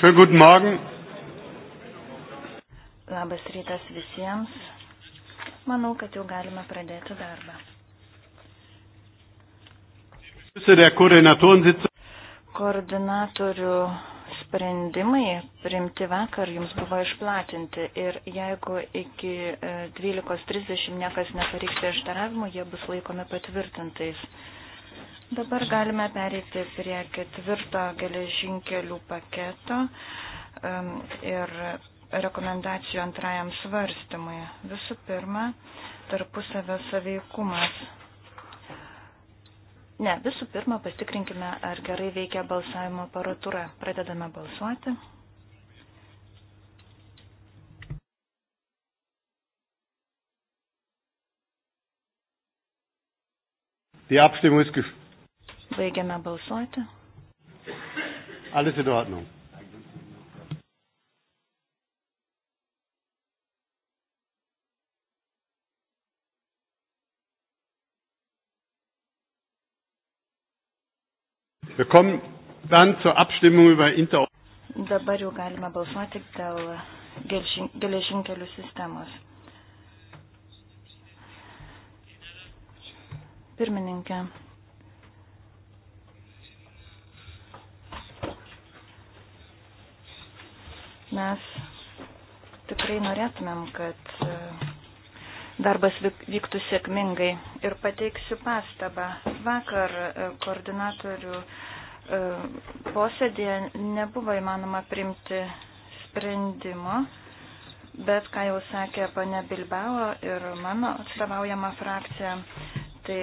Schönen guten Morgen. Labas rytas visiems. Manau, kad jau galime pradėti darbą. Koordinatorių sprendimai priimti vakar jums buvo išplatinti ir jeigu iki 12.30 e, niekas nepareikš prieštaravimų, jie bus laikomi patvirtintais. Dabar galime perėti prie ketvirto geležinkelių paketo ir rekomendacijų antrajam svarstymui. Visų pirma, tarpusavio saveikumas. Ne, visų pirma, pasitikrinkime, ar gerai veikia balsavimo aparatūra. Pradedame balsuoti. Die Abstimmung ist geschlossen. Baigiame balsuoti. Alles in Ordnung. Wir kommen dann zur Abstimmung über Inter. Dabar jau galime balsuoti dėl geležinkelių sistemos. Pirmininkė. Mes tikrai norėtumėm, kad e, darbas vyktų sėkmingai. Ir pateiksiu pastabą. Vakar e, koordinatorių e, posėdėje nebuvo įmanoma priimti sprendimo, bet, ką jau sakė pane Bilbao ir mano atstovaujama frakcija, tai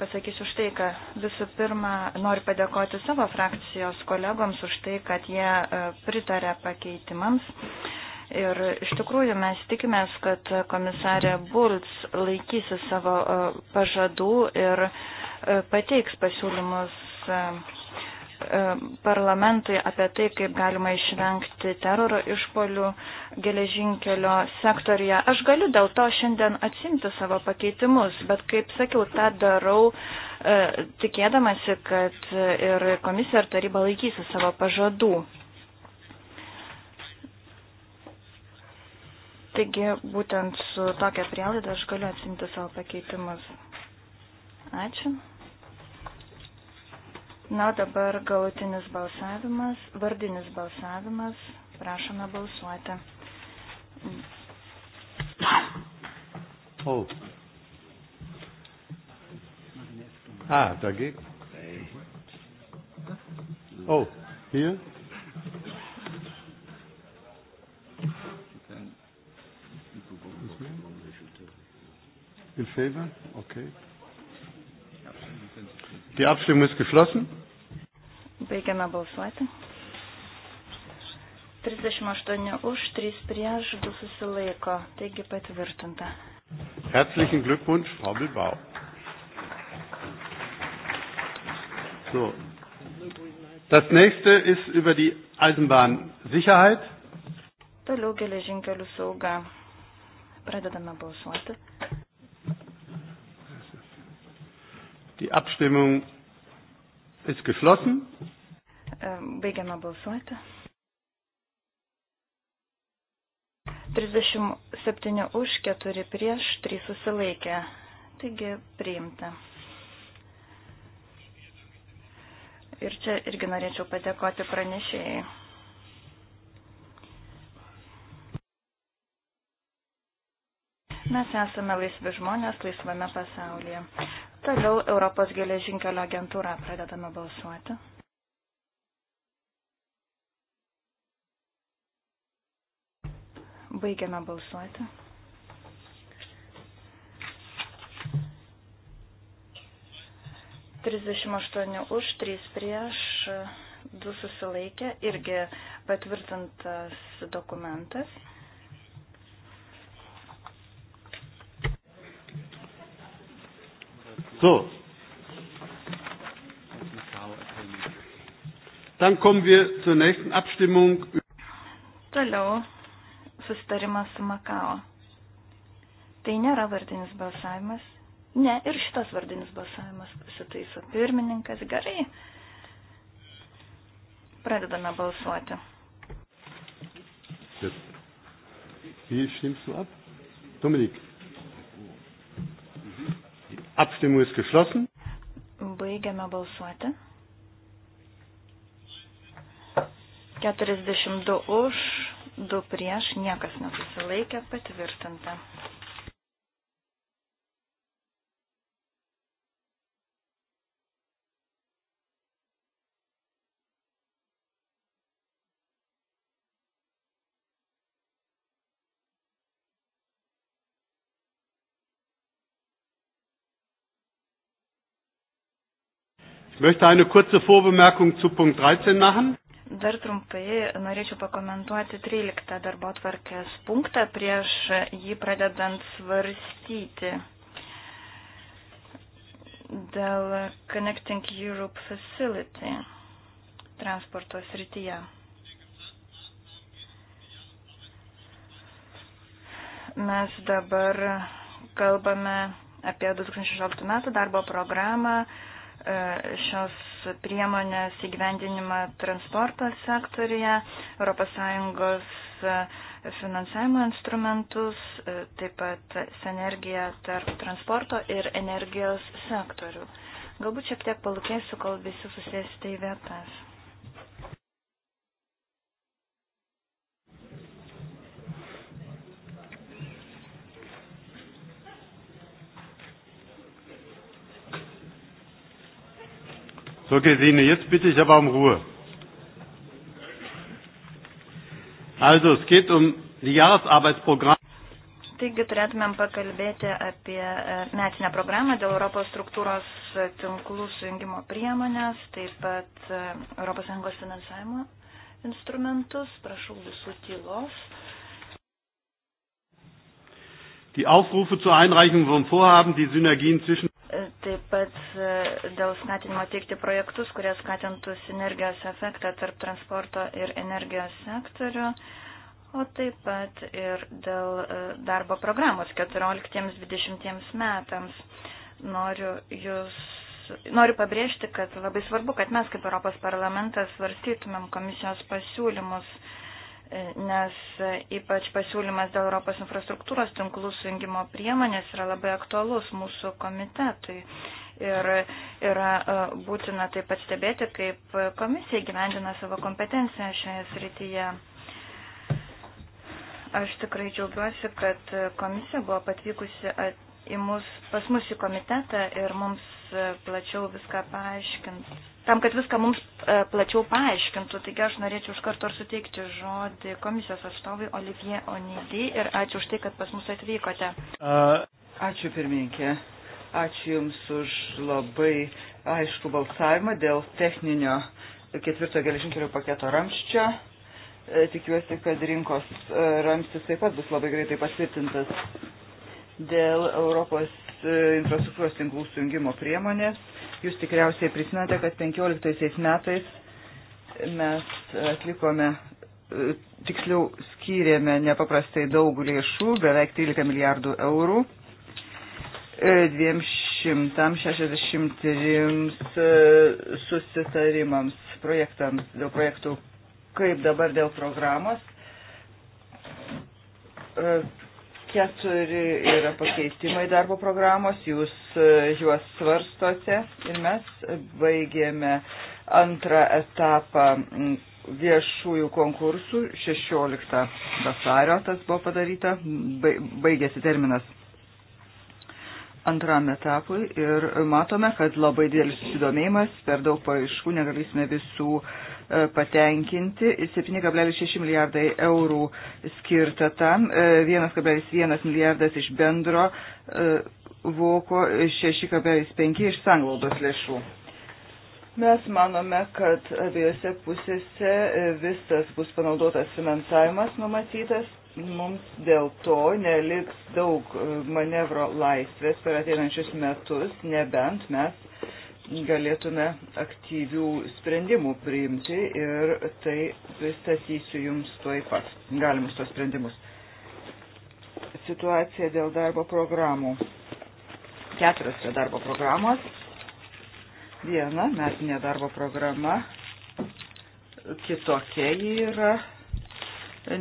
pasakysiu štai, kad visų pirma noriu padėkoti savo frakcijos kolegoms už tai, kad jie e, pritarė pakeitimams. Ir iš tikrųjų mes tikimės, kad komisarė Bulc laikysi savo e, pažadų ir e, pateiks pasiūlymus E, parlamentui apie tai, kaip galima išvengti teroro išpolių geležinkelio sektorija. Aš galiu dėl to šiandien atsimti savo pakeitimus, bet kaip sakiau, tą darau e, tikėdamasi, kad ir komisija ir taryba laikysi savo pažadų. Taigi būtent su tokia prielaida aš galiu atsimti savo pakeitimus. Ačiū. Na, dabar gautinis balsavimas, vardinis balsavimas. Prašome balsuoti. Oh. Ah, dagegen. Oh, hier? In favor? Okay. Die Abstimmung ist geschlossen. Baigiame balsuoti. 38 už, 3 prieš, 2 susilaiko. Taigi patvirtinta. Herzlichen Glückwunsch, Frau Bilbao. So. Das nächste ist über die Eisenbahnsicherheit. Toliau geležinkelių sauga. Pradedame balsuoti. Die Abstimmung ist geschlossen. Ehm, baigiame balsuoti. 37 už, 4 prieš, 3 susilaikė. Taigi priimta. Ir čia irgi norėčiau padėkoti pranešėjai. Mes esame laisvi žmonės laisvame pasaulyje. Toliau Europos geležinkelio agentūra pradedame balsuoti. Baigiame balsuoti. Trisdešimt aštuoni už, trys prieš, du susilaikė, irgi patvirtintas dokumentas. So. Dann kommen wir zur nächsten Abstimmung. Toliau susitarimas su Makao. Tai nėra vardinis balsavimas. Ne, ir šitas vardinis balsavimas pasitaiso pirmininkas. Gerai. Pradedame balsuoti. Wie stimmst du ab? Dominik. Abstimmung ist geschlossen. Baigiame balsuoti. 42 už, 2 prieš, niekas nesusilaikė, patvirtinta. Ich möchte eine kurze Vorbemerkung zu Punkt 13 machen. Dar trumpai norėčiau pakomentuoti 13 darbo tvarkės punktą prieš jį pradedant svarstyti dėl Connecting Europe Facility transporto srityje. Mes dabar kalbame apie 2016 metų darbo programą E, šios priemonės įgyvendinimą transporto sektorija, ES e, finansavimo instrumentus, e, taip pat sinergiją tarp transporto ir energijos sektorių. Galbūt šiek tiek palūkėsiu, kol visi susėsite į vietas. So, Gesine, jetzt bitte ich aber um Ruhe. Also, es geht um die Jahresarbeitsprogramme. Taigi turėtumėm pakalbėti apie e, metinę programą dėl Europos struktūros tinklų sujungimo priemonės, taip pat ES finansavimo instrumentus. Prašau visų tylos. Die Aufrufe zur Einreichung von Vorhaben, die Synergien zwischen Taip pat e, dėl skatinimo teikti projektus, kurie skatintų sinergijos efektą tarp transporto ir energijos sektorių, o taip pat ir dėl e, darbo programos 14-20 metams. Noriu, jūs, noriu pabrėžti, kad labai svarbu, kad mes kaip Europos parlamentas svarstytumėm komisijos pasiūlymus nes ypač pasiūlymas dėl Europos infrastruktūros tinklų sujungimo priemonės yra labai aktualus mūsų komitetui. Ir yra e, būtina taip pat stebėti, kaip komisija gyvendina savo kompetenciją šioje srityje. Aš tikrai džiaugiuosi, kad komisija buvo patvykusi į mus, pas mus į komitetą ir mums e, plačiau viską paaiškins tam, kad viską mums e, plačiau paaiškintų. Taigi aš norėčiau iš karto ir suteikti žodį komisijos atstovui Olivier Onidį ir ačiū už tai, kad pas mus atvykote. Ačiū pirmininkė. Ačiū Jums už labai aišku balsavimą dėl techninio ketvirto geležinkelio paketo ramščio. E, tikiuosi, kad rinkos e, ramstis taip pat bus labai greitai patvirtintas dėl Europos E, infrastruktūros tinklų sujungimo priemonė. Jūs tikriausiai prisimenate, kad 15 metais mes atlikome, e, tiksliau skyrėme nepaprastai daug lėšų, beveik 13 milijardų eurų, 263 e, susitarimams, projektams, dėl projektų, kaip dabar dėl programos Keturi yra pakeitimai darbo programos, jūs e, juos svarstote ir mes baigėme antrą etapą viešųjų konkursų 16 vasario tas buvo padaryta, baigėsi terminas antram etapui ir matome, kad labai didelis susidomėjimas, per daug paaiškų, negalėsime visų uh, E, patenkinti. 7,6 milijardai eurų skirta tam, 1,1 e, milijardas iš bendro e, voko, 6,5 iš sanglaudos lėšų. Mes manome, kad abiejose pusėse visas bus panaudotas finansavimas numatytas. Mums dėl to neliks daug manevro laisvės per ateinančius metus, nebent mes galėtume aktyvių sprendimų priimti ir tai pristatysiu jums tuoj pat, galimus tos sprendimus. Situacija dėl darbo programų. Keturios yra darbo programos. Viena metinė darbo programa, kitokia ji yra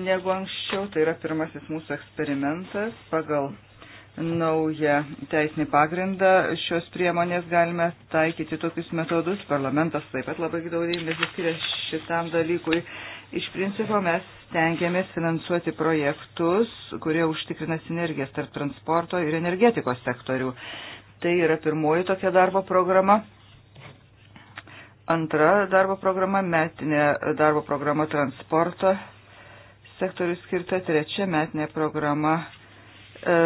negu anksčiau, tai yra pirmasis mūsų eksperimentas pagal naują teisinį pagrindą šios priemonės galime taikyti tokius metodus. Parlamentas taip pat labai daug dėmesio skiria šitam dalykui. Iš principo mes tengiamės finansuoti projektus, kurie užtikrina sinergijas tarp transporto ir energetikos sektorių. Tai yra pirmoji tokia darbo programa. Antra darbo programa - metinė darbo programa transporto sektorių skirta. Trečia metinė programa E,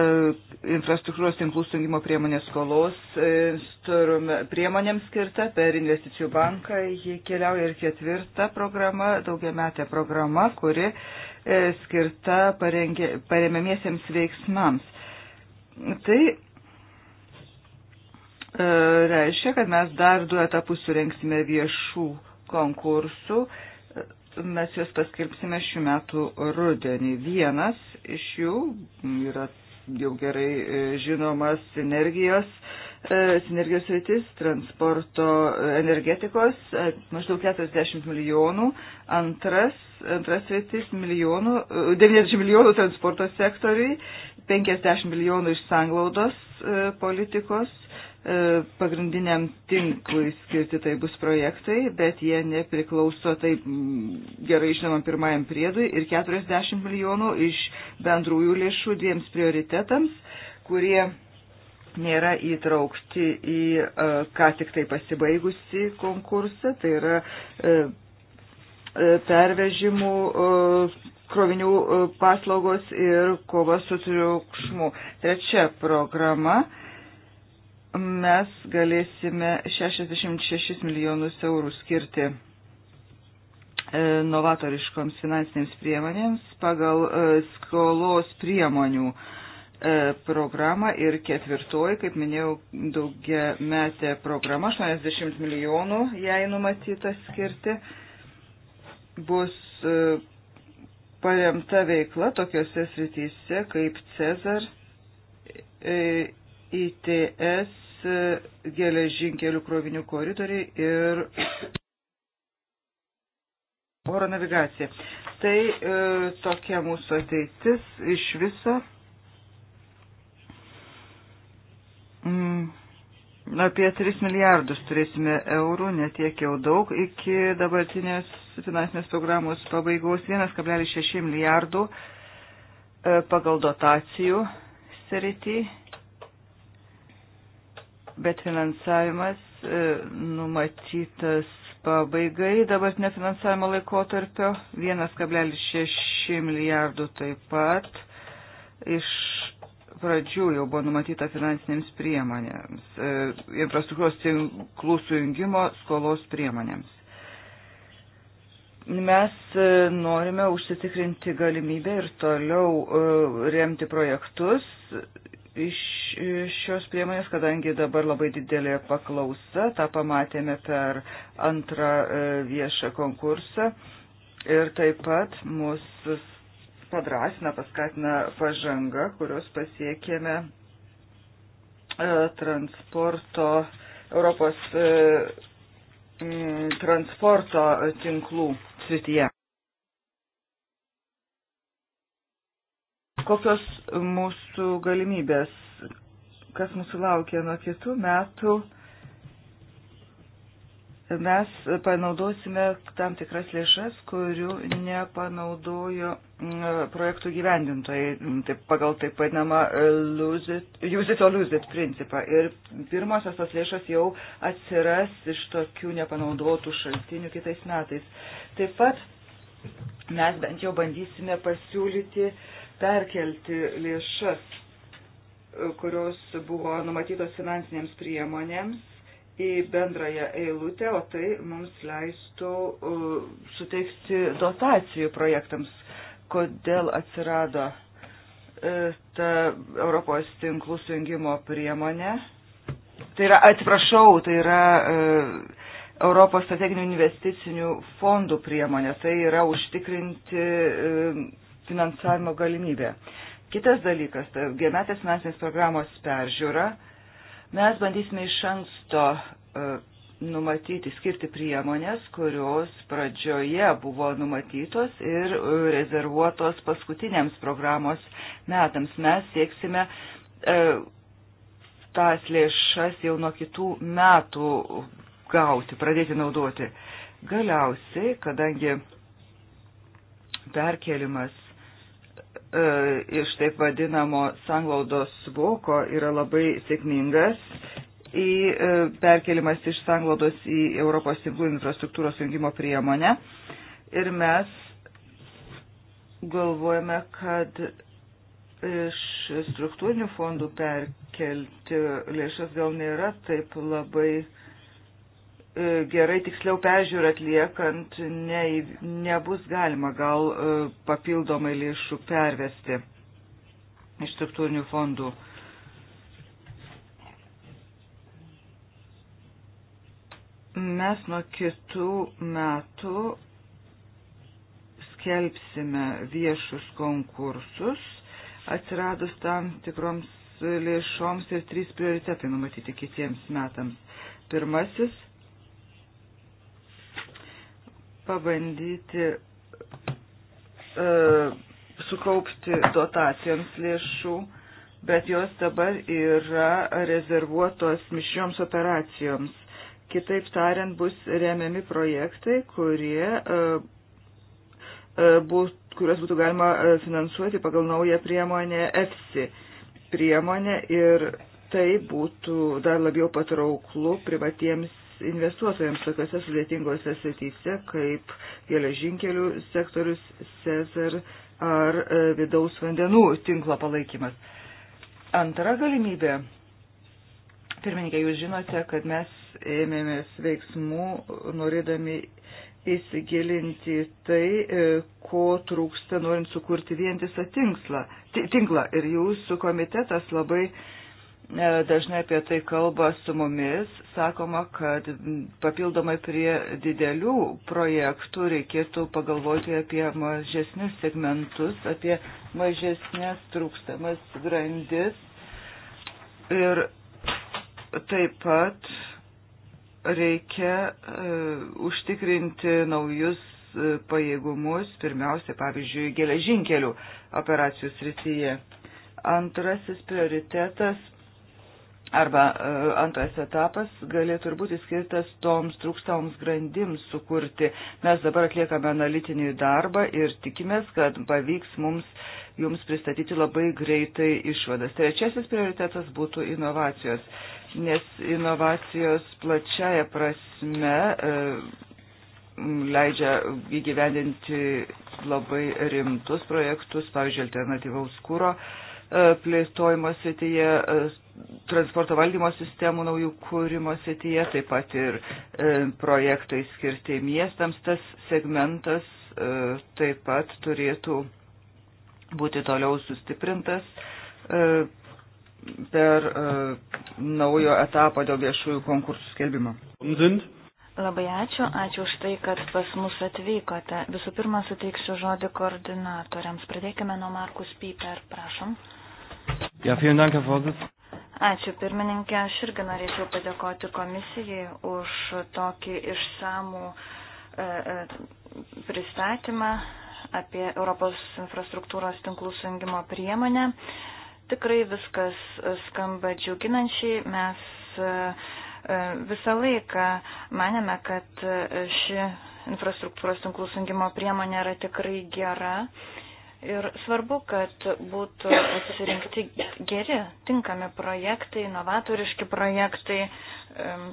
infrastruktūros tinklų sujungimo priemonės skolos e, priemonėms skirta per investicijų banką. Ji keliauja ir ketvirta programa, daugiametė programa, kuri e, skirta parengė, paremiamiesiems veiksmams. Tai reiškia, kad mes dar du etapus surenksime viešų konkursų mes juos paskelbsime šių metų rudenį. Vienas iš jų yra jau gerai e, žinomas sinergijos, e, sinergijos rytis, transporto e, energetikos, maždaug 40 milijonų, antras, antras rytis milijonų, 90 milijonų transporto sektoriui, 50 milijonų iš sanglaudos politikos, E, pagrindiniam tinklui skirti tai bus projektai, bet jie nepriklauso taip gerai žinomam pirmajam priedui ir 40 milijonų iš bendrųjų lėšų dviems prioritetams, kurie nėra įtraukti į e, ką tik tai pasibaigusi konkursą, tai yra e, pervežimų krovinių paslaugos ir kova su triukšmu. Trečia programa mes galėsime 66 milijonus eurų skirti e, novatoriškoms finansinėms priemonėms pagal e, skolos priemonių e, programą ir ketvirtoji, kaip minėjau, daugia metė programa, 80 milijonų jai numatyta skirti, bus paremta veikla tokiuose srityse kaip Cezar, ITS geležinkelių krovinių koridoriai ir oro navigacija. Tai e, tokia mūsų ateitis iš viso. Mm, apie 3 milijardus turėsime eurų, netiek jau daug, iki dabartinės finansinės programos pabaigos 1,6 milijardų e, pagal dotacijų sritį bet finansavimas e, numatytas pabaigai dabartinio finansavimo laikotarpio 1,6 milijardų taip pat iš pradžių jau buvo numatyta finansinėms priemonėms, e, infrastruktūros tinklų sujungimo skolos priemonėms. Mes e, norime užsitikrinti galimybę ir toliau remti projektus iš šios priemonės, kadangi dabar labai didelė paklausa, tą pamatėme per antrą e, viešą konkursą ir taip pat mūsų padrasina, paskatina pažanga, kurios pasiekėme e, transporto, Europos e, transporto tinklų srityje. kokios mūsų galimybės, kas mūsų laukia nuo kitų metų. Mes panaudosime tam tikras lėšas, kurių nepanaudojo mm, projektų gyvendintojai, mm, taip, pagal taip vadinamą e, use it or lose it principą. Ir pirmosios tos lėšas jau atsiras iš tokių nepanaudotų šaltinių kitais metais. Taip pat mes bent jau bandysime pasiūlyti uh, perkelti lėšas, e, kurios buvo numatytos finansinėms priemonėms į bendrąją eilutę, o tai mums leistų uh, suteikti dotacijų projektams. Kodėl atsirado uh, ta Europos tinklų sujungimo priemonė? Tai yra, atsiprašau, tai yra uh, Europos strateginių investicinių fondų priemonė. Tai yra užtikrinti finansavimo galimybė. Kitas dalykas, tai vienatės finansinės programos peržiūra. Mes bandysime iš anksto e, numatyti, skirti priemonės, kurios pradžioje buvo numatytos ir e, rezervuotos paskutiniams programos metams. Mes sieksime e, tas lėšas jau nuo kitų metų gauti, pradėti naudoti. Galiausiai, kadangi perkelimas E, iš taip vadinamo sanglaudos voko yra labai sėkmingas į e, perkelimas iš sanglaudos į Europos tinklų infrastruktūros jungimo priemonę. Ir mes galvojame, kad iš struktūrinių fondų perkelti lėšas gal nėra taip labai E, gerai tiksliau peržiūrą atliekant ne, nebus galima gal e, papildomai lėšų pervesti iš struktūrinių fondų. Mes nuo kitų metų skelbsime viešus konkursus atsiradus tam tikroms lėšoms ir trys prioritetai numatyti kitiems metams. Pirmasis pabandyti e, sukaupti dotacijoms lėšų, bet jos dabar yra rezervuotos mišrioms operacijoms. Kitaip tariant, bus remiami projektai, kurie, e, e būt, kuriuos būtų galima e, finansuoti pagal naują priemonę EFSI priemonę ir tai būtų dar labiau patrauklu privatiems investuotojams tokiuose sudėtingose srityse kaip geležinkelių sektorius, Cezar ar e, vidaus vandenų tinklo palaikymas. Antra galimybė. Pirmininkė, jūs žinote, kad mes ėmėmės veiksmų norėdami įsigilinti tai, e, ko trūksta norint sukurti vientisą tinklą. Ir jūsų komitetas labai uh, E, dažnai apie tai kalba su mumis, sakoma, kad papildomai prie didelių projektų reikėtų pagalvoti apie mažesnius segmentus, apie mažesnės trūkstamas grandis ir taip pat reikia uh, užtikrinti naujus e, pajėgumus, pirmiausia, pavyzdžiui, geležinkelių operacijų srityje. Antrasis prioritetas arba e, antras etapas galėtų ir būti skirtas toms trūkstamoms grandims sukurti. Mes dabar atliekame analitinį darbą ir tikimės, kad pavyks mums jums pristatyti labai greitai išvadas. Trečiasis prioritetas būtų inovacijos, nes inovacijos plačiaja prasme e, leidžia įgyvendinti labai rimtus projektus, pavyzdžiui, alternatyvaus kūro e, plėtojimo srityje e, transporto valdymo sistemų naujų kūrimo srityje, taip pat ir e, projektai skirti miestams. Tas segmentas e, taip pat turėtų būti toliau sustiprintas e, per naujo etapo dėl viešųjų konkursų skelbimo. Labai ačiū, ačiū už tai, kad pas mus atvykote. Visų pirma, suteiksiu žodį koordinatoriams. Pradėkime nuo Markus Piper, prašom. Ja, vielen Dank, Herr Vorsitz. Ačiū pirmininkė, aš irgi norėčiau padėkoti komisijai už tokį išsamų e, e, pristatymą apie Europos infrastruktūros tinklų sujungimo priemonę. Tikrai viskas skamba džiuginančiai. Mes e, visą laiką manėme, kad ši infrastruktūros tinklų sujungimo priemonė yra tikrai gera Ir svarbu, kad būtų atsirinkti geri, tinkami projektai, novatoriški projektai.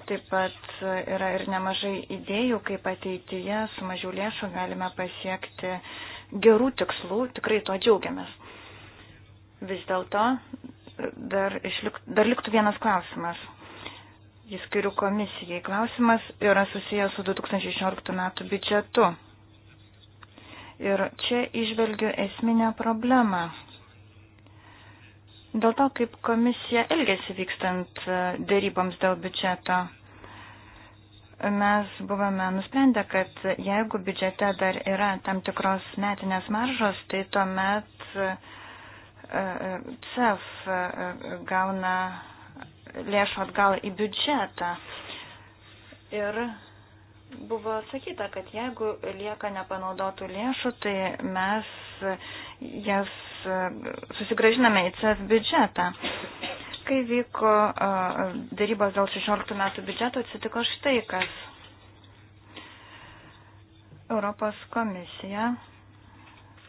Taip pat yra ir nemažai idėjų, kaip ateityje su mažiau lėšų galime pasiekti gerų tikslų. Tikrai to džiaugiamės. Vis dėlto dar, išlik, dar liktų vienas klausimas. Jis skiriu komisijai. Klausimas yra susijęs su 2016 metų biudžetu. Ir čia išvelgiu esminę problemą. Dėl to, kaip komisija elgėsi vykstant e, dėryboms dėl biudžeto, mes buvome nusprendę, kad jeigu biudžete dar yra tam tikros metinės maržos, tai tuomet e, e, CEF gauna lėšų atgal į biudžetą. Ir Buvo sakyta, kad jeigu lieka nepanaudotų lėšų, tai mes jas e, susigražiname į CEF biudžetą. Kai vyko e, darybos dėl 16 metų biudžeto, atsitiko štai kas. Europos komisija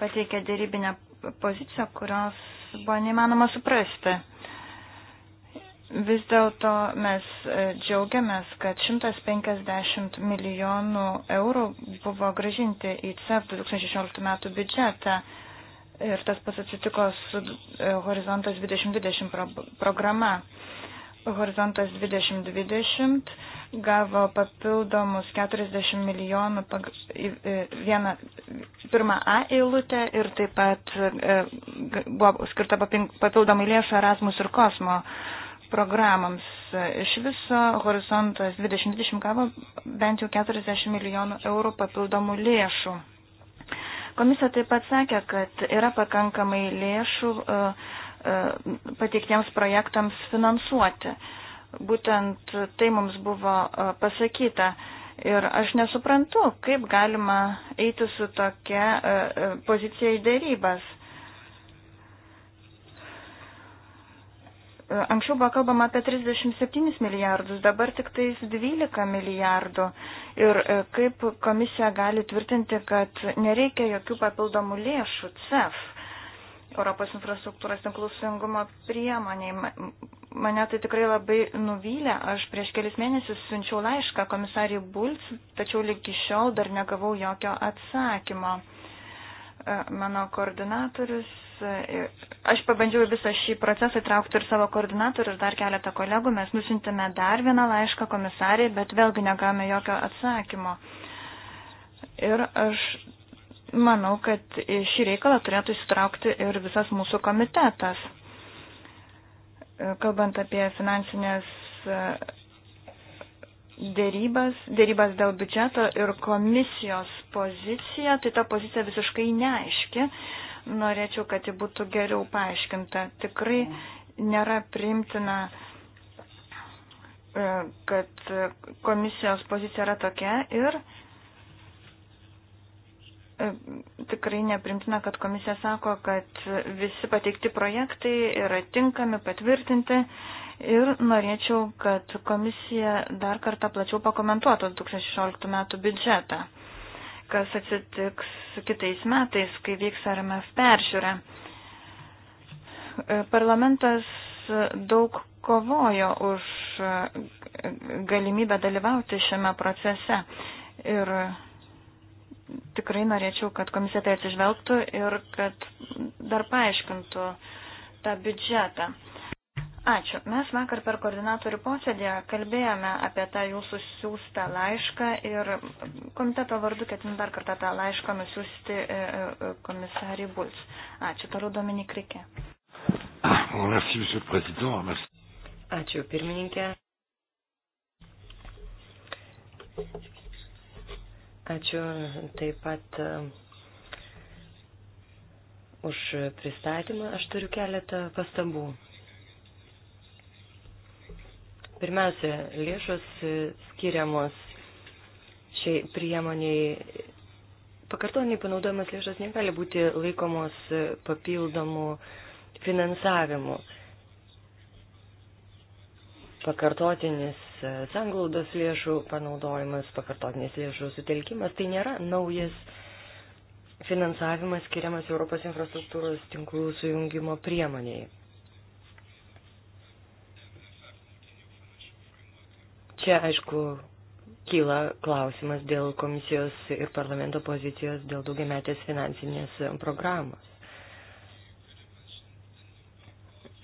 pateikė darybinę poziciją, kurios buvo neįmanoma suprasti. Vis dėlto mes e, džiaugiamės, kad 150 milijonų eurų buvo gražinti į CEF 2016 metų biudžetą ir tas pats atsitiko su e, Horizontas 2020 programa. Horizontas 2020 gavo papildomus 40 milijonų e, vieną pirmą A eilutę ir taip pat buvo skirta papildomai lėšų Erasmus ir Kosmo programams. Iš viso horizontas 2020 gavo bent jau 40 milijonų eurų papildomų lėšų. Komisija taip pat sakė, kad yra pakankamai lėšų e, e, pateiktiems projektams finansuoti. Būtent tai mums buvo e, pasakyta. Ir aš nesuprantu, kaip galima eiti su tokia pozicija į dėrybas. Anksčiau buvo kalbama apie 37 milijardus, dabar tik tais 12 milijardų. Ir e, kaip komisija gali tvirtinti, kad nereikia jokių papildomų lėšų CEF, Europos infrastruktūros tinklų sujungumo priemoniai. Mane tai tikrai labai nuvylė. Aš prieš kelis mėnesius siunčiau laišką komisariai Bulc, tačiau iki šiol dar negavau jokio atsakymo. E, mano koordinatorius aš pabandžiau visą šį procesą įtraukti ir savo koordinatorių ir dar keletą kolegų. Mes nusintėme dar vieną laišką komisariai, bet vėlgi negavome jokio atsakymo. Ir aš manau, kad į šį reikalą turėtų įsitraukti ir visas mūsų komitetas. Kalbant apie finansinės e, dėrybas, dėrybas dėl biudžeto ir komisijos pozicija, tai ta pozicija visiškai neaiški norėčiau, kad ji būtų geriau paaiškinta. Tikrai nėra primtina, e, kad komisijos pozicija yra tokia ir e, tikrai neprimtina, kad komisija sako, kad visi pateikti projektai yra tinkami, patvirtinti ir norėčiau, kad komisija dar kartą plačiau pakomentuotų 2016 metų biudžetą kas atsitiks kitais metais, kai vyks RMF peržiūra. Parlamentas daug kovojo už galimybę dalyvauti šiame procese ir tikrai norėčiau, kad komisija tai atsižvelgtų ir kad dar paaiškintų tą biudžetą. Ačiū. Mes vakar per koordinatorių posėdį kalbėjome apie tą jūsų siūstą laišką ir komiteto vardu ketinu dar kartą tą laišką nusiųsti e, e, e, komisarį Bulc. Ačiū. Toliau Dominik Rikė. Ačiū, pirmininkė. Ačiū taip pat už pristatymą. Aš turiu keletą pastabų. Pirmiausia, lėšos skiriamos šiai priemoniai. Pakartoniai panaudojamas lėšas negali būti laikomos papildomų finansavimų. Pakartotinis sanglaudos lėšų panaudojimas, pakartotinis lėšų sutelkimas, tai nėra naujas finansavimas skiriamas Europos infrastruktūros tinklų sujungimo priemoniai. Čia, aišku, kyla klausimas dėl komisijos ir parlamento pozicijos dėl daugiametės finansinės programos.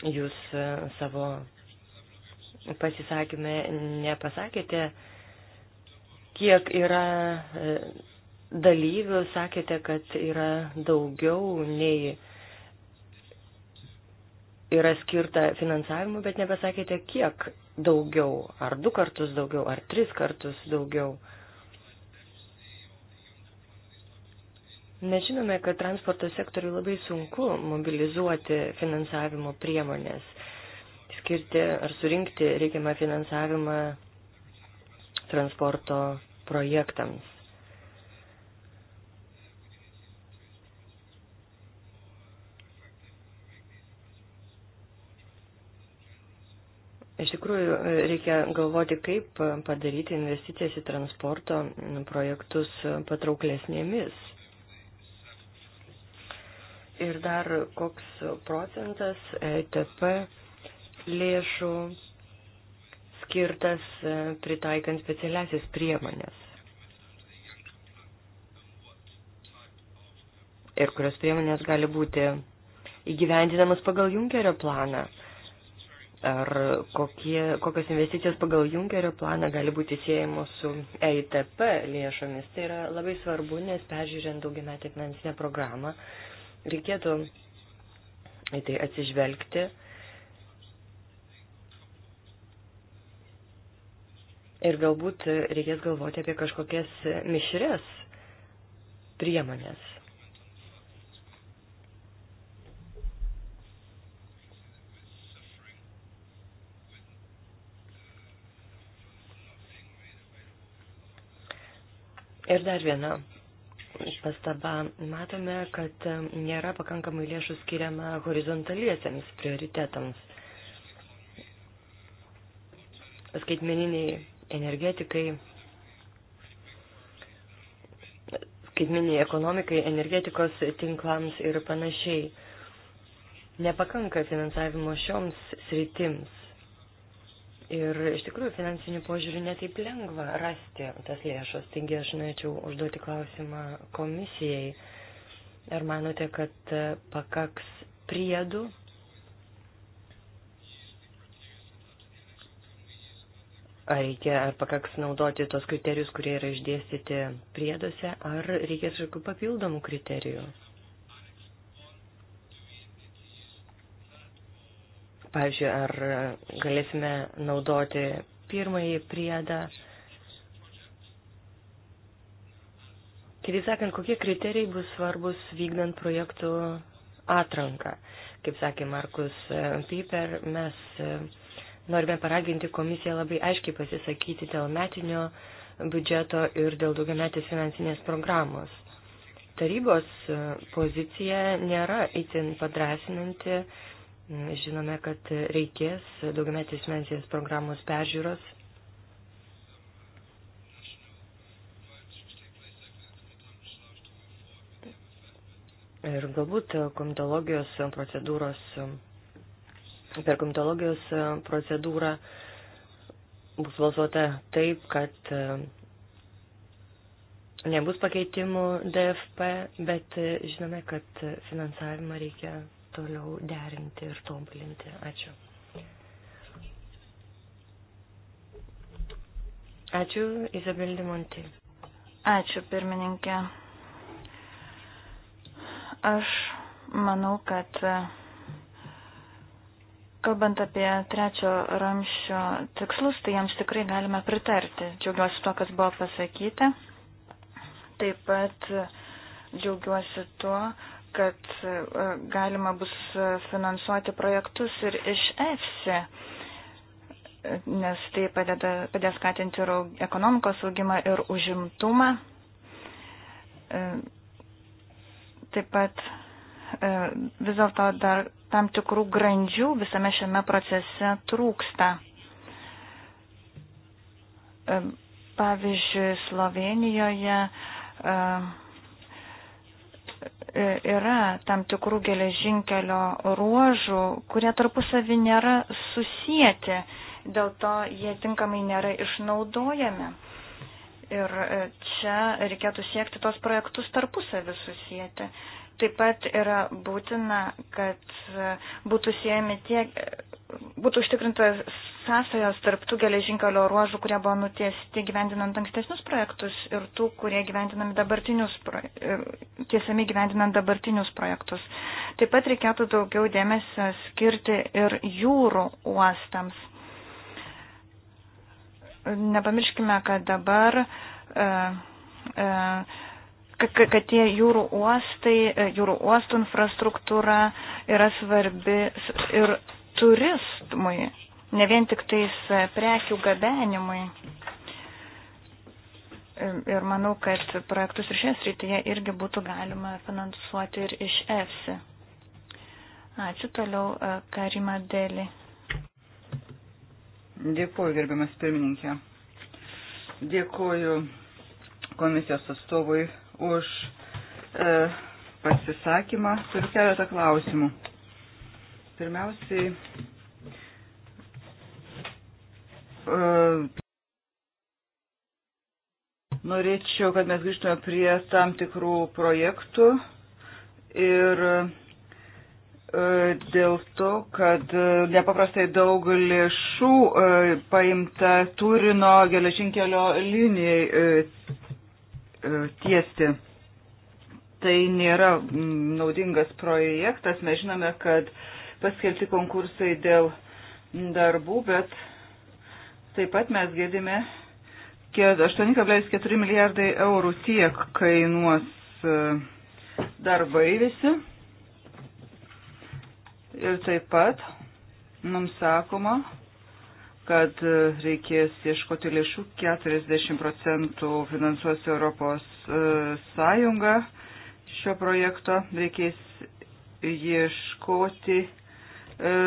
Jūs e, savo pasisakymę nepasakėte, kiek yra e, dalyvių, sakėte, kad yra daugiau nei yra skirta finansavimu, bet nepasakėte, kiek daugiau, ar du kartus daugiau, ar tris kartus daugiau. Mes žinome, kad transporto sektoriui labai sunku mobilizuoti finansavimo priemonės, skirti ar surinkti reikiamą finansavimą transporto projektams. Iš tikrųjų, reikia galvoti, kaip padaryti investicijas į transporto projektus patrauklesnėmis. Ir dar koks procentas ETP lėšų skirtas pritaikant specialiasis priemonės. Ir kurios priemonės gali būti įgyvendinamas pagal Junkerio planą ar kokie, kokios investicijos pagal Junkerio planą gali būti siejamos su EITP lėšomis. Tai yra labai svarbu, nes peržiūrint daugiametę finansinę programą, reikėtų į tai atsižvelgti. Ir galbūt reikės galvoti apie kažkokias mišrės priemonės. Ir dar viena pastaba. Matome, kad nėra pakankamai lėšų skiriama horizontaliesiams prioritetams. Skaitmeniniai energetikai, skaitmeniniai ekonomikai, energetikos tinklams ir panašiai. Nepakanka finansavimo šioms sritims Ir iš tikrųjų finansinių požiūrių netaip lengva rasti tas lėšas. Taigi aš norėčiau užduoti klausimą komisijai. Ar manote, kad e, pakaks priedų? Ar, reikia, ar pakaks naudoti tos kriterijus, kurie yra išdėstyti prieduose, ar reikės kažkokių papildomų kriterijų? Pavyzdžiui, ar galėsime naudoti pirmąjį priedą. Kitaip sakant, kokie kriterijai bus svarbus vykdant projektų atranką. Kaip sakė Markus e, Piper, mes e, norime paraginti komisiją labai aiškiai pasisakyti dėl metinio biudžeto ir dėl daugiametės finansinės programos. Tarybos e, pozicija nėra itin padrasinanti Žinome, kad reikės daugiametės pensijos programos peržiūros. Ir galbūt komitologijos procedūros, per komitologijos procedūrą bus balsuota taip, kad e, nebus pakeitimų DFP, bet e, žinome, kad finansavimą reikia toliau derinti ir tobulinti. Ačiū. Ačiū, Izabel Dimonti. Ačiū, pirmininkė. Aš manau, kad e, Kalbant apie trečio ramščio tikslus, tai jiems tikrai galime pritarti. Džiaugiuosi tuo, kas buvo pasakyta. Taip pat e, džiaugiuosi tuo, kad e, galima bus finansuoti projektus ir iš EFSI, nes tai padeda, padės skatinti ir ekonomikos augimą ir užimtumą. E, taip pat e, vis dėlto dar tam tikrų grandžių visame šiame procese trūksta. Pavyzdžiui, Slovenijoje E, yra tam tikrų geležinkelio ruožų, kurie tarpusavį nėra susijęti, dėl to jie tinkamai nėra išnaudojami. Ir e, čia reikėtų siekti tos projektus tarpusavį susijęti. Taip pat yra būtina, kad būtų siejami tiek, būtų užtikrintas sąsajos tarp tų geležinkelio ruožų, kurie buvo nutiesti gyvendinant ankstesnius projektus ir tų, kurie gyvendinami dabartinius, tiesiami gyvendinant dabartinius projektus. Taip pat reikėtų daugiau dėmesio skirti ir jūrų uostams. Nepamirškime, kad dabar e, e, kad tie jūrų uostai, e, jūrų uostų infrastruktūra yra svarbi ir turistmui, ne vien tik tais e, prekių gabenimui. E, ir manau, kad projektus ir šias rytyje irgi būtų galima finansuoti ir iš EFSI. Ačiū toliau, Karima Deli. Dėkuoju, gerbiamas pirmininkė. Dėkuoju komisijos atstovui už e, pasisakymą. Turiu keletą klausimų. Pirmiausiai, e, norėčiau, kad mes grįžtume prie tam tikrų projektų ir e, dėl to, kad e, nepaprastai daug lėšų e, paimta Turino geležinkelio linijai e, tiesti. Tai nėra mm, naudingas projektas. Mes žinome, kad paskelbti konkursai dėl darbų, bet taip pat mes girdime, kad 8,4 milijardai eurų tiek kainuos e, darbai visi. Ir taip pat mums sakoma, kad e, reikės ieškoti lėšų, 40 procentų finansuos Europos e, Sąjunga šio projekto, reikės ieškoti e,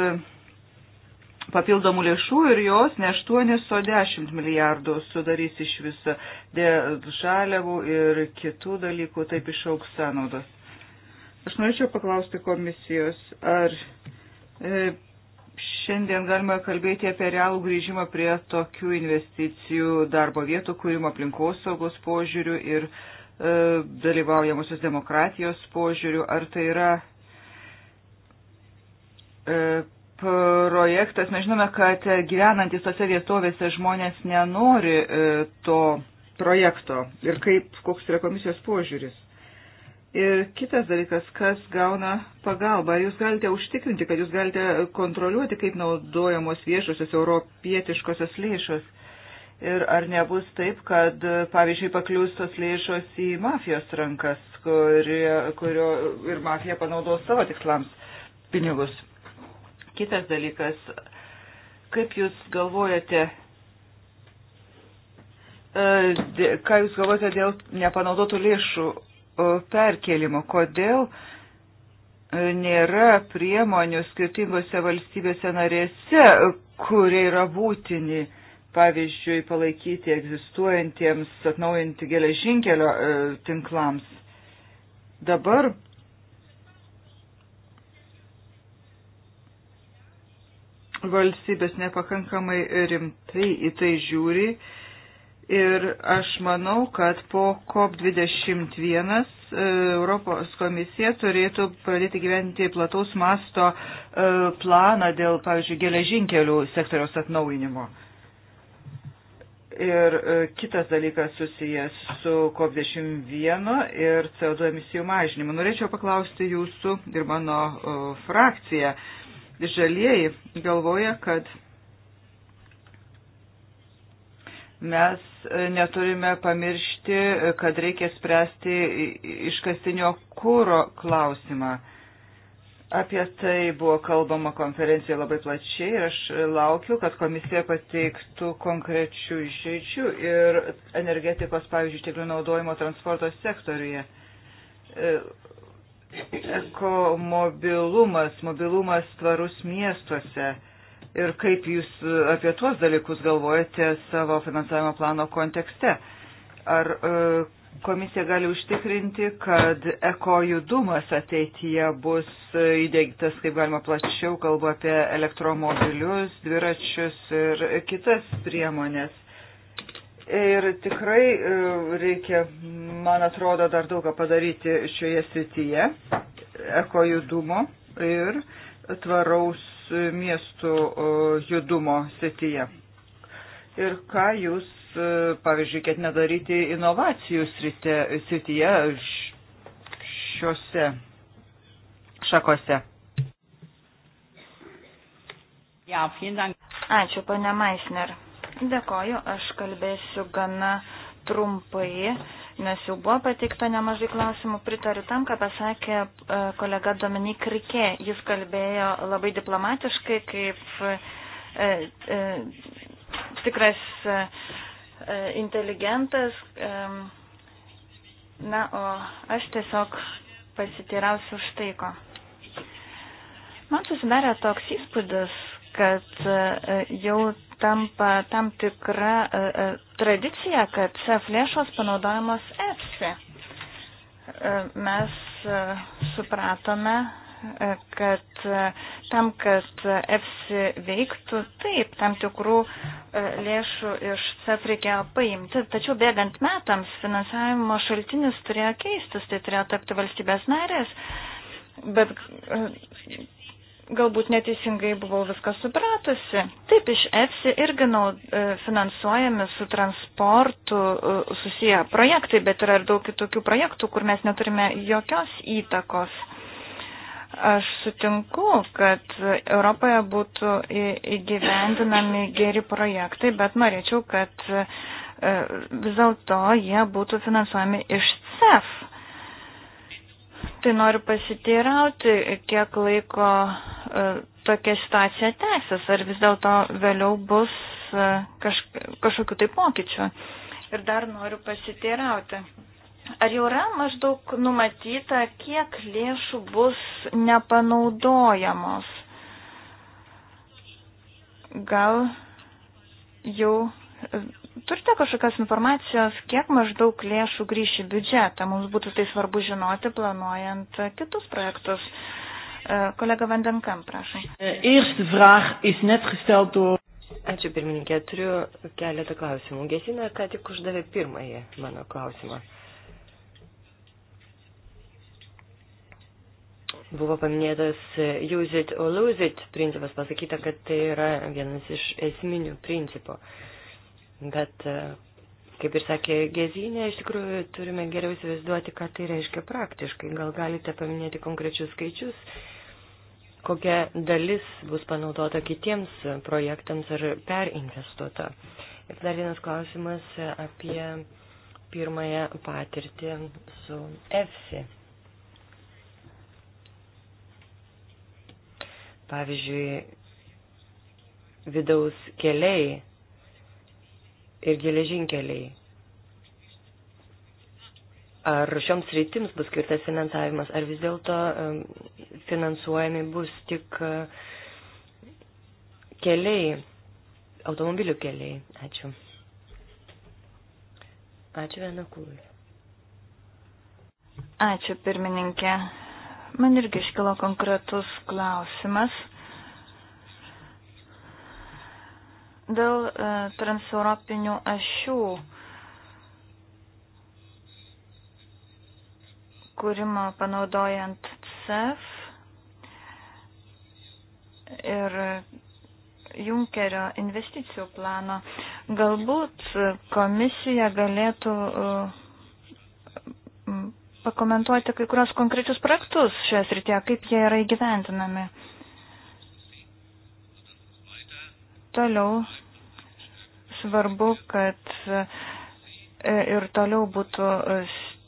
papildomų lėšų ir jos ne 8, o 10 milijardų sudarys iš viso dėl žaliavų ir kitų dalykų, taip išauks sąnaudos. Aš norėčiau paklausti komisijos, ar e, Šiandien galima kalbėti apie realų grįžimą prie tokių investicijų darbo vietų kūrimo aplinkosaugos požiūrių ir e, dalyvaujamosios demokratijos požiūrių. Ar tai yra e, projektas? Mes žinome, kad gyvenantis tose vietovėse žmonės nenori e, to projekto ir kaip, koks yra komisijos požiūris. Ir kitas dalykas, kas gauna pagalbą. Ar jūs galite užtikrinti, kad jūs galite kontroliuoti, kaip naudojamos viešosios europietiškosios lėšos? Ir ar nebus taip, kad, pavyzdžiui, paklius tos lėšos į mafijos rankas, kurio, kurio ir mafija panaudos savo tikslams pinigus? Kitas dalykas, kaip jūs galvojate, e, ką jūs galvojate dėl nepanaudotų lėšų perkelimo. Kodėl e, nėra priemonių skirtingose valstybėse narėse, kurie yra būtini, pavyzdžiui, palaikyti egzistuojantiems, atnaujinti geležinkelio e, tinklams. Dabar valstybės nepakankamai rimtai į tai žiūri Ir aš manau, kad po COP21 e, Europos komisija turėtų pradėti gyventi plataus masto e, planą dėl, pavyzdžiui, geležinkelių sektoriaus atnaujinimo. Ir e, kitas dalykas susijęs su COP21 ir CO2 emisijų mažinimu. Norėčiau paklausti jūsų ir mano frakciją. Žalieji galvoja, kad mes e, neturime pamiršti, e, kad reikia spręsti iškastinio kūro klausimą. Apie tai buvo kalbama konferencijoje labai plačiai ir aš laukiu, kad komisija pateiktų konkrečių išeičių ir energetikos, pavyzdžiui, tiklių naudojimo transporto sektoriuje. E, Ekomobilumas, mobilumas tvarus miestuose ir kaip jūs apie tuos dalykus galvojate savo finansavimo plano kontekste. Ar e, komisija gali užtikrinti, kad ekojudumas ateityje bus įdėktas kaip galima plačiau, kalbu apie elektromobilius, dviračius ir kitas priemonės. Ir tikrai e, reikia, man atrodo, dar daugą padaryti šioje srityje ekojudumo ir tvaraus miestų judumo setyje. Ir ką jūs, e, pavyzdžiui, ketina daryti inovacijų srityje šiuose šakose? Ačiū, pane Maisner. Dėkoju, aš kalbėsiu gana trumpai nes jau buvo pateikta nemažai klausimų. Pritariu tam, ką pasakė e, kolega Dominik Rikė. Jis kalbėjo labai diplomatiškai, kaip e, e, e tikras e, e, inteligentas. E, na, o aš tiesiog pasitirausiu už tai, ko. Man susidarė toks įspūdis, kad jau tampa tam tikra e, e, tradicija, kad CEF lėšos panaudojamos EFSI. E, mes e, supratome, e, kad e, tam, kad EFSI veiktų, taip, tam tikrų e, lėšų iš CEF reikėjo paimti, tačiau bėgant metams finansavimo šaltinis turėjo keistis, tai turėjo tapti valstybės narės. Bet e, galbūt neteisingai buvau viską supratusi. Taip, iš EFSI irgi naud, e, finansuojami su transportu e, susiję projektai, bet yra ir daug kitokių projektų, kur mes neturime jokios įtakos. Aš sutinku, kad Europoje būtų įgyvendinami geri projektai, bet norėčiau, kad e, vis dėlto jie būtų finansuojami iš CEF Tai noriu pasiteirauti, kiek laiko e, tokia situacija tęsis, ar vis dėlto vėliau bus e, kaž, kažkokiu tai pokyčiu. Ir dar noriu pasiteirauti. Ar jau yra maždaug numatyta, kiek lėšų bus nepanaudojamos? Gal jau turite kažkokios informacijos, kiek maždaug lėšų grįš į biudžetą? Mums būtų tai svarbu žinoti, planuojant kitus projektus. E, kolega Vandenkam, prašau. E, Ačiū pirmininkė, turiu keletą klausimų. Gesina, ką tik uždavė pirmąjį mano klausimą. buvo paminėtas e, use it or lose it principas, pasakyta, kad tai yra vienas iš esminių principų. Uh, Bet, e, kaip ir sakė Gezinė, iš tikrųjų turime geriau įsivaizduoti, ką tai reiškia praktiškai. Gal galite paminėti konkrečius skaičius, kokia dalis bus panaudota kitiems projektams ar perinvestuota. Ir dar vienas klausimas apie pirmąją patirtį su EFSI. Pavyzdžiui, vidaus keliai ir geležinkeliai. Ar šioms rytims bus skirtas finansavimas, ar vis dėlto finansuojami bus tik e, keliai, automobilių keliai. Ačiū. Ačiū Vienakūnui. Ačiū pirmininkė. Man irgi iškilo konkretus klausimas. Dėl e, transeuropinių ašių kūrimo panaudojant CEF ir Junkerio investicijų plano. Galbūt komisija galėtų e, pakomentuoti kai kurios konkrečius projektus šioje srityje, kaip jie yra įgyventinami. Toliau svarbu, kad e, ir toliau būtų e,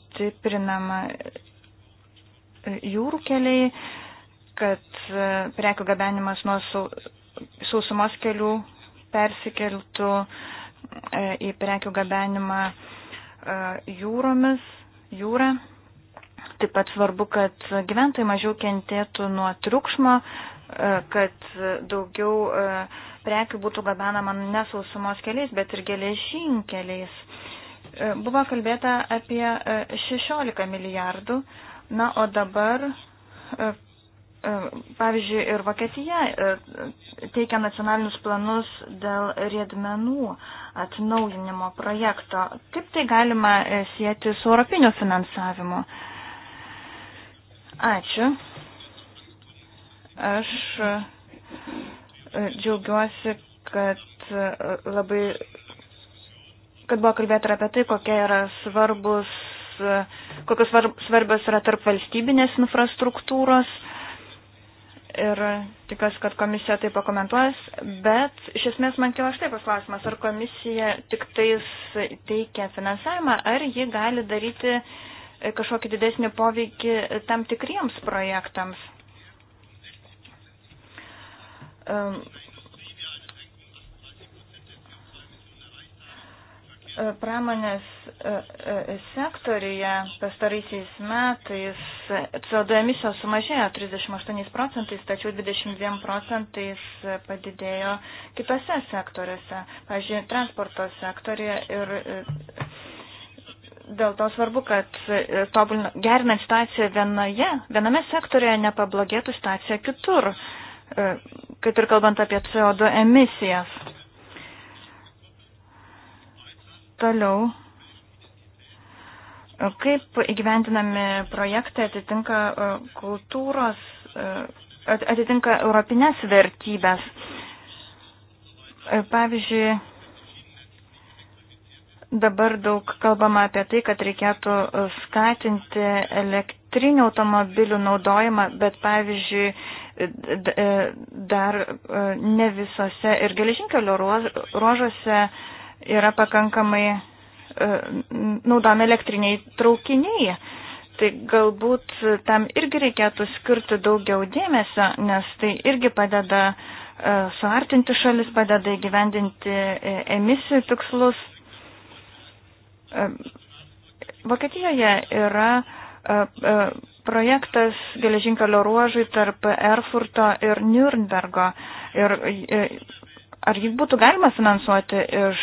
stiprinama e, jūrų keliai, kad prekių gabenimas nuo sausumos kelių persikeltų į prekių gabenimą jūromis, jūrą. Taip pat svarbu, kad gyventojai mažiau kentėtų nuo triukšmo, kad daugiau uh, prekių būtų gabenama ne sausumos keliais, bet ir geležinkeliais. E, buvo kalbėta apie 16 e, milijardų, na, o dabar, e, pavyzdžiui, ir Vokietija teikia nacionalinius planus dėl riedmenų atnaujinimo projekto. Kaip tai galima sieti su europiniu finansavimu? Ačiū. Aš E, džiaugiuosi, kad e, labai, kad buvo kalbėta apie tai, kokie yra svarbus, e, kokios svarbios yra tarp valstybinės infrastruktūros ir tikiuosi, kad komisija tai pakomentuos, bet iš esmės man kila štai paklausimas, ar komisija tik tais teikia finansavimą, ar ji gali daryti kažkokį didesnį poveikį tam tikriems projektams pramonės e, e, sektorija pastaraisiais metais CO2 emisijos sumažėjo 38 procentais, tačiau 22 procentais padidėjo kitose sektoriuose, pavyzdžiui, transporto sektorija ir e, dėl to svarbu, kad tobulina, gerinant situaciją vienoje, viename sektorioje nepablogėtų situacija kitur. E, kaip ir kalbant apie CO2 emisijas. Toliau. Kaip įgyventinami projektai atitinka e, kultūros, e, atitinka europinės vertybės. Pavyzdžiui, dabar daug kalbama apie tai, kad reikėtų skatinti elektrinių automobilių naudojimą, bet pavyzdžiui, dar e, ne visose ir geležinkelio ruožuose yra pakankamai e, naudojami elektriniai traukiniai. Tai galbūt tam irgi reikėtų skirti daugiau dėmesio, nes tai irgi padeda e, suartinti šalis, padeda įgyvendinti emisijų tikslus. Vokietijoje yra uh, projektas geležinkelio ruožui tarp Erfurto ir Nürnbergo. Ir ar jį būtų galima finansuoti iš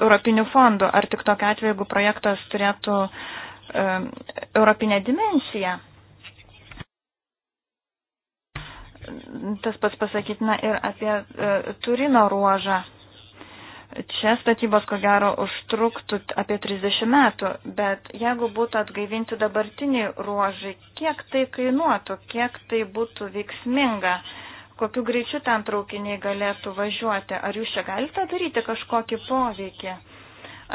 europinių fondų, ar tik tokia atveju, jeigu projektas turėtų europinę dimensiją? Tas pats pasakytina ir apie Turino ruožą. Čia statybos, ko gero, užtruktų apie 30 metų, bet jeigu būtų atgaivinti dabartiniai ruožai, kiek tai kainuotų, kiek tai būtų veiksminga, kokiu greičiu ten traukiniai galėtų važiuoti, ar jūs čia galite daryti kažkokį poveikį?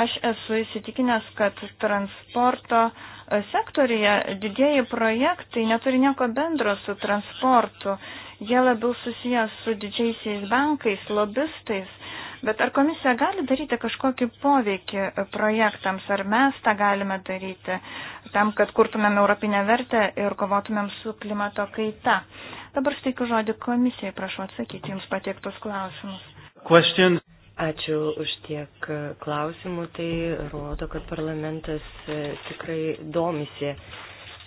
Aš esu įsitikinęs, kad transporto e, sektorija didieji projektai neturi nieko bendro su transportu, jie labiau susijęs su didžiaisiais bankais, lobistais Bet ar komisija gali daryti kažkokį poveikį projektams, ar mes tą galime daryti tam, kad kurtumėm europinę vertę ir kovotumėm su klimato kaita? Dabar steikiu žodį komisijai, prašau atsakyti jums patiektus klausimus. Question. Ačiū už tiek klausimų, tai rodo, kad parlamentas e, tikrai domisi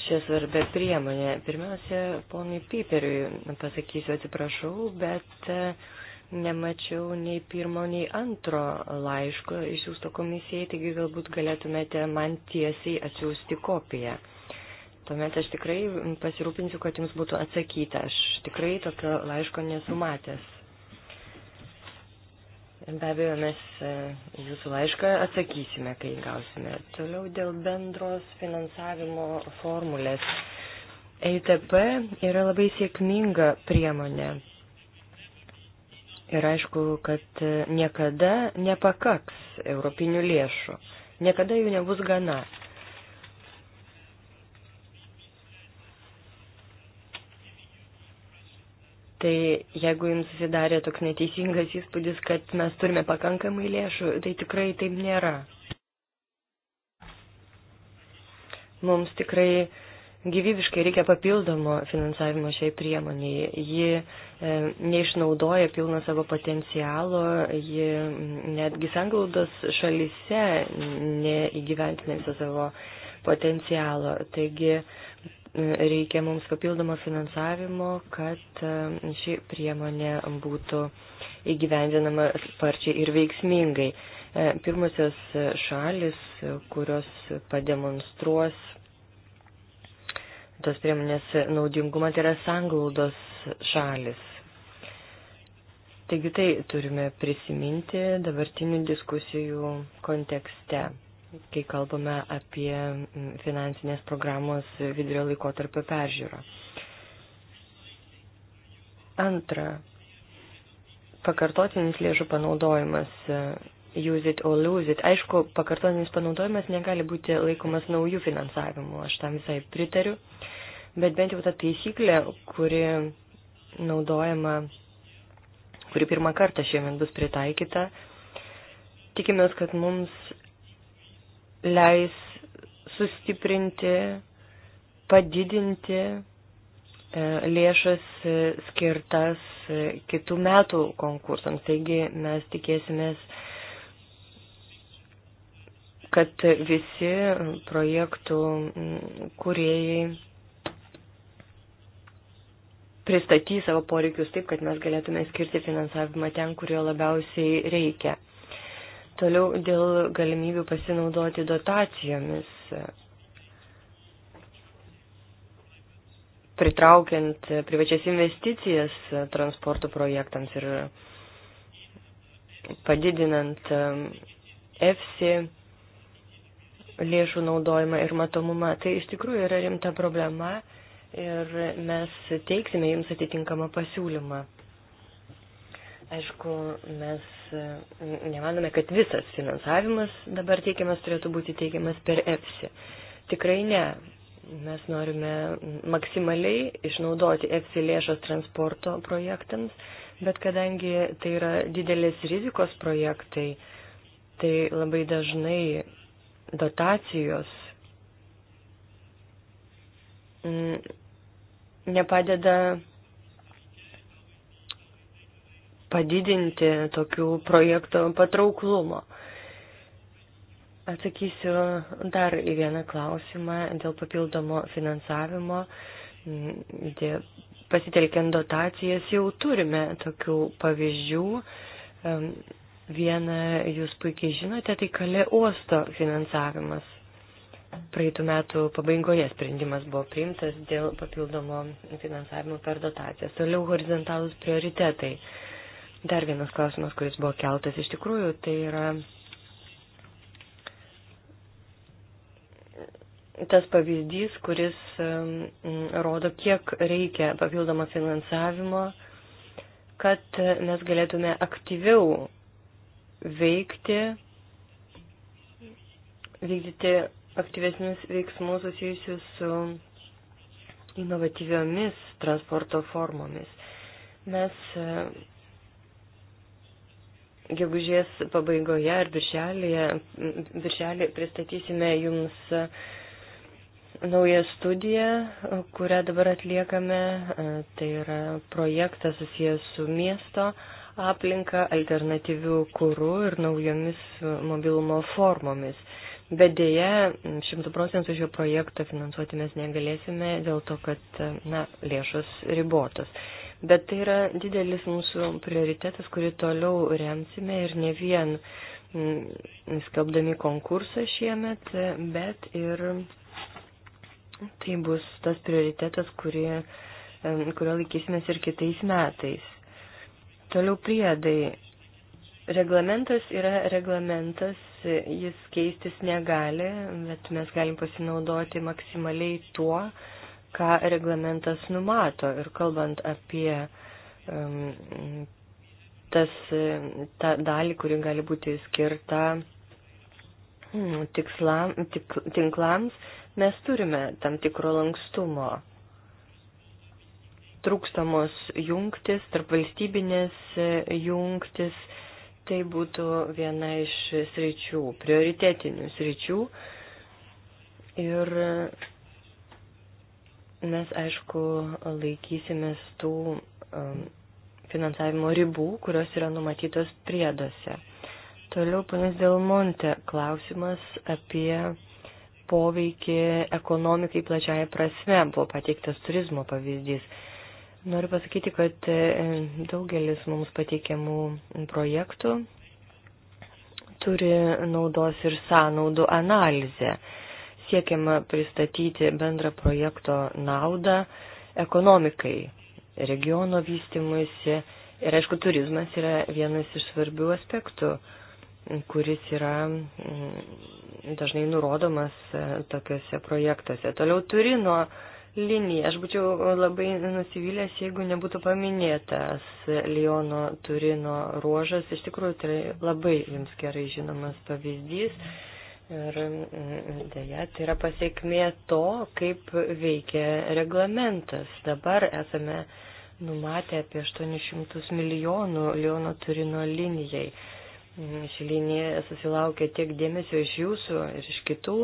šią svarbę priemonę. Pirmiausia, ponui Piperiui pasakysiu atsiprašau, bet uh, nemačiau nei pirmo, nei antro laiško išsiųsto komisijai, taigi galbūt galėtumėte man tiesiai atsiųsti kopiją. Tuomet aš tikrai pasirūpinsiu, kad jums būtų atsakyta. Aš tikrai tokio laiško nesu matęs. Be abejo, mes e, jūsų laišką atsakysime, kai gausime. Toliau dėl bendros finansavimo formulės. EITP yra labai sėkminga priemonė Ir aišku, kad niekada nepakaks europinių lėšų, niekada jų nebus gana. Tai jeigu jums susidarė toks neteisingas įspūdis, kad mes turime pakankamai lėšų, tai tikrai taip nėra. Mums tikrai gyvybiškai reikia papildomo finansavimo šiai priemoniai. Ji e, neišnaudoja pilno savo potencialo, ji netgi sanglaudos šalise neįgyventinėsi savo potencialo. Taigi e, reikia mums papildomo finansavimo, kad e, ši priemonė būtų įgyvendinama sparčiai ir veiksmingai. E, pirmosios šalis, kurios pademonstruos tos priemonės naudingumą, tai yra sanglaudos šalis. Taigi tai turime prisiminti dabartinių diskusijų kontekste, kai kalbame apie finansinės programos vidurio laikotarpio peržiūrą. Antra, pakartotinis lėšų panaudojimas use it or lose it. Aišku, pakartotinis panaudojimas negali būti laikomas naujų finansavimų, aš tam visai pritariu, bet bent jau ta taisyklė, kuri naudojama, kuri pirmą kartą šiemet bus pritaikyta, tikimės, kad mums leis sustiprinti, padidinti e, lėšas e, skirtas e, kitų metų konkursams. Taigi mes tikėsimės kad visi projektų mm, kuriejai pristatys savo poreikius taip, kad mes galėtume skirti finansavimą ten, kur jo labiausiai reikia. Toliau dėl galimybių pasinaudoti dotacijomis, pritraukiant privačias investicijas transporto projektams ir padidinant EFSI mm, lėšų naudojimą ir matomumą. Tai iš tikrųjų yra rimta problema ir mes teiksime jums atitinkamą pasiūlymą. Aišku, mes nemanome, kad visas finansavimas dabar teikiamas turėtų būti teikiamas per EFSI. Tikrai ne. Mes norime maksimaliai išnaudoti EFSI lėšas transporto projektams, bet kadangi tai yra didelės rizikos projektai, tai labai dažnai dotacijos mm, nepadeda padidinti tokių projektų patrauklumo. Atsakysiu dar į vieną klausimą dėl papildomo finansavimo. Mm, dėl pasitelkiant dotacijas jau turime tokių pavyzdžių mm, Vieną jūs puikiai žinote, tai kalė uosto finansavimas. Praeitų metų pabaigoje sprendimas buvo priimtas dėl papildomo finansavimo per dotacijas. Toliau horizontalūs prioritetai. Dar vienas klausimas, kuris buvo keltas iš tikrųjų, tai yra tas pavyzdys, kuris um, rodo, kiek reikia papildomo finansavimo, kad mes galėtume aktyviau veikti, vykdyti aktyvesnius veiksmus susijusius su inovatyviomis transporto formomis. Mes e, gegužės pabaigoje ar birželėje, birželį pristatysime jums naują studiją, kurią dabar atliekame. E, tai yra projektas susijęs su miesto aplinką alternatyvių kūrų ir naujomis mobilumo formomis. Bet dėja, šimtų procentų šio projekto finansuoti mes negalėsime dėl to, kad na, lėšos ribotos. Bet tai yra didelis mūsų prioritetas, kurį toliau remsime ir ne vien mm, skelbdami konkursą šiemet, bet ir tai bus tas prioritetas, kurie, mm, kurio laikysimės ir kitais metais. Toliau priedai. Reglamentas yra reglamentas, jis keistis negali, bet mes galim pasinaudoti maksimaliai tuo, ką reglamentas numato. Ir kalbant apie um, tas, tą dalį, kuri gali būti skirta mm, tikslam, tik, tinklams, mes turime tam tikro lankstumo trūkstamos jungtis, tarp valstybinės jungtis. Tai būtų viena iš sričių, prioritetinių sričių. Ir mes, aišku, laikysimės tų um, finansavimo ribų, kurios yra numatytos prieduose. Toliau panas Delmonte klausimas apie poveikį ekonomikai plačiaja prasme. Buvo pateiktas turizmo pavyzdys. Noriu pasakyti, kad e, daugelis mums pateikiamų projektų turi naudos ir sąnaudų analizę. Siekiama pristatyti bendrą projekto naudą ekonomikai, regiono vystimuisi ir, aišku, turizmas yra vienas iš svarbių aspektų, kuris yra mm, dažnai nurodomas e, tokiuose projektuose. Toliau Turino. No linija. Aš būčiau labai nusivylęs, jeigu nebūtų paminėtas Liono Turino ruožas. Iš tikrųjų, tai labai jums gerai žinomas pavyzdys. Ir mm, dėja, tai yra pasiekmė to, kaip veikia reglamentas. Dabar esame numatę apie 800 milijonų Liono Turino linijai. Mm, ši linija susilaukia tiek dėmesio iš jūsų ir iš kitų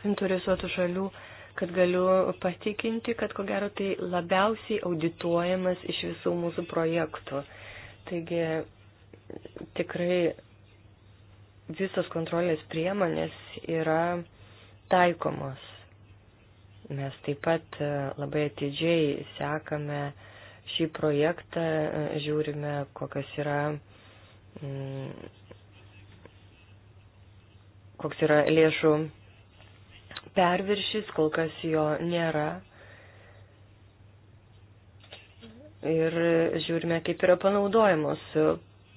suinteresuotų šalių kad galiu patikinti, kad ko gero tai labiausiai audituojamas iš visų mūsų projektų. Taigi tikrai visos kontrolės priemonės yra taikomos. Mes taip pat e, labai atidžiai sekame šį projektą, e, žiūrime, kokios yra mm, koks yra lėšų perviršis, kol kas jo nėra. Ir žiūrime, kaip yra panaudojamos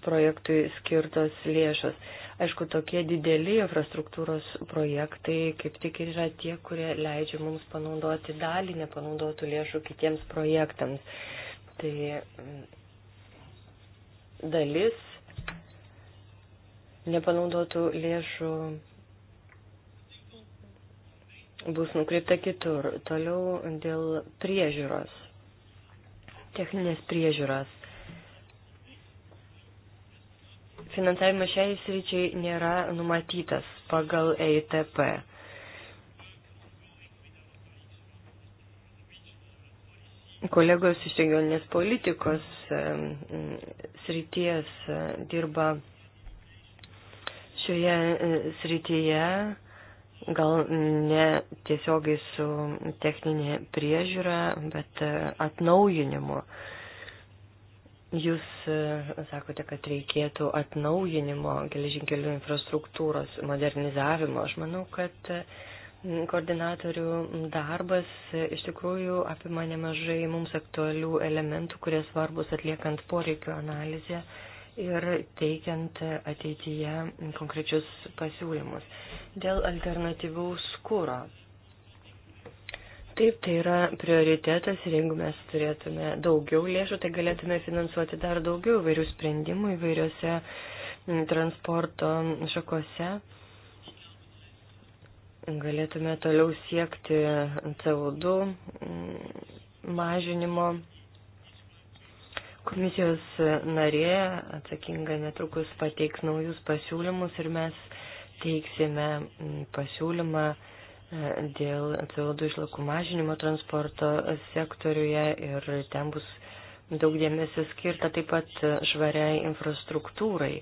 projektui skirtos lėšos. Aišku, tokie dideli infrastruktūros projektai kaip tik yra tie, kurie leidžia mums panaudoti dalį nepanaudotų lėšų kitiems projektams. Tai mm, dalis nepanaudotų lėšų bus nukreipta kitur. Toliau dėl priežiūros, techninės priežiūros. Finansavimas šiai sričiai nėra numatytas pagal EITP. kolegos iš regioninės politikos srities dirba šioje srityje gal ne tiesiogiai su techninė priežiūra, bet e, atnaujinimu. Jūs e, sakote, kad reikėtų atnaujinimo geležinkelių infrastruktūros modernizavimo. Aš manau, kad e, koordinatorių darbas iš tikrųjų apima nemažai mums aktualių elementų, kurie svarbus atliekant poreikio analizę ir teikiant ateityje konkrečius pasiūlymus. Dėl alternatyvaus kūro. Taip, tai yra prioritetas ir jeigu mes turėtume daugiau lėšų, tai galėtume finansuoti dar daugiau įvairių sprendimų įvairiose mm, transporto šakose. Galėtume toliau siekti CO2 mm, mažinimo Komisijos narė atsakinga netrukus pateiks naujus pasiūlymus ir mes teiksime mm, pasiūlymą e, dėl CO2 išlakų mažinimo transporto sektoriuje ir ten bus daug dėmesio skirta taip pat švariai infrastruktūrai.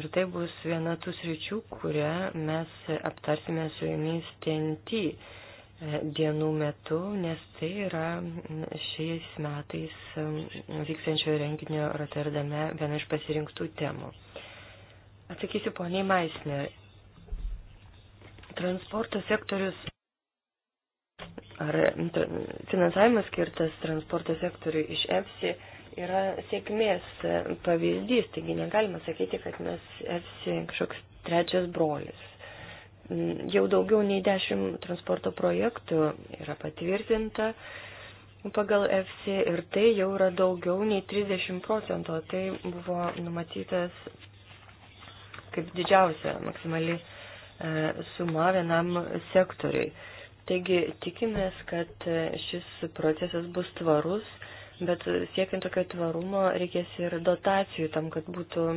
Ir tai bus viena tų sričių, kurią mes aptarsime su jumis TNT dienų metu, nes tai yra šiais metais vykstančio renginio Rotterdame viena iš pasirinktų temų. Atsakysiu poniai Maisner. Transporto sektorius ar finansavimas skirtas transporto sektoriui iš EFSI yra sėkmės e, pavyzdys, taigi negalima sakyti, kad mes EFSI kažkoks trečias brolis. Jau daugiau nei dešimt transporto projektų yra patvirtinta pagal EFSI ir tai jau yra daugiau nei 30 procentų. Tai buvo numatytas kaip didžiausia maksimali e, suma vienam sektoriui. Taigi tikimės, kad e, šis procesas bus tvarus, bet siekiant tokio tvarumo reikės ir dotacijų tam, kad būtų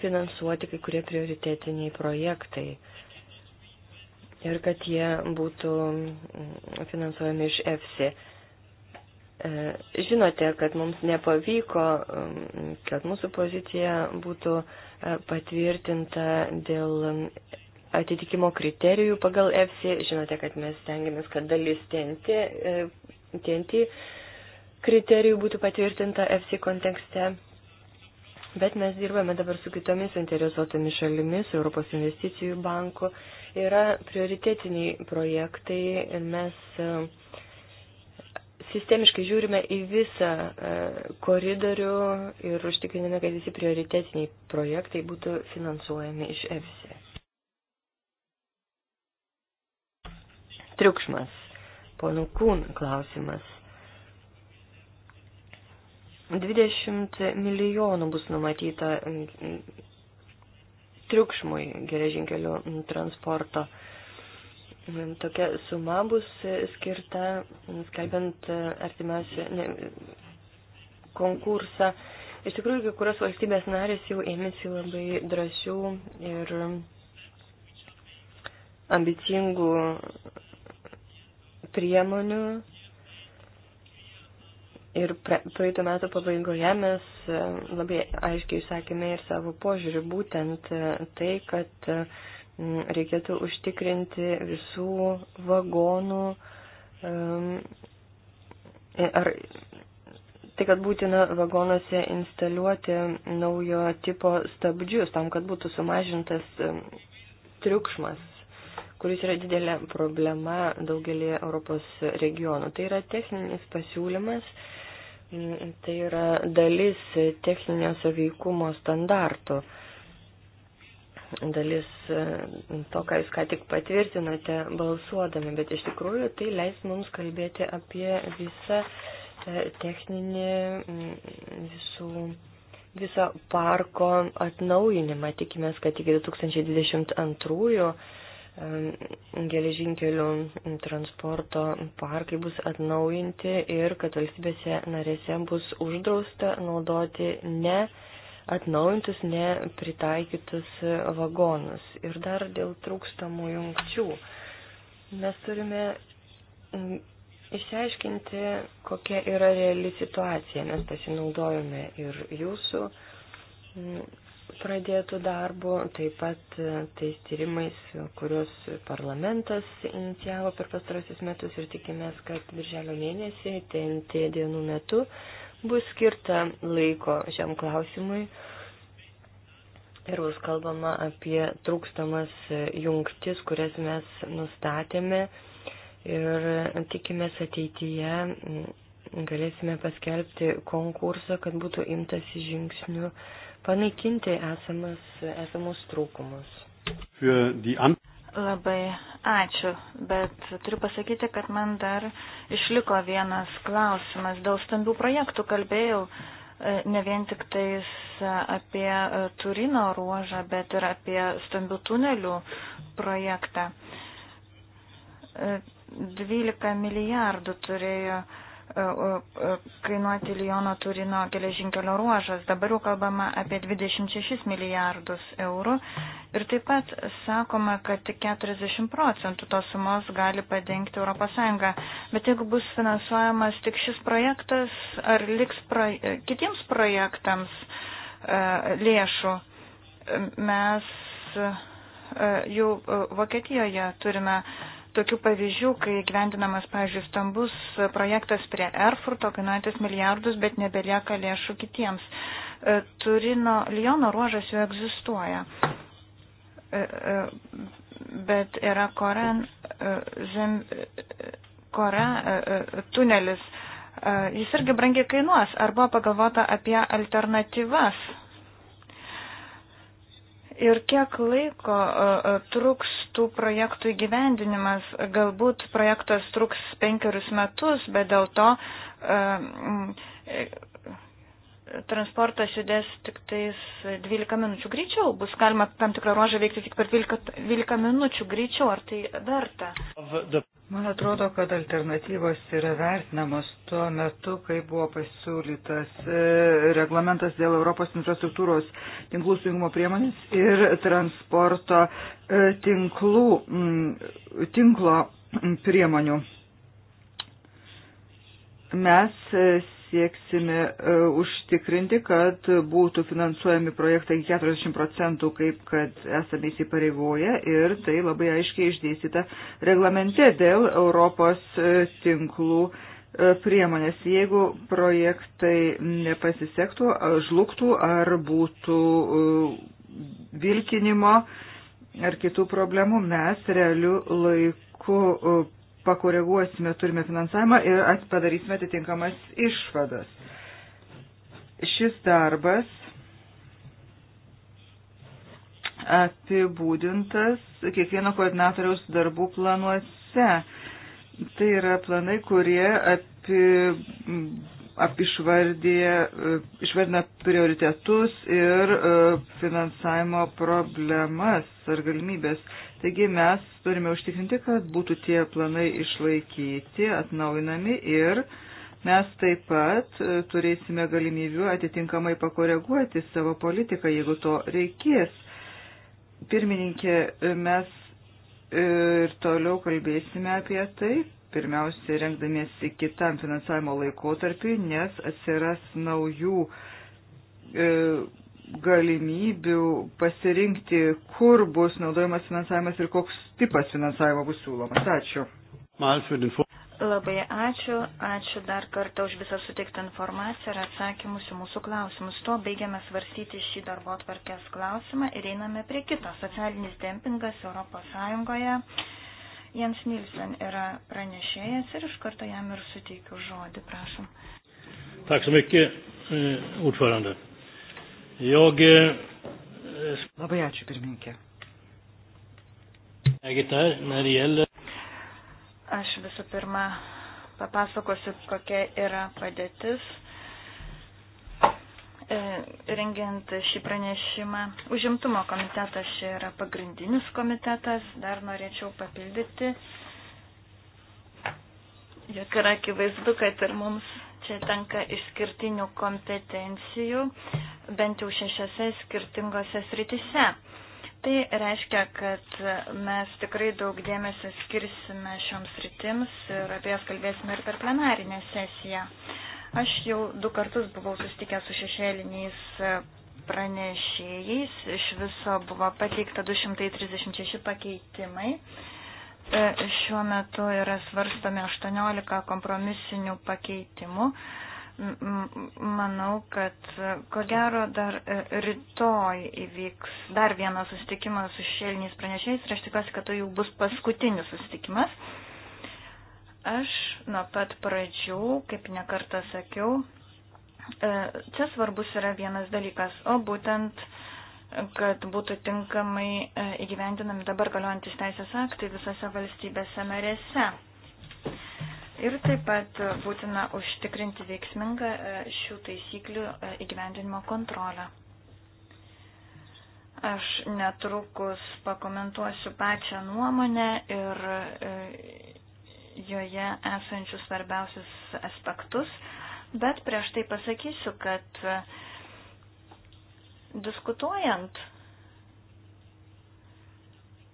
finansuoti kai kurie prioritetiniai projektai. Uh, ir kad jie būtų finansuojami iš EFSI. Žinote, kad mums nepavyko, kad mūsų pozicija būtų e, patvirtinta dėl atitikimo kriterijų pagal EFSI. Žinote, kad mes stengiamės, kad dalis TNT, e, TNT kriterijų būtų patvirtinta EFSI kontekste. Bet mes dirbame dabar su kitomis interesuotomis šalimis, Europos investicijų banku yra prioritetiniai projektai ir mes e, sistemiškai žiūrime į visą e, koridorių ir užtikriname, kad visi prioritetiniai projektai būtų finansuojami iš EFSI. Triukšmas. Pono Kūn klausimas. 20 milijonų bus numatyta triukšmui geležinkelių transporto. Tokia suma bus skirta, skelbiant e, artimiausią konkursą. Iš tikrųjų, kai kurios valstybės narės jau ėmėsi labai drąsių ir ambicingų priemonių. Ir praeitų metų pabaigoje mes labai aiškiai išsakėme ir savo požiūrį, būtent e, tai, kad e, reikėtų užtikrinti visų vagonų e, ar tai, kad būtina vagonuose instaliuoti naujo tipo stabdžius tam, kad būtų sumažintas triukšmas, kuris yra didelė problema daugelį Europos regionų. Tai yra techninis pasiūlymas Tai yra dalis techninio saveikumo standartų, dalis e, to, ką jūs ką tik patvirtinote balsuodami, bet iš tikrųjų tai leis mums kalbėti apie visą e, techninį visų viso parko atnaujinimą. Tikimės, kad iki 2022 geležinkelių transporto parkai bus atnaujinti ir kad valstybėse narėse bus uždrausta naudoti ne atnaujintus, nepritaikytus vagonus. Ir dar dėl trūkstamų jungčių. Mes turime išsiaiškinti, kokia yra reali situacija. Mes pasinaudojame ir jūsų pradėtų darbų, taip pat e, tais tyrimais, kuriuos parlamentas inicijavo per pastarosius metus ir tikimės, kad birželio mėnesį, TNT dienų metu, bus skirta laiko šiam klausimui ir bus kalbama apie trūkstamas jungtis, kurias mes nustatėme ir tikimės ateityje galėsime paskelbti konkursą, kad būtų imtasi žingsnių panaikinti esamas, esamus trūkumus. Labai ačiū, bet turiu pasakyti, kad man dar išliko vienas klausimas. Dėl stambių projektų kalbėjau e, ne vien tik tais apie e, Turino ruožą, bet ir apie stambių tunelių projektą. 12 e, milijardų turėjo uh, E, e, kainuoti Liono Turino geležinkelio ruožas. Dabar jau kalbama apie 26 milijardus eurų ir taip pat sakoma, kad tik 40 procentų tos sumos gali padengti ES. Bet jeigu bus finansuojamas tik šis projektas, ar liks pro, e, kitiems projektams lėšų, mes jau Vokietijoje turime tokių pavyzdžių, kai gyventinamas, pavyzdžiui, stambus projektas prie Erfurto, kainuojantis milijardus, bet nebelieka lėšų kitiems. E, Turino Liono ruožas jau egzistuoja, e, e, bet yra Koren, Zem, Kora tunelis. Jis irgi brangiai kainuos. Ar buvo pagalvota apie alternatyvas Ir kiek laiko e, e, truks tų projektų įgyvendinimas? Galbūt projektas truks penkerius metus, bet dėl to e, transportas judės tik tais 12 minučių greičiau, bus galima tam tikrą ruožą veikti tik per 12, 12 minučių greičiau, ar tai verta? Man atrodo, kad alternatyvos yra vertinamos tuo metu, kai buvo pasiūlytas e, reglamentas dėl Europos infrastruktūros tinklų sujungimo priemonės ir transporto e, tinklų, tinklo priemonių. Mes e, sieksime e, užtikrinti, kad būtų finansuojami projektai 40 procentų, kaip kad esame įsipareigoję ir tai labai aiškiai išdėstyta reglamente dėl Europos e, tinklų e, priemonės. Jeigu projektai nepasisektų, žlugtų ar būtų vilkinimo ar kitų problemų, mes realiu laiku pakoreguosime turime finansavimą ir padarysime atitinkamas išvadas. Šis darbas apibūdintas kiekvieno koordinatoriaus darbų planuose. Tai yra planai, kurie api, ap išvardina prioritetus ir e, finansavimo problemas ar galimybės. Taigi mes turime užtikrinti, kad būtų tie planai išlaikyti, atnaujinami ir mes taip pat e, turėsime galimybių atitinkamai pakoreguoti savo politiką, jeigu to reikės. Pirmininkė, e, mes e, ir toliau kalbėsime apie tai, pirmiausia, rengdamiesi kitam finansavimo laikotarpiui, nes atsiras naujų galimybių pasirinkti, kur bus naudojamas finansavimas ir koks tipas finansavimo bus siūlomas. Ačiū. Labai ačiū. Ačiū dar kartą už visą suteiktą informaciją ir atsakymus į mūsų klausimus. Tuo baigiame svarstyti šį darbo atvarkės klausimą ir einame prie kito. Socialinis dempingas ES. Jens Nilsen yra pranešėjas ir iš karto jam ir suteikiu žodį. Prašom. Tak så mycket, eh, ordförande. Jogi. Labai ačiū, pirmininkė. Aš visų pirma papasakosiu, kokia yra padėtis e, rengiant šį pranešimą. Užimtumo komitetas čia yra pagrindinis komitetas. Dar norėčiau papildyti, jog yra akivaizdu, kad ir mums Čia tenka išskirtinių kompetencijų, bent jau šešiose skirtingose sritise. Tai reiškia, kad mes tikrai daug dėmesio skirsime šioms sritims ir apie jas kalbėsime ir per plenarinę sesiją. Aš jau du kartus buvau sustikęs su šešėliniais pranešėjais, iš viso buvo pateikta 236 pakeitimai. E, šiuo metu yra svarstomi 18 kompromisinių pakeitimų. Manau, kad e, ko gero dar e, rytoj įvyks dar vienas susitikimas su šėliniais pranešėjais ir aš tikiuosi, kad tai jau bus paskutinis susitikimas. Aš nuo pat pradžių, kaip nekartą sakiau, čia svarbus yra vienas dalykas, o būtent kad būtų tinkamai e, įgyvendinami dabar galiojantis teisės aktai visose valstybėse narėse. Ir taip pat būtina užtikrinti veiksmingą e, šių taisyklių e, įgyvendinimo kontrolę. Aš netrukus pakomentuosiu pačią nuomonę ir joje esančius svarbiausius aspektus, bet prieš tai pasakysiu, kad Diskutuojant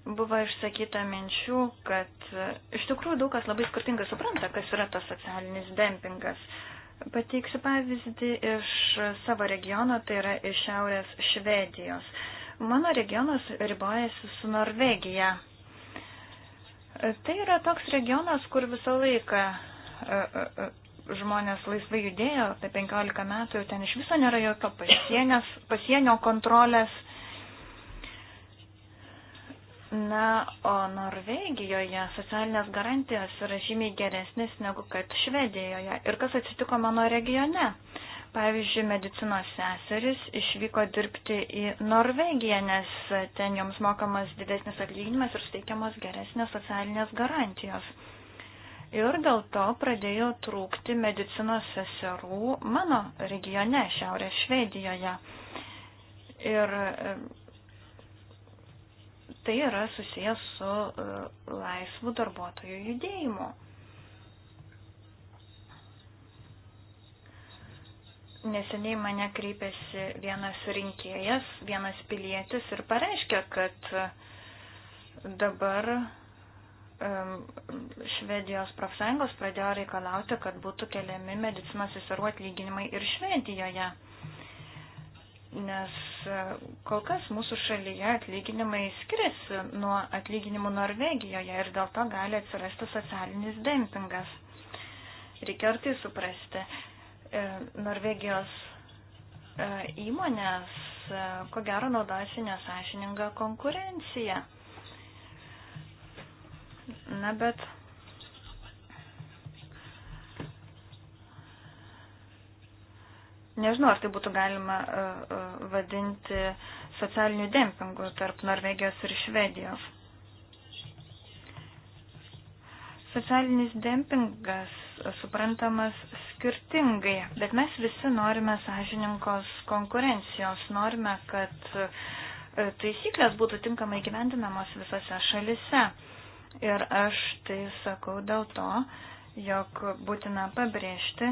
buvo išsakyta minčių, kad e, iš tikrųjų daug kas labai skirtingai supranta, kas yra tas socialinis dempingas. Pateiksiu pavyzdį iš savo regiono, tai yra iš šiaurės Švedijos. Mano regionas ribojasi su Norvegija. E, tai yra toks regionas, kur visą laiką e, žmonės laisvai judėjo, apie 15 metų ir ten iš viso nėra jokio pasienės, pasienio kontrolės. Na, o Norvegijoje socialinės garantijos yra žymiai geresnis negu kad Švedijoje. Ir kas atsitiko mano regione? Pavyzdžiui, medicinos seseris išvyko dirbti į Norvegiją, nes ten joms mokamas didesnis atlyginimas ir suteikiamos geresnės socialinės garantijos. Ir dėl to pradėjo trūkti medicinos seserų mano regione, Šiaurės Švedijoje. Ir e, tai yra susijęs su e, laisvų darbuotojų judėjimu. neseniai mane kreipėsi vienas rinkėjas, vienas pilietis ir pareiškė, kad dabar Švedijos profsąjungos pradėjo reikalauti, kad būtų keliami medicinos seserų atlyginimai ir Švedijoje. Nes e, kol kas mūsų šalyje atlyginimai skiriasi nuo atlyginimų Norvegijoje ir dėl to gali atsirasti socialinis dempingas. Reikia ir tai suprasti. E, Norvegijos e, įmonės ko gero naudojasi nesąžininga konkurencija Na, bet nežinau, ar tai būtų galima e, e, vadinti socialiniu dempingu tarp Norvegijos ir Švedijos. Socialinis dempingas suprantamas skirtingai, bet mes visi norime sąžininkos konkurencijos, norime, kad e, taisyklės būtų tinkamai gyvendinamos visose šalise. Ir aš tai sakau dėl to, jog būtina pabrėžti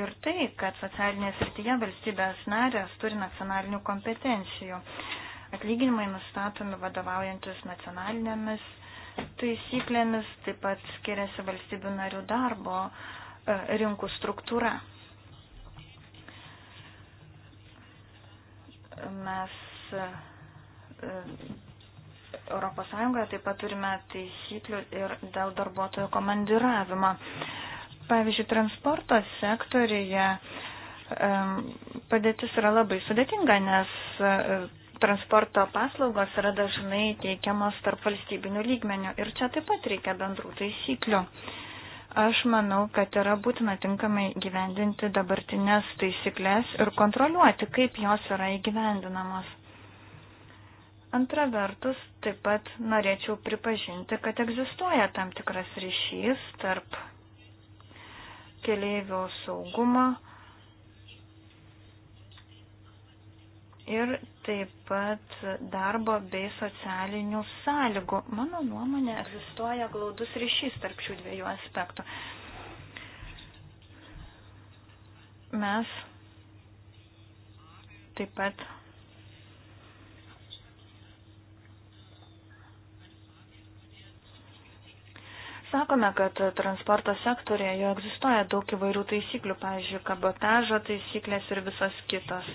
ir tai, kad socialinėje srityje valstybės narės turi nacionalinių kompetencijų. Atlyginimai nustatomi vadovaujantis nacionalinėmis taisyklėmis, taip pat skiriasi valstybių narių darbo e, rinkų struktūra. Mes e, Europos Sąjungoje taip pat turime taisyklių ir dėl darbuotojų komandiravimo. Pavyzdžiui, transporto sektorija padėtis yra labai sudėtinga, nes e, transporto paslaugos yra dažnai teikiamos tarp valstybinių lygmenių ir čia taip pat reikia bendrų taisyklių. Aš manau, kad yra būtina tinkamai gyvendinti dabartinės taisyklės ir kontroliuoti, kaip jos yra įgyvendinamos. Antra vertus, taip pat norėčiau pripažinti, kad egzistuoja tam tikras ryšys tarp keleivio saugumo ir taip pat darbo bei socialinių sąlygų. Mano nuomonė, egzistuoja glaudus ryšys tarp šių dviejų aspektų. Mes taip pat Sakome, kad transporto sektorėje jau egzistuoja daug įvairių taisyklių, pavyzdžiui, kabotažo taisyklės ir visos kitos.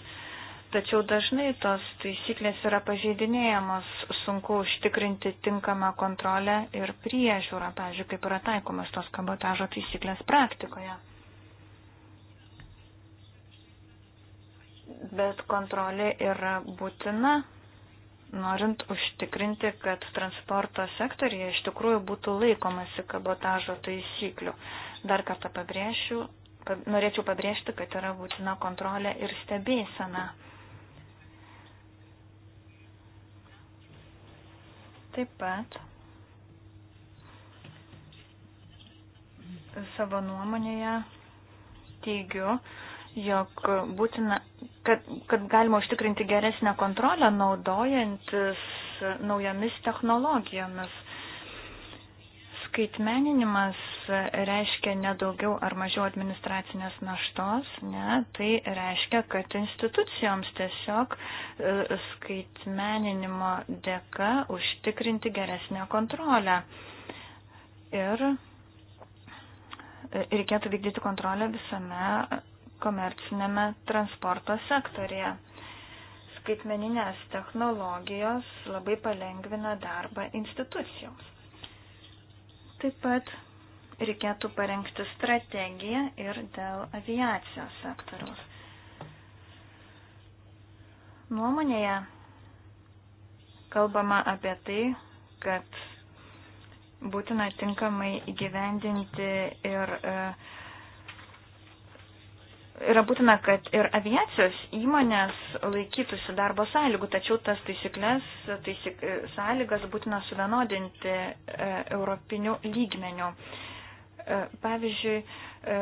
Tačiau dažnai tos taisyklės yra pažeidinėjamos, sunku užtikrinti tinkamą kontrolę ir priežiūrą, pavyzdžiui, kaip yra taikomas tos kabotažo taisyklės praktikoje. Bet kontrolė yra būtina, norint užtikrinti, kad transporto sektorija iš tikrųjų būtų laikomasi kabotažo taisyklių. Dar kartą pabrėšiu, pab, norėčiau pabrėžti, kad yra būtina kontrolė ir stebėsena. Taip pat savo nuomonėje teigiu, jog būtina, kad, kad galima užtikrinti geresnę kontrolę naudojantis naujomis technologijomis. Skaitmeninimas reiškia nedaugiau ar mažiau administracinės naštos, ne, tai reiškia, kad institucijoms tiesiog e, skaitmeninimo dėka užtikrinti geresnę kontrolę. Ir reikėtų vykdyti kontrolę visame komercinėme transporto sektorėje. Skaitmeninės technologijos labai palengvina darbą institucijoms. Taip pat reikėtų parengti strategiją ir dėl aviacijos sektoriaus. Nuomonėje kalbama apie tai, kad būtina tinkamai įgyvendinti ir uh, yra būtina, kad ir aviacijos įmonės laikytųsi darbo sąlygų, tačiau tas taisyklės, taisyk, sąlygas būtina suvienodinti e, europiniu lygmeniu. E, pavyzdžiui, e,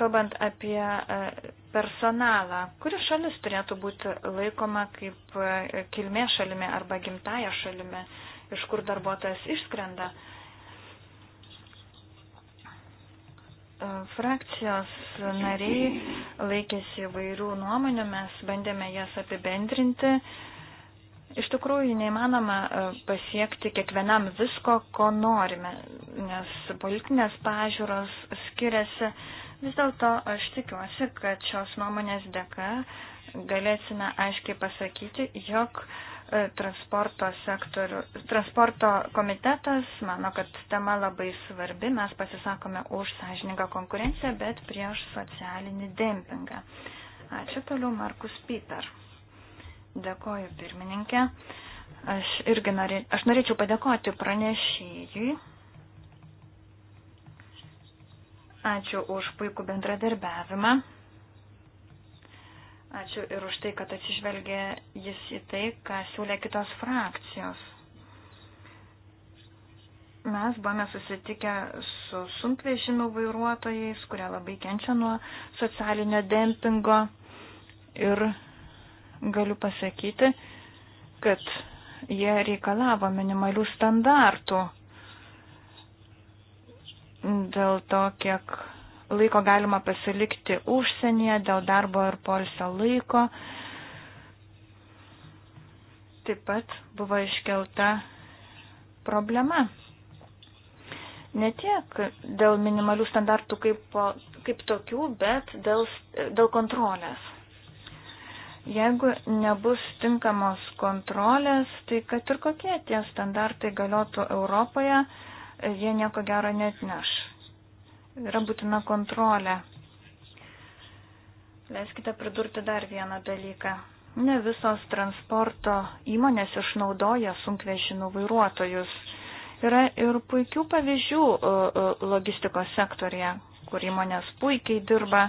kalbant apie e, personalą, kuri šalis turėtų būti laikoma kaip e, kilmė šalimi arba gimtaja šalimi, iš kur darbuotojas išskrenda. E, Frakcijos nariai laikėsi vairių nuomonių, mes bandėme jas apibendrinti. Iš tikrųjų, neįmanoma pasiekti kiekvienam visko, ko norime, nes politinės pažiūros skiriasi. Vis dėlto aš tikiuosi, kad šios nuomonės dėka galėsime aiškiai pasakyti, jog uh, E, transporto sektorių. Transporto komitetas mano, kad tema labai svarbi. Mes pasisakome už sąžininką konkurenciją, bet prieš socialinį dempingą. Ačiū toliau, Markus Piper. Dėkoju, pirmininkė. Aš irgi norė, aš norėčiau padėkoti pranešėjui. Ačiū už puikų bendradarbiavimą. Ačiū ir už tai, kad atsižvelgė jis į tai, ką siūlė kitos frakcijos. Mes buvome susitikę su sunkvežimių vairuotojais, kurie labai kenčia nuo socialinio dempingo. Ir galiu pasakyti, kad jie reikalavo minimalių standartų dėl to, kiek laiko galima pasilikti užsienyje dėl darbo ir polsio laiko. Taip pat buvo iškelta problema. Ne tiek dėl minimalių standartų kaip, kaip tokių, bet dėl, dėl kontrolės. Jeigu nebus tinkamos kontrolės, tai kad ir kokie tie standartai galiotų Europoje, jie nieko gero net neš yra būtina kontrolė. Leiskite pridurti dar vieną dalyką. Ne visos transporto įmonės išnaudoja sunkvežimių vairuotojus. Yra ir puikių pavyzdžių e, e, logistikos sektorija, kur įmonės puikiai dirba,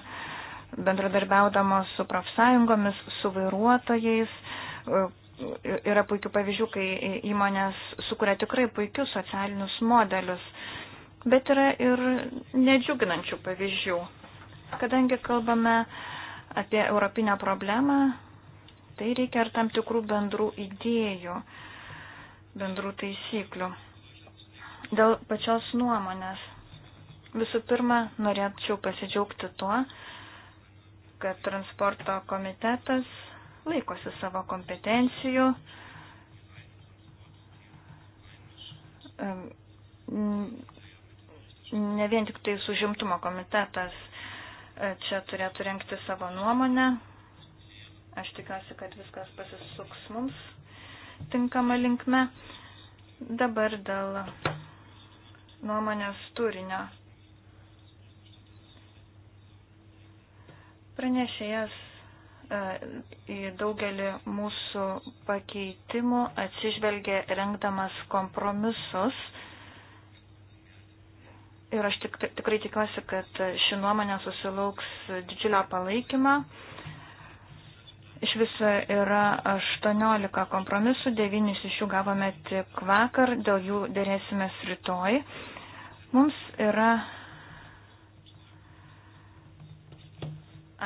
bendradarbiaudamos su profsąjungomis, su vairuotojais. E, yra puikių pavyzdžių, kai įmonės sukuria tikrai puikius socialinius modelius. Bet yra ir nedžiuginančių pavyzdžių. Kadangi kalbame apie europinę problemą, tai reikia ir tam tikrų bendrų idėjų, bendrų taisyklių. Dėl pačios nuomonės. Visų pirma, norėčiau pasidžiaugti tuo, kad transporto komitetas laikosi savo kompetencijų, ne vien tik tai sužimtumo komitetas e, čia turėtų renkti savo nuomonę. Aš tikiuosi, kad viskas pasisuks mums tinkama linkme. Dabar dėl nuomonės turinio. Pranešėjas e, į daugelį mūsų pakeitimų atsižvelgia rengdamas kompromisus Ir aš tik, tikrai tikiuosi, kad ši nuomonė susilauks didžiulio palaikymą. Iš viso yra 18 kompromisų, 9 iš jų gavome tik vakar, dėl jų dėrėsime rytoj. Mums yra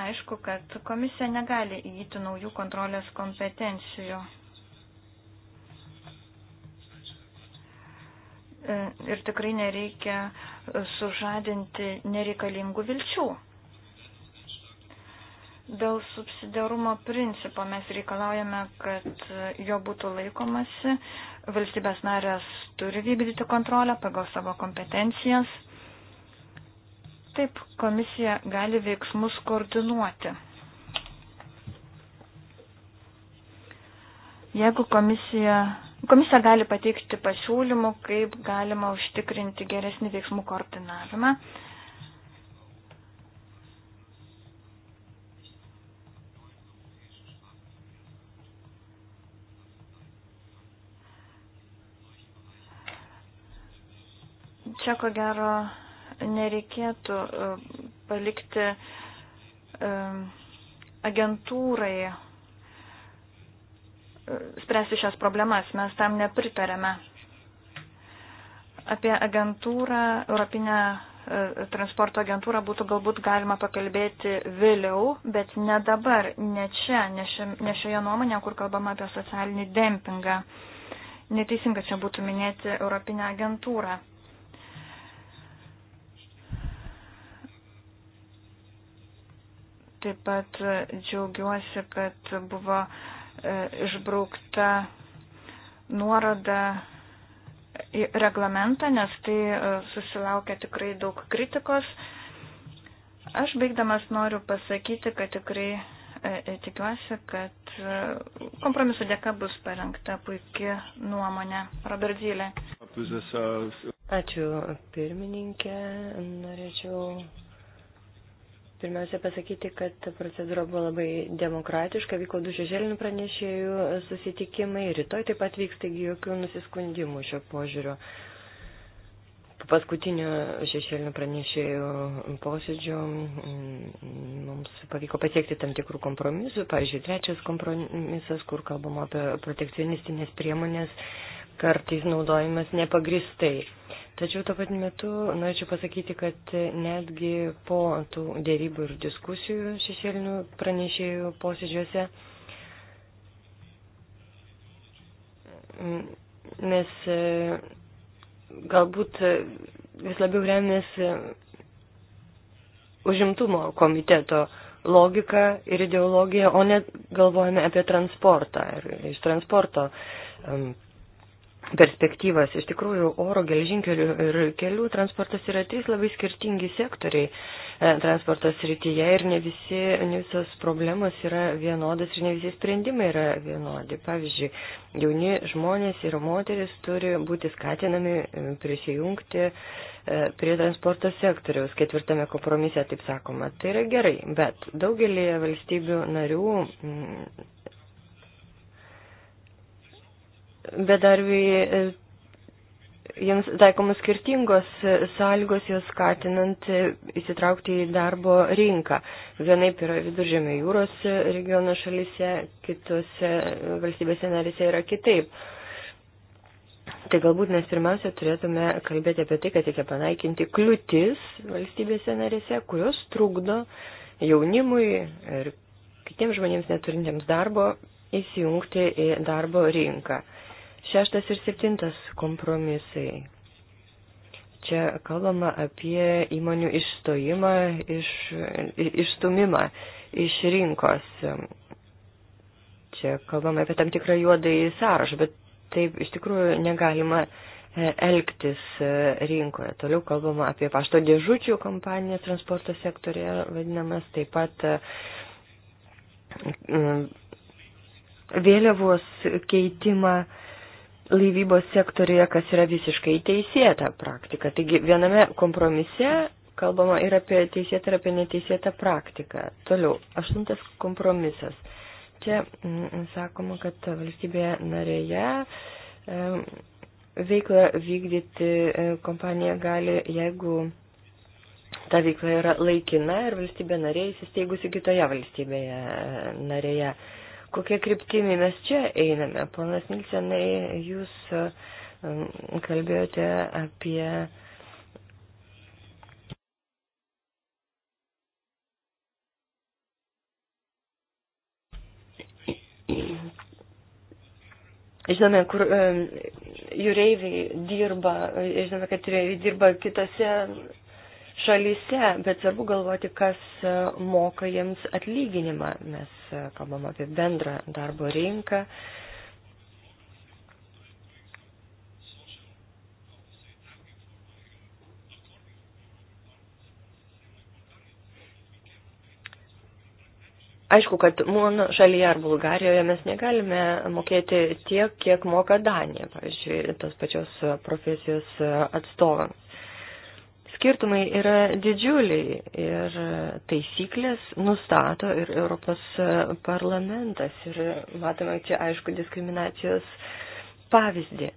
aišku, kad komisija negali įgyti naujų kontrolės kompetencijų. Ir tikrai nereikia uh, sužadinti nereikalingų vilčių. Dėl subsidiarumo principo mes reikalaujame, kad jo būtų laikomasi. Valstybės narės turi vykdyti kontrolę pagal savo kompetencijas. Taip, komisija gali veiksmus koordinuoti. Jeigu komisija Komisija gali pateikti pasiūlymų, kaip galima užtikrinti geresnį veiksmų koordinavimą. Čia ko gero nereikėtų e, palikti e, agentūrai spręsti šias problemas. Mes tam nepritarėme. Apie agentūrą, Europinę e, transporto agentūrą būtų galbūt galima pakalbėti vėliau, bet ne dabar, ne čia, ne, šia, ne šioje nuomonė, kur kalbama apie socialinį dempingą. Neteisinga čia būtų minėti Europinę agentūrą. Taip pat džiaugiuosi, kad buvo uh, E, išbraukta nuoroda į reglamentą, nes tai e, susilaukia tikrai daug kritikos. Aš baigdamas noriu pasakyti, kad tikrai e, tikiuosi, kad kompromiso dėka bus parengta puikia nuomonė. Robert Zylė. Ačiū pirmininkė. Norėčiau pirmiausia pasakyti, kad procedūra buvo labai demokratiška, vyko du šešėlinių pranešėjų susitikimai, rytoj taip pat vyks, taigi jokių nusiskundimų šio požiūrio. Po paskutinio šešėlinių pranešėjų posėdžio mm, mums pavyko pasiekti tam tikrų kompromisų, pavyzdžiui, trečias kompromisas, kur kalbama apie protekcionistinės priemonės, kartais naudojimas nepagristai. Tačiau tuo pat metu norėčiau pasakyti, kad netgi po tų dėrybų ir diskusijų šešėlinių pranešėjų posėdžiuose mes e, galbūt e, vis labiau remės e, užimtumo komiteto logiką ir ideologiją, o net galvojame apie transportą ir iš transporto perspektyvas. Iš tikrųjų, oro gelžinkelių ir kelių transportas yra trys labai skirtingi sektoriai e, transportas rytyje ir ne, visi, ne visos problemos yra vienodas ir ne visi sprendimai yra vienodi. Pavyzdžiui, jauni žmonės ir moteris turi būti skatinami e, prisijungti e, prie transporto sektoriaus ketvirtame kompromise, taip sakoma. Tai yra gerai, bet daugelį valstybių narių bedarbiai, e, jiems taikomos skirtingos e, sąlygos, jos skatinant e, įsitraukti į darbo rinką. Vienaip yra viduržėmė jūros regiono šalyse, kitose valstybėse narėse yra kitaip. Tai galbūt mes pirmiausia turėtume kalbėti apie tai, kad reikia panaikinti kliūtis valstybėse narėse, kurios trukdo jaunimui ir kitiems žmonėms neturintiems darbo įsijungti į darbo rinką. Šeštas ir septintas kompromisai. Čia kalbama apie įmonių išstojimą, iš, išstumimą iš rinkos. Čia kalbama apie tam tikrą juodąjį sąrašą, bet taip iš tikrųjų negalima e, elgtis e, rinkoje. Toliau kalbama apie pašto dėžučių kompanijas transporto sektorėje vadinamas, taip pat e, vėliavos keitimą laivybos sektoriuje, kas yra visiškai teisėta praktika. Taigi viename kompromise kalbama ir apie teisėtą, ir apie neteisėtą praktiką. Toliau, aštuntas kompromisas. Čia mm, sakoma, kad valstybėje narėje veiklą vykdyti e, kompanija gali, jeigu ta veikla yra laikina ir valstybė narė įsisteigusi kitoje valstybėje e, narėje kokie kryptimi mes čia einame. Ponas Nilsenai, jūs kalbėjote apie. Žinome, kur jūreiviai dirba, žinome, kad jūreiviai dirba kitose šalyse, bet svarbu galvoti, kas moka jiems atlyginimą. Mes kalbam apie bendrą darbo rinką. Aišku, kad mūsų šalyje ar Bulgarijoje mes negalime mokėti tiek, kiek moka Danija, pavyzdžiui, tos pačios profesijos atstovams skirtumai yra didžiuliai ir taisyklės nustato ir Europos parlamentas. Ir matome čia aišku diskriminacijos pavyzdį.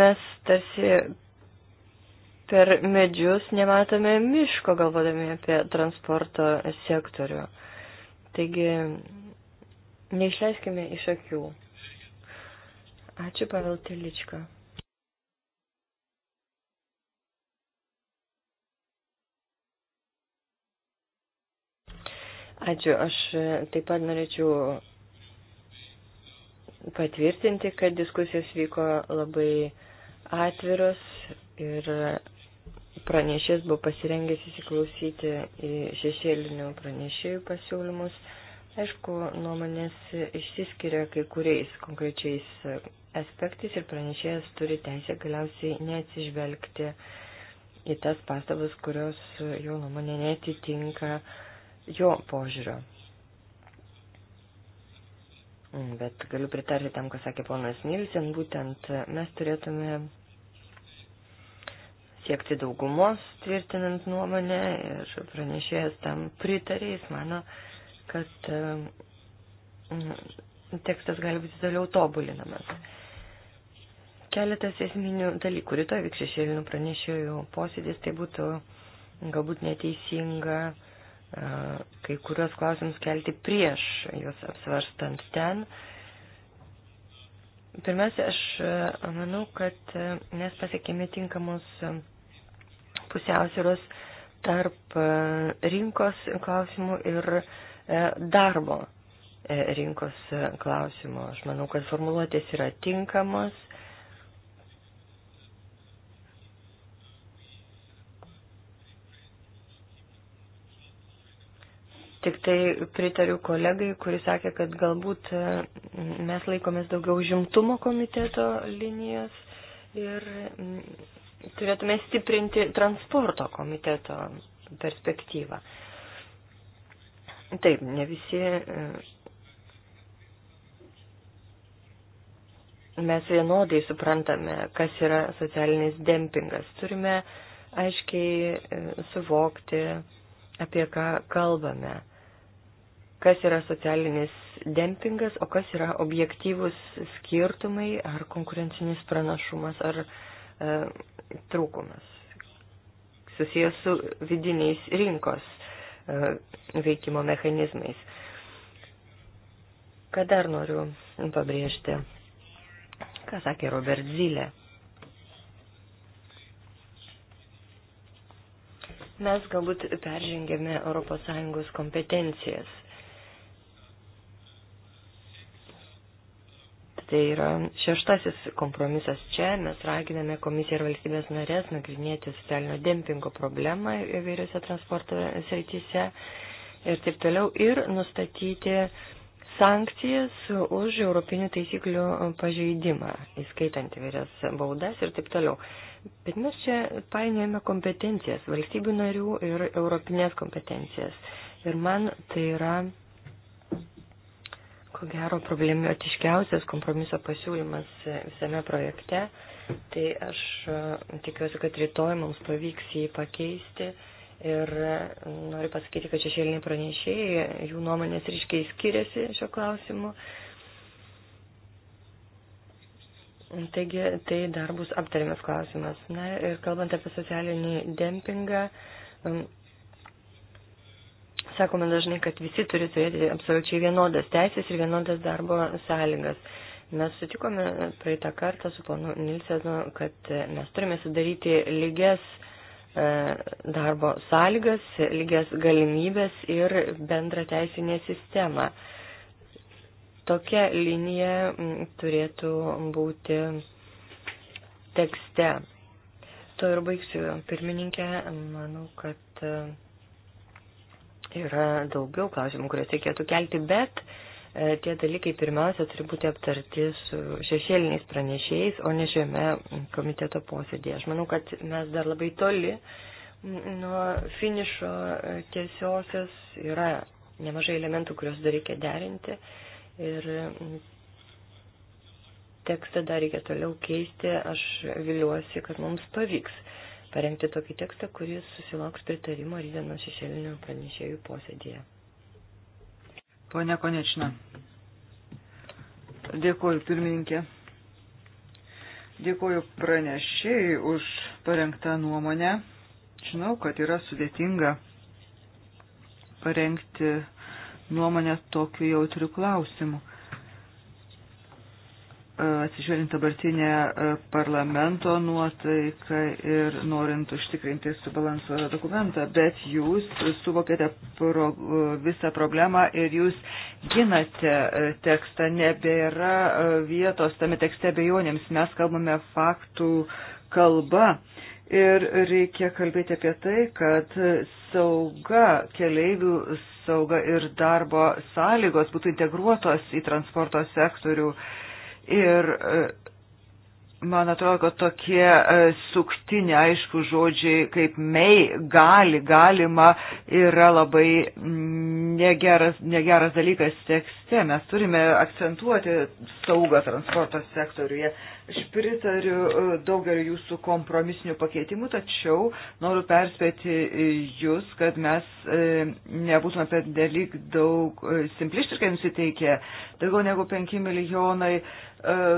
Mes tarsi per medžius nematome miško, galvodami apie transporto sektorių. Taigi, neišleiskime iš akių. Ačiū, Pavel Teličko. Ačiū. Aš e, taip pat norėčiau patvirtinti, kad diskusijos vyko labai atviros ir pranešės buvo pasirengęs įsiklausyti į šešėlinių pranešėjų pasiūlymus. Aišku, nuomonės išsiskiria kai kuriais konkrečiais aspektais ir pranešėjas turi teisę galiausiai neatsižvelgti į tas pastabas, kurios jo nuomonė netitinka uh, jo požiūrio. Bet galiu pritarti tam, ką sakė ponas Nilsen, būtent mes turėtume siekti daugumos, tvirtinant nuomonę ir pranešėjas tam pritarė, jis mano, kad mm, tekstas gali būti toliau tobulinamas. Keletas esminių dalykų. Rytoj vyks šešėlinių pranešėjų posėdis, tai būtų galbūt neteisinga E, kai kuriuos klausimus kelti prieš juos apsvarstant ten. Pirmiausia, aš e, manau, kad e, mes pasiekėme tinkamos pusiausvėros tarp rinkos klausimų ir darbo rinkos klausimų. Aš manau, kad formuluotės yra tinkamos Tik tai pritariu kolegai, kuris sakė, kad galbūt e, mes laikomės daugiau žimtumo komiteto linijos ir mm, turėtume stiprinti transporto komiteto perspektyvą. Taip, ne visi e, mes vienodai suprantame, kas yra socialinis dempingas. Turime aiškiai e, suvokti, apie ką kalbame. Kas yra socialinis dempingas, o kas yra objektyvus skirtumai ar konkurencinis pranašumas ar e, trūkumas. Susijęs su vidiniais rinkos e, veikimo mechanizmais. Ką dar noriu pabrėžti? Ką sakė Robert Zylė? mes galbūt peržengėme ES kompetencijas. Tai yra šeštasis kompromisas čia. Mes raginame komisiją ir valstybės narės nagrinėti socialinio dempingo problemą įvairiose transporto srityse ir taip toliau ir nustatyti sankcijas už europinių taisyklių pažeidimą, įskaitant įvairias baudas ir taip toliau. Bet mes čia painėjame kompetencijas, valstybių narių ir europinės kompetencijas. Ir man tai yra, ko gero, problemiotiškiausias kompromiso pasiūlymas visame projekte. Tai aš e, tikiuosi, kad rytoj mums pavyks jį pakeisti Ir e, noriu pasakyti, kad šešėliniai pranešėjai, jų nuomonės ryškiai skiriasi šio klausimu. Taigi tai dar bus aptariamas klausimas. Na ir kalbant apie socialinį dempingą, sakome dažnai, kad visi turi turėti absoliučiai vienodas teisės ir vienodas darbo sąlygas. Mes sutikome praeitą kartą su ponu Nilsenu, kad mes turime sudaryti lygias E, darbo sąlygas, lygias galimybės ir bendrą teisinę sistemą. Tokia linija turėtų būti tekste. To ir baigsiu. Pirmininkė, manau, kad e, yra daugiau klausimų, kuriuos reikėtų kelti, bet E, tie dalykai pirmiausia turi būti aptarti su šešėliniais pranešėjais, o ne šiame komiteto posėdėje. Aš manau, kad mes dar labai toli nuo finišo e, tiesiosios yra nemažai elementų, kuriuos dar reikia derinti. Ir tekstą dar reikia toliau keisti. Aš viliuosi, kad mums pavyks parengti tokį tekstą, kuris susilauks pritarimo rydienos šešėlinių pranešėjų posėdėje. Pone Konečna. Dėkoju, pirmininkė. Dėkoju pranešėjai už parengtą nuomonę. Žinau, kad yra sudėtinga parengti nuomonę tokiu jautriu klausimu atsižvelgiant dabartinę e, parlamento nuotaiką ir norint užtikrinti subalansuotą dokumentą, bet jūs suvokėte pro, e, visą problemą ir jūs ginate e, tekstą, nebėra vietos tame tekste bejonėms, mes kalbame faktų kalba. Ir reikia kalbėti apie tai, kad sauga, keleivių sauga ir darbo sąlygos būtų integruotos į transporto sektorių uh, Ir e, man atrodo, kad tokie e, sukti neaišku žodžiai kaip mei, gali, galima yra labai negeras, negeras dalykas tekste. Mes turime akcentuoti saugą transporto sektoriuje. Aš pritariu e, daugeliu jūsų kompromisinių pakeitimų, tačiau noriu perspėti e, jūs, kad mes e, nebūtume per nelik daug simplistiškai nusiteikę. Daugiau negu 5 milijonai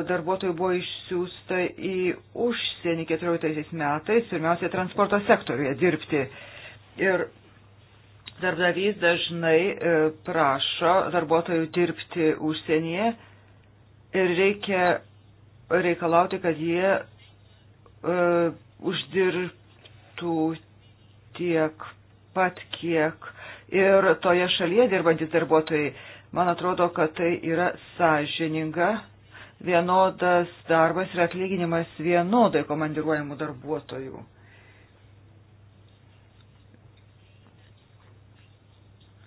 darbuotojų buvo išsiųsta į užsienį 14 metais, pirmiausia, transporto sektoriuje dirbti. Ir darbdavys dažnai prašo darbuotojų dirbti užsienyje ir reikia reikalauti, kad jie uh, uždirbtų tiek pat, kiek ir toje šalyje dirbantis darbuotojai. Man atrodo, kad tai yra sąžininga, vienodas darbas ir atlyginimas vienodai komandiruojamų darbuotojų.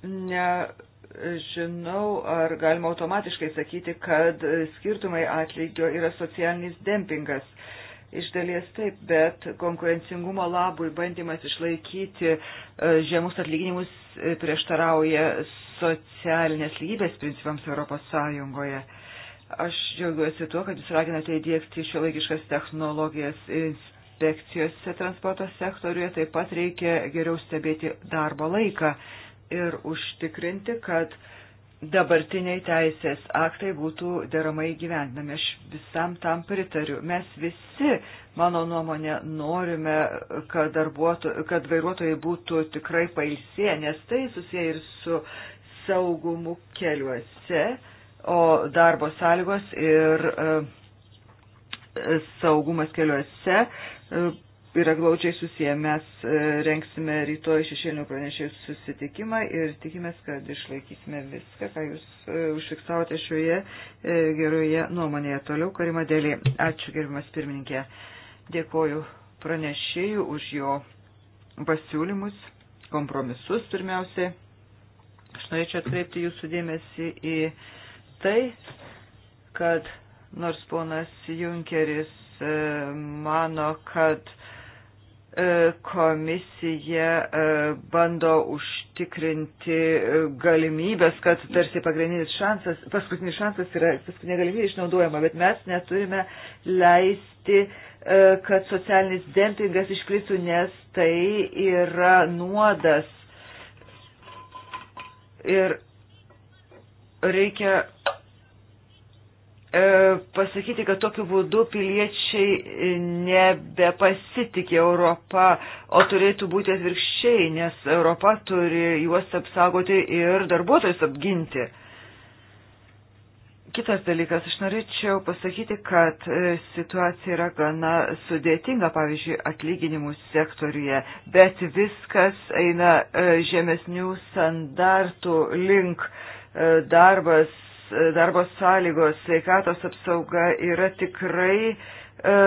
Ne žinau, ar galima automatiškai sakyti, kad skirtumai atlygio yra socialinis dempingas. Iš dalies taip, bet konkurencingumo labui bandymas išlaikyti e, žemus atlyginimus e, prieštarauja socialinės lygybės principams Europos Sąjungoje. Aš džiaugiuosi tuo, kad jūs raginate įdėkti šio laikiškas technologijas inspekcijose transporto sektoriuje, taip pat reikia geriau stebėti darbo laiką ir užtikrinti, kad dabartiniai teisės aktai būtų deramai gyvendami. Aš visam tam pritariu. Mes visi, mano nuomonė, norime, kad, kad vairuotojai būtų tikrai pailsė, nes tai susiję ir su saugumu keliuose, o darbo sąlygos ir e, saugumas keliuose e, yra glaudžiai susiję. Mes e, renksime rytoj šešėlinių pranešėjų susitikimą ir tikimės, kad išlaikysime viską, ką jūs e, užfiksavote šioje e, geroje nuomonėje. Toliau, Karima Dėlė. Ačiū, gerbimas pirmininkė. Dėkoju pranešėjų už jo pasiūlymus, kompromisus pirmiausiai. Aš norėčiau atkreipti jūsų dėmesį į tai, kad nors ponas Junkeris mano, kad E, komisija e, bando užtikrinti e, galimybės, kad tarsi pagrindinis šansas, paskutinis šansas yra paskutinė galimybė išnaudojama, bet mes neturime leisti, kad socialinis dempingas išplitų, nes tai yra nuodas. Ir reikia E, pasakyti, kad tokiu būdu piliečiai e, nebepasitikė Europą, o turėtų būti atvirkščiai, nes Europa turi juos apsaugoti ir darbuotojus apginti. Kitas dalykas, aš norėčiau pasakyti, kad e, situacija yra gana sudėtinga, pavyzdžiui, atlyginimų sektoriuje, bet viskas eina žemesnių standartų link darbas darbo sąlygos, sveikatos apsauga yra tikrai e,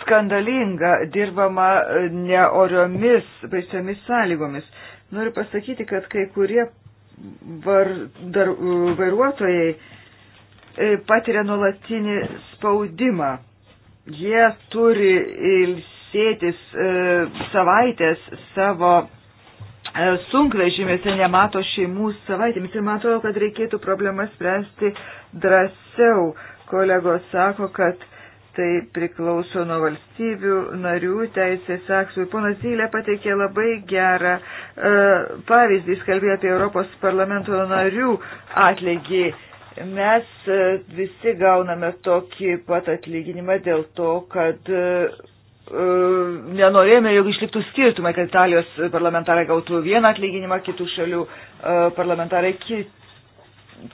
skandalinga, dirbama e, neoriomis, baisiomis sąlygomis. Noriu pasakyti, kad kai kurie var, dar, vairuotojai e, patiria nuolatinį spaudimą. Jie turi ilsėtis e, savaitės savo E, sunkvežimėse nemato šeimų savaitėmis ir man atrodo, kad reikėtų problemas spręsti drąsiau. Kolegos sako, kad tai priklauso nuo valstybių, narių teisės aktų. Ponas Zylė pateikė labai gerą e, pavyzdį, jis kalbėjo apie Europos parlamento narių atlygį. Mes e, visi gauname tokį pat atlyginimą dėl to, kad e, E, nenorėjome, jog išliktų skirtumai, kad Italijos parlamentarai gautų vieną atlyginimą, kitų šalių e, parlamentarai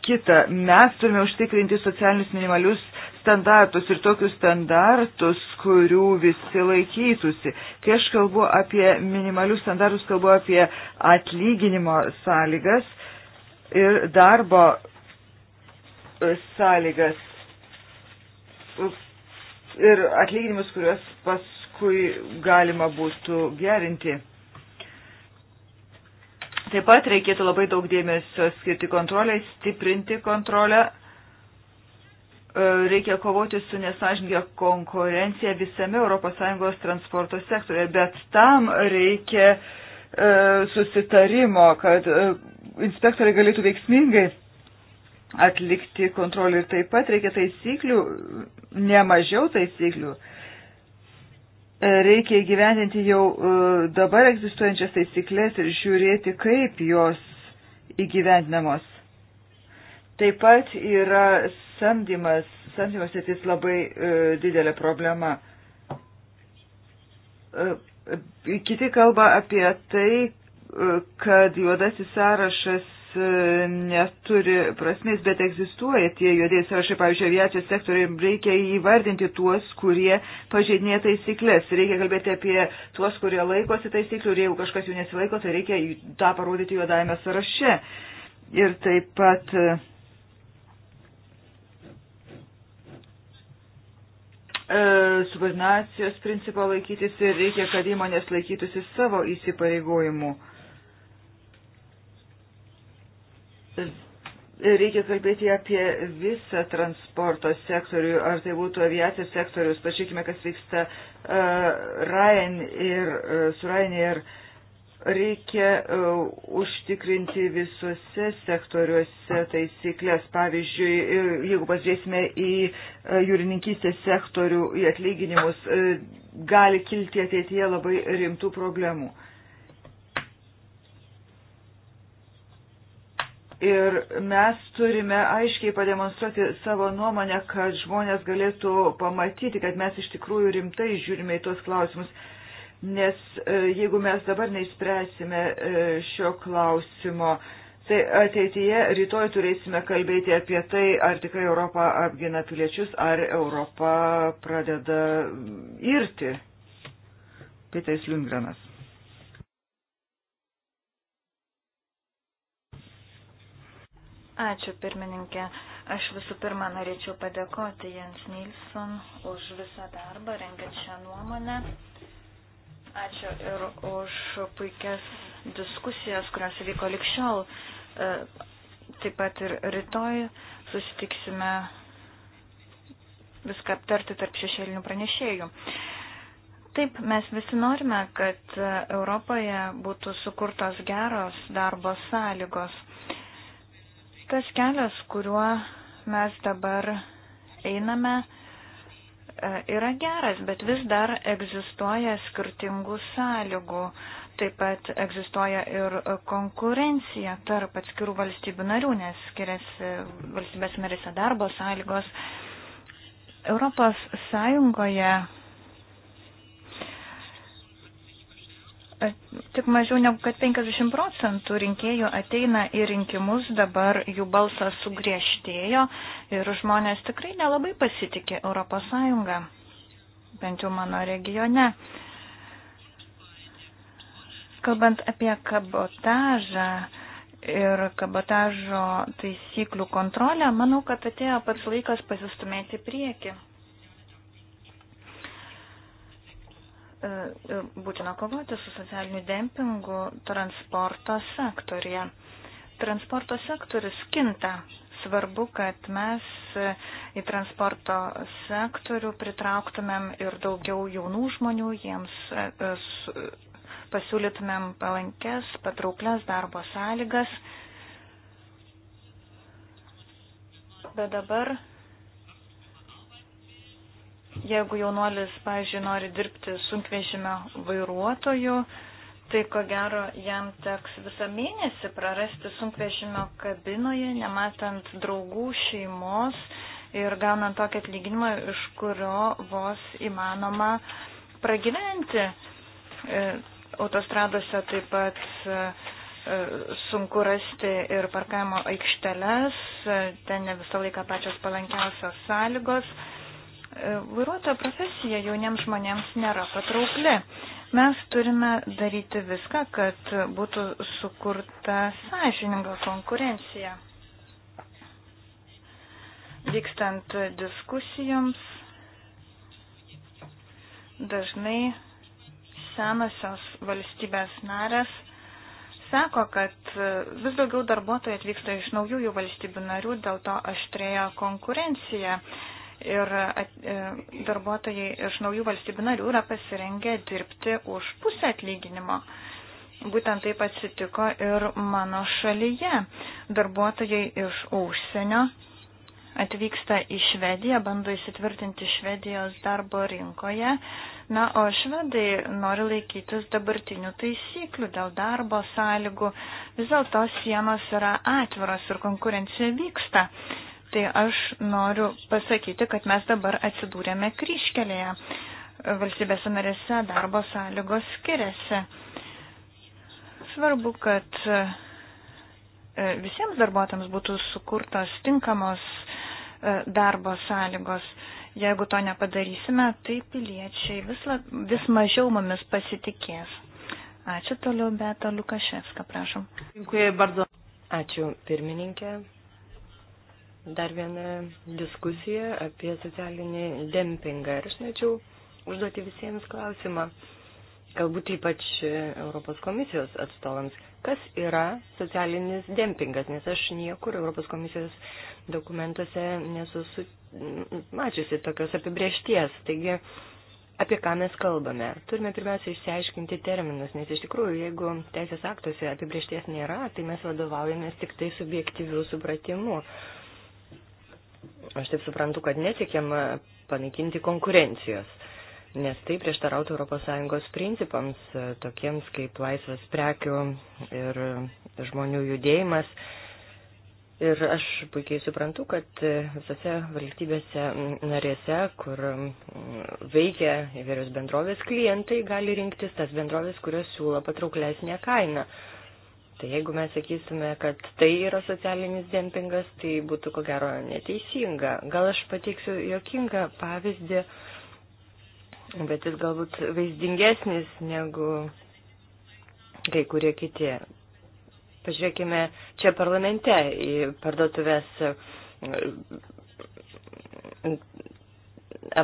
kitą. Mes turime užtikrinti socialinius minimalius standartus ir tokius standartus, kurių visi laikytųsi. Kai aš kalbu apie minimalius standartus, kalbu apie atlyginimo sąlygas ir darbo e, sąlygas ir atlyginimus, kuriuos pas paskui galima būtų gerinti. Taip pat reikėtų labai daug dėmesio skirti kontroliai, stiprinti kontrolę. E, reikia kovoti su nesažininkia konkurencija visame ES transporto sektorėje, bet tam reikia e, susitarimo, kad e, inspektoriai galėtų veiksmingai atlikti kontrolį ir taip pat reikia taisyklių, nemažiau taisyklių, reikia įgyvendinti jau e, dabar egzistuojančias taisyklės ir žiūrėti, kaip jos įgyvendinamos. Taip pat yra samdymas, samdymas atis labai e, didelė problema. E, e, kiti kalba apie tai, e, kad juodasis sąrašas E, neturi prasmės, bet egzistuoja tie juodėjai sąrašai, pavyzdžiui, aviacijos sektoriai, reikia įvardinti tuos, kurie pažeidinė taisyklės, reikia kalbėti apie tuos, kurie laikosi taisyklių ir jeigu kažkas jų nesilaiko, tai reikia tą parodyti juodajame sąraše. Ir taip pat. E, e, subordinacijos principo laikytis ir reikia, kad įmonės laikytųsi savo įsipareigojimų. E, Reikia kalbėti apie visą transporto sektorių, ar tai būtų aviacijos sektorius, pažiūrėkime, kas vyksta uh, Ryan ir, uh, su Ryanair. Reikia uh, užtikrinti visuose sektoriuose taisyklės. Pavyzdžiui, jeigu pasižiūrėsime į uh, jūrininkystės sektorių, į atlyginimus, uh, gali kilti ateityje labai rimtų problemų. Uh, Ir mes turime aiškiai pademonstruoti savo nuomonę, kad žmonės galėtų pamatyti, kad mes iš tikrųjų rimtai žiūrime į tuos klausimus. Nes e, jeigu mes dabar neįspręsime e, šio klausimo, tai ateityje rytoj turėsime kalbėti apie tai, ar tikrai Europa apgina piliečius, ar Europa pradeda irti. Pitais Liungrenas. Ačiū pirmininkė. Aš visų pirma norėčiau padėkoti Jens Nilsson už visą darbą, rengiant šią nuomonę. Ačiū ir už puikias diskusijas, kurios vyko likščiol. E, taip pat ir rytoj susitiksime viską aptarti tarp šešėlinių pranešėjų. Taip, mes visi norime, kad Europoje būtų sukurtos geros darbo sąlygos Tas kelias, kuriuo mes dabar einame, e, yra geras, bet vis dar egzistuoja skirtingų sąlygų. Taip pat egzistuoja ir konkurencija tarp atskirų valstybių narių, nes skiriasi valstybės narėse darbo sąlygos. Europos Sąjungoje Tik mažiau negu kad 50 procentų rinkėjų ateina į rinkimus, dabar jų balsas sugriežtėjo ir žmonės tikrai nelabai pasitikė ES, bent jau mano regione. Kalbant apie kabotažą ir kabotažo taisyklių kontrolę, manau, kad atėjo pats laikas pasistumėti prieki. E, e, būtina kovoti su socialiniu dempingu transporto sektorija. Transporto sektorius kinta. Svarbu, kad mes e, į transporto sektorių pritrauktumėm ir daugiau jaunų žmonių, jiems pasiūlytumėm palankes, patrauklias darbo sąlygas. Bet dabar Jeigu jaunuolis, pažiūrėjau, nori dirbti sunkvežimio vairuotoju, tai ko gero jam teks visą mėnesį prarasti sunkvežimio kabinoje, nematant draugų, šeimos ir gaunant tokį atlyginimą, iš kurio vos įmanoma pragyventi. E, autostradose taip pat e, e, sunku rasti ir parkavimo aikšteles, ten ne visą laiką pačios palankiausios sąlygos. Vairuotojo profesija jauniems žmonėms nėra patraukli. Mes turime daryti viską, kad būtų sukurta sąžininga konkurencija. Vykstant diskusijoms, dažnai senosios valstybės narės sako, kad vis daugiau darbuotojų atvyksta iš naujųjų valstybių narių, dėl to aštrėja konkurencija ir e, darbuotojai iš naujų valstybių narių yra pasirengę dirbti už pusę atlyginimo. Būtent taip atsitiko ir mano šalyje. Darbuotojai iš užsienio atvyksta į Švediją, bando įsitvirtinti Švedijos darbo rinkoje. Na, o švedai nori laikytis dabartinių taisyklių dėl darbo sąlygų. Vis dėlto sienos yra atviros ir konkurencija vyksta tai aš noriu pasakyti, kad mes dabar atsidūrėme kryškelėje. Valstybėse narėse darbo sąlygos skiriasi. Svarbu, kad e, visiems darbuotojams būtų sukurtos tinkamos e, darbo sąlygos. Jeigu to nepadarysime, tai piliečiai vis, la, vis mažiau mumis pasitikės. Ačiū toliau, Beta Lukaševska, prašom. Ačiū, pirmininkė dar viena diskusija apie socialinį dempingą. Ir aš norėčiau užduoti visiems klausimą, galbūt ypač Europos komisijos atstovams, kas yra socialinis dempingas, nes aš niekur Europos komisijos dokumentuose nesu su... mačiusi tokios apibriešties. Taigi, apie ką mes kalbame. Turime pirmiausia išsiaiškinti terminus, nes iš tikrųjų, jeigu teisės aktuose apibriešties nėra, tai mes vadovaujamės tik tai subjektyvių supratimu. Aš taip suprantu, kad nesiekiama e, panaikinti konkurencijos, nes tai prieštarautų ES principams, e, tokiems kaip laisvas prekių ir žmonių judėjimas. Ir aš puikiai suprantu, kad e, visose valstybėse narėse, kur veikia įvairios bendrovės, klientai gali rinktis tas bendrovės, kurios siūlo patrauklesnę kainą. Tai jeigu mes sakysime, kad tai yra socialinis dempingas, tai būtų ko gero neteisinga. Gal aš pateiksiu jokingą pavyzdį, bet jis galbūt vaizdingesnis negu kai kurie kiti. Pažiūrėkime čia parlamente į parduotuvės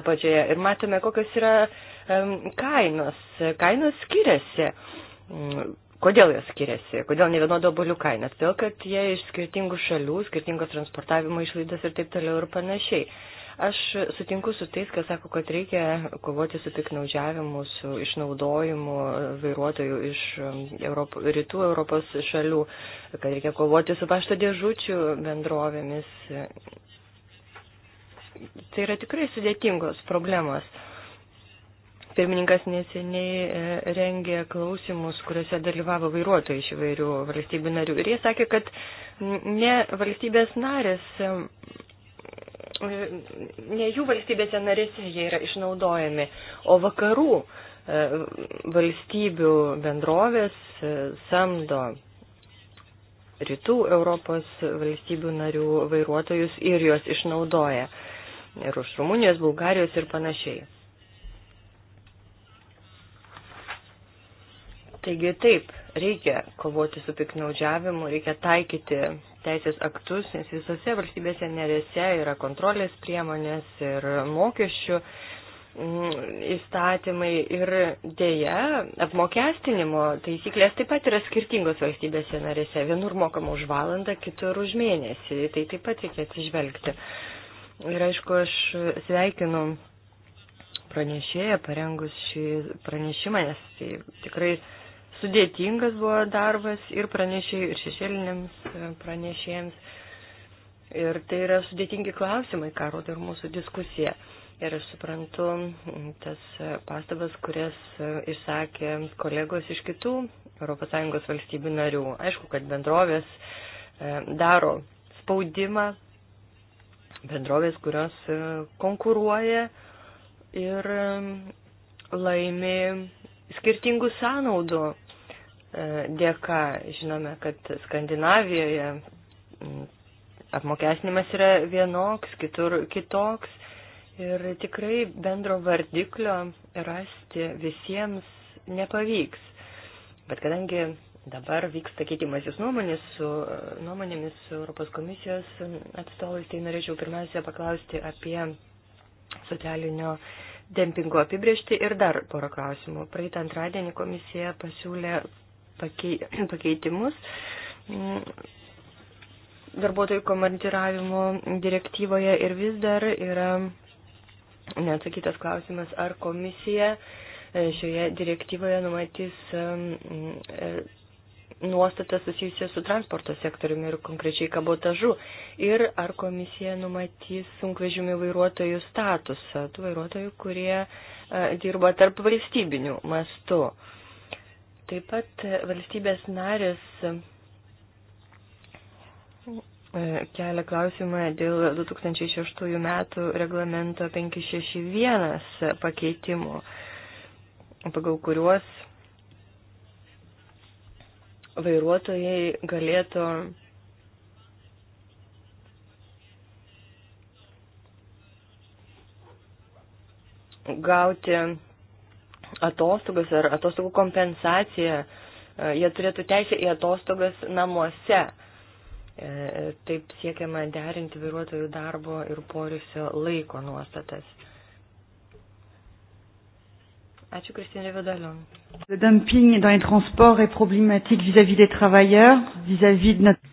apačioje ir matome, kokios yra kainos. Kainos skiriasi Kodėl jos skiriasi? Kodėl ne vienodo obolių kaina? Todėl, kad jie iš skirtingų šalių, skirtingos transportavimo išlaidas ir taip toliau ir panašiai. Aš sutinku su tais, kas sako, kad reikia kovoti su piknaudžiavimu, su išnaudojimu vairuotojų iš um, Europo, rytų Europos šalių, kad reikia kovoti su pašto dėžučių bendrovėmis. Tai yra tikrai sudėtingos problemos. Pirmininkas neseniai e, rengė klausimus, kuriuose dalyvavo vairuotojai iš įvairių valstybių narių. Ir jie sakė, kad ne valstybės narės, e, e, ne jų valstybėse narėse jie yra išnaudojami, o vakarų valstybių bendrovės samdo rytų Europos valstybių narių vairuotojus ir juos išnaudoja. Ir už Rumunijos, Bulgarijos ir panašiai. Taigi taip, reikia kovoti su piknaudžiavimu, reikia taikyti teisės aktus, nes visose valstybėse nerėse yra kontrolės priemonės ir mokesčių mm, įstatymai ir dėja apmokestinimo taisyklės taip pat yra skirtingos valstybėse narėse. Vienur mokama už valandą, kitur už mėnesį. Tai taip pat reikia atsižvelgti. Ir aišku, aš sveikinu pranešėją parengus šį pranešimą, nes tai tikrai sudėtingas buvo darbas ir pranešėjai, ir šešėlinėms e, pranešėjams. Ir tai yra sudėtingi klausimai, ką rodo ir mūsų diskusija. Ir aš suprantu tas e, pastabas, kurias e, išsakė kolegos iš kitų ES valstybių narių. Aišku, kad bendrovės daro spaudimą, bendrovės, kurios konkuruoja ir laimi skirtingų sąnaudų E, dėka. Žinome, kad Skandinavijoje apmokesnimas yra vienoks, kitur kitoks. Ir tikrai bendro vardiklio rasti visiems nepavyks. Bet kadangi dabar vyksta keitimasis nuomonės su, nuomonėmis su Europos komisijos atstovais, tai norėčiau pirmiausia paklausti apie socialinio dempingo apibriežti ir dar porą klausimų. Praeitą antradienį komisija pasiūlė pakeitimus darbuotojų komandiravimo direktyvoje ir vis dar yra neatsakytas klausimas, ar komisija e, šioje direktyvoje numatys e, nuostatas susijusias su transporto sektoriumi ir konkrečiai kabotažu. Ir ar komisija numatys sunkvežimių vairuotojų statusą, tų vairuotojų, kurie e, dirba tarp valstybinių mastų. Taip pat e, valstybės narės e, kelia klausimą dėl 2006 metų reglamento 561 pakeitimo, pagal kuriuos vairuotojai galėtų gauti atostogas ar atostogų kompensacija. E, jie turėtų teisę į atostogas namuose. E, taip siekiama derinti vairuotojų darbo ir porisio laiko nuostatas. Ačiū, Kristinė Vidalion. Le dumping dans les transports est problématique vis-à-vis -vis des travailleurs, vis-à-vis -vis de notre.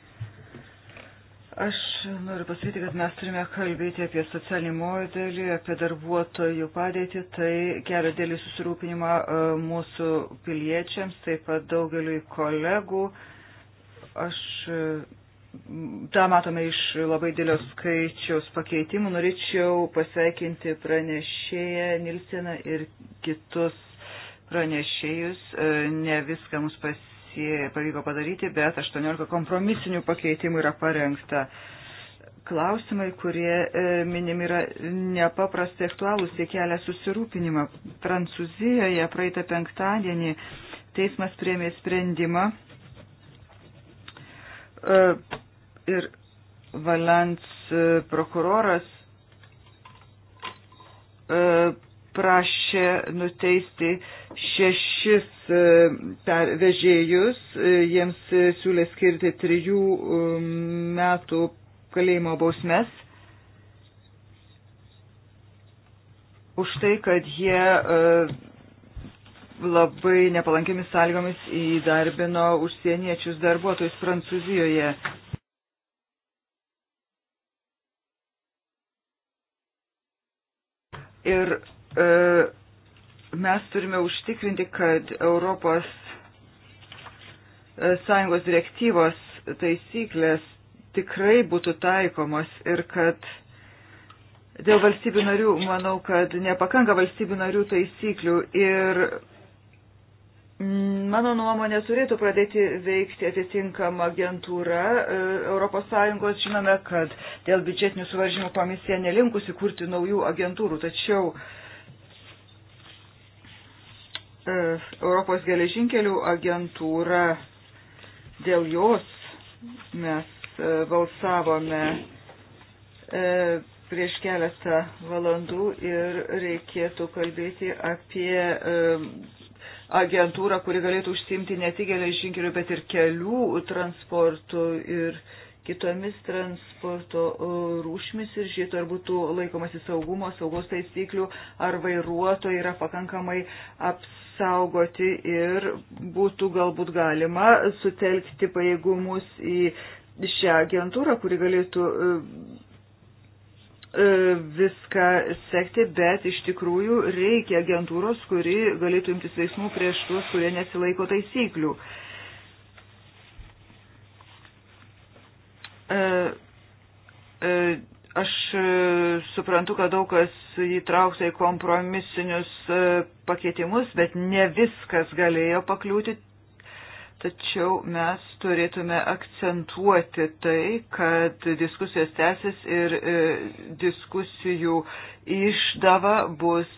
Aš noriu pasakyti, kad mes turime kalbėti apie socialinį modelį, apie darbuotojų padėtį, tai kelia dėlį susirūpinimą e, mūsų piliečiams, taip pat daugeliui kolegų. Aš e, tą matome iš labai dėlio skaičiaus pakeitimų. Norėčiau pasveikinti pranešėją Nilseną ir kitus pranešėjus. E, ne viską mums pasiekinti tie pavyko padaryti, bet 18 kompromisinių pakeitimų yra parengta. Klausimai, kurie e, minimi yra nepaprastai aktualūs, jie kelia susirūpinimą. Prancūzijoje praeitą penktadienį teismas priemė sprendimą e, ir Valens e, prokuroras prašė nuteisti šešis e, vežėjus, e, jiems e, siūlė skirti trijų metų kalėjimo bausmes už tai, kad jie labai nepalankiamis sąlygomis įdarbino užsieniečius darbuotojus Prancūzijoje. Ir E, mes turime užtikrinti, kad Europos e, Sąjungos direktyvos taisyklės tikrai būtų taikomos ir kad dėl valstybių narių, manau, kad nepakanka valstybių narių taisyklių ir mano nuomonė turėtų pradėti veikti atitinkama agentūra ES. Žinome, kad dėl biudžetinių suvaržymų komisija nelinkusi kurti naujų agentūrų, tačiau uh, Uh, Europos geležinkelių agentūra, dėl jos mes uh, balsavome uh, prieš keletą valandų ir reikėtų kalbėti apie um, agentūrą, kuri galėtų užsimti ne tik geležinkelių, bet ir kelių transportų ir transportų kitomis transporto e, rūšmis ir žiūrėtų, ar būtų laikomasi saugumo, saugos taisyklių, ar vairuotojai yra pakankamai apsaugoti ir būtų galbūt galima sutelkti pajėgumus į šią agentūrą, kuri galėtų e, e, viską sekti, bet iš tikrųjų reikia agentūros, kuri galėtų imtis veiksmų prieš tuos, kurie nesilaiko taisyklių. Uh, E, e, aš e, suprantu, kad daug kas įtraukta į kompromisinius pakeitimus, bet ne viskas galėjo pakliūti. Tačiau mes turėtume akcentuoti tai, kad diskusijos tęsis ir diskusijų išdava bus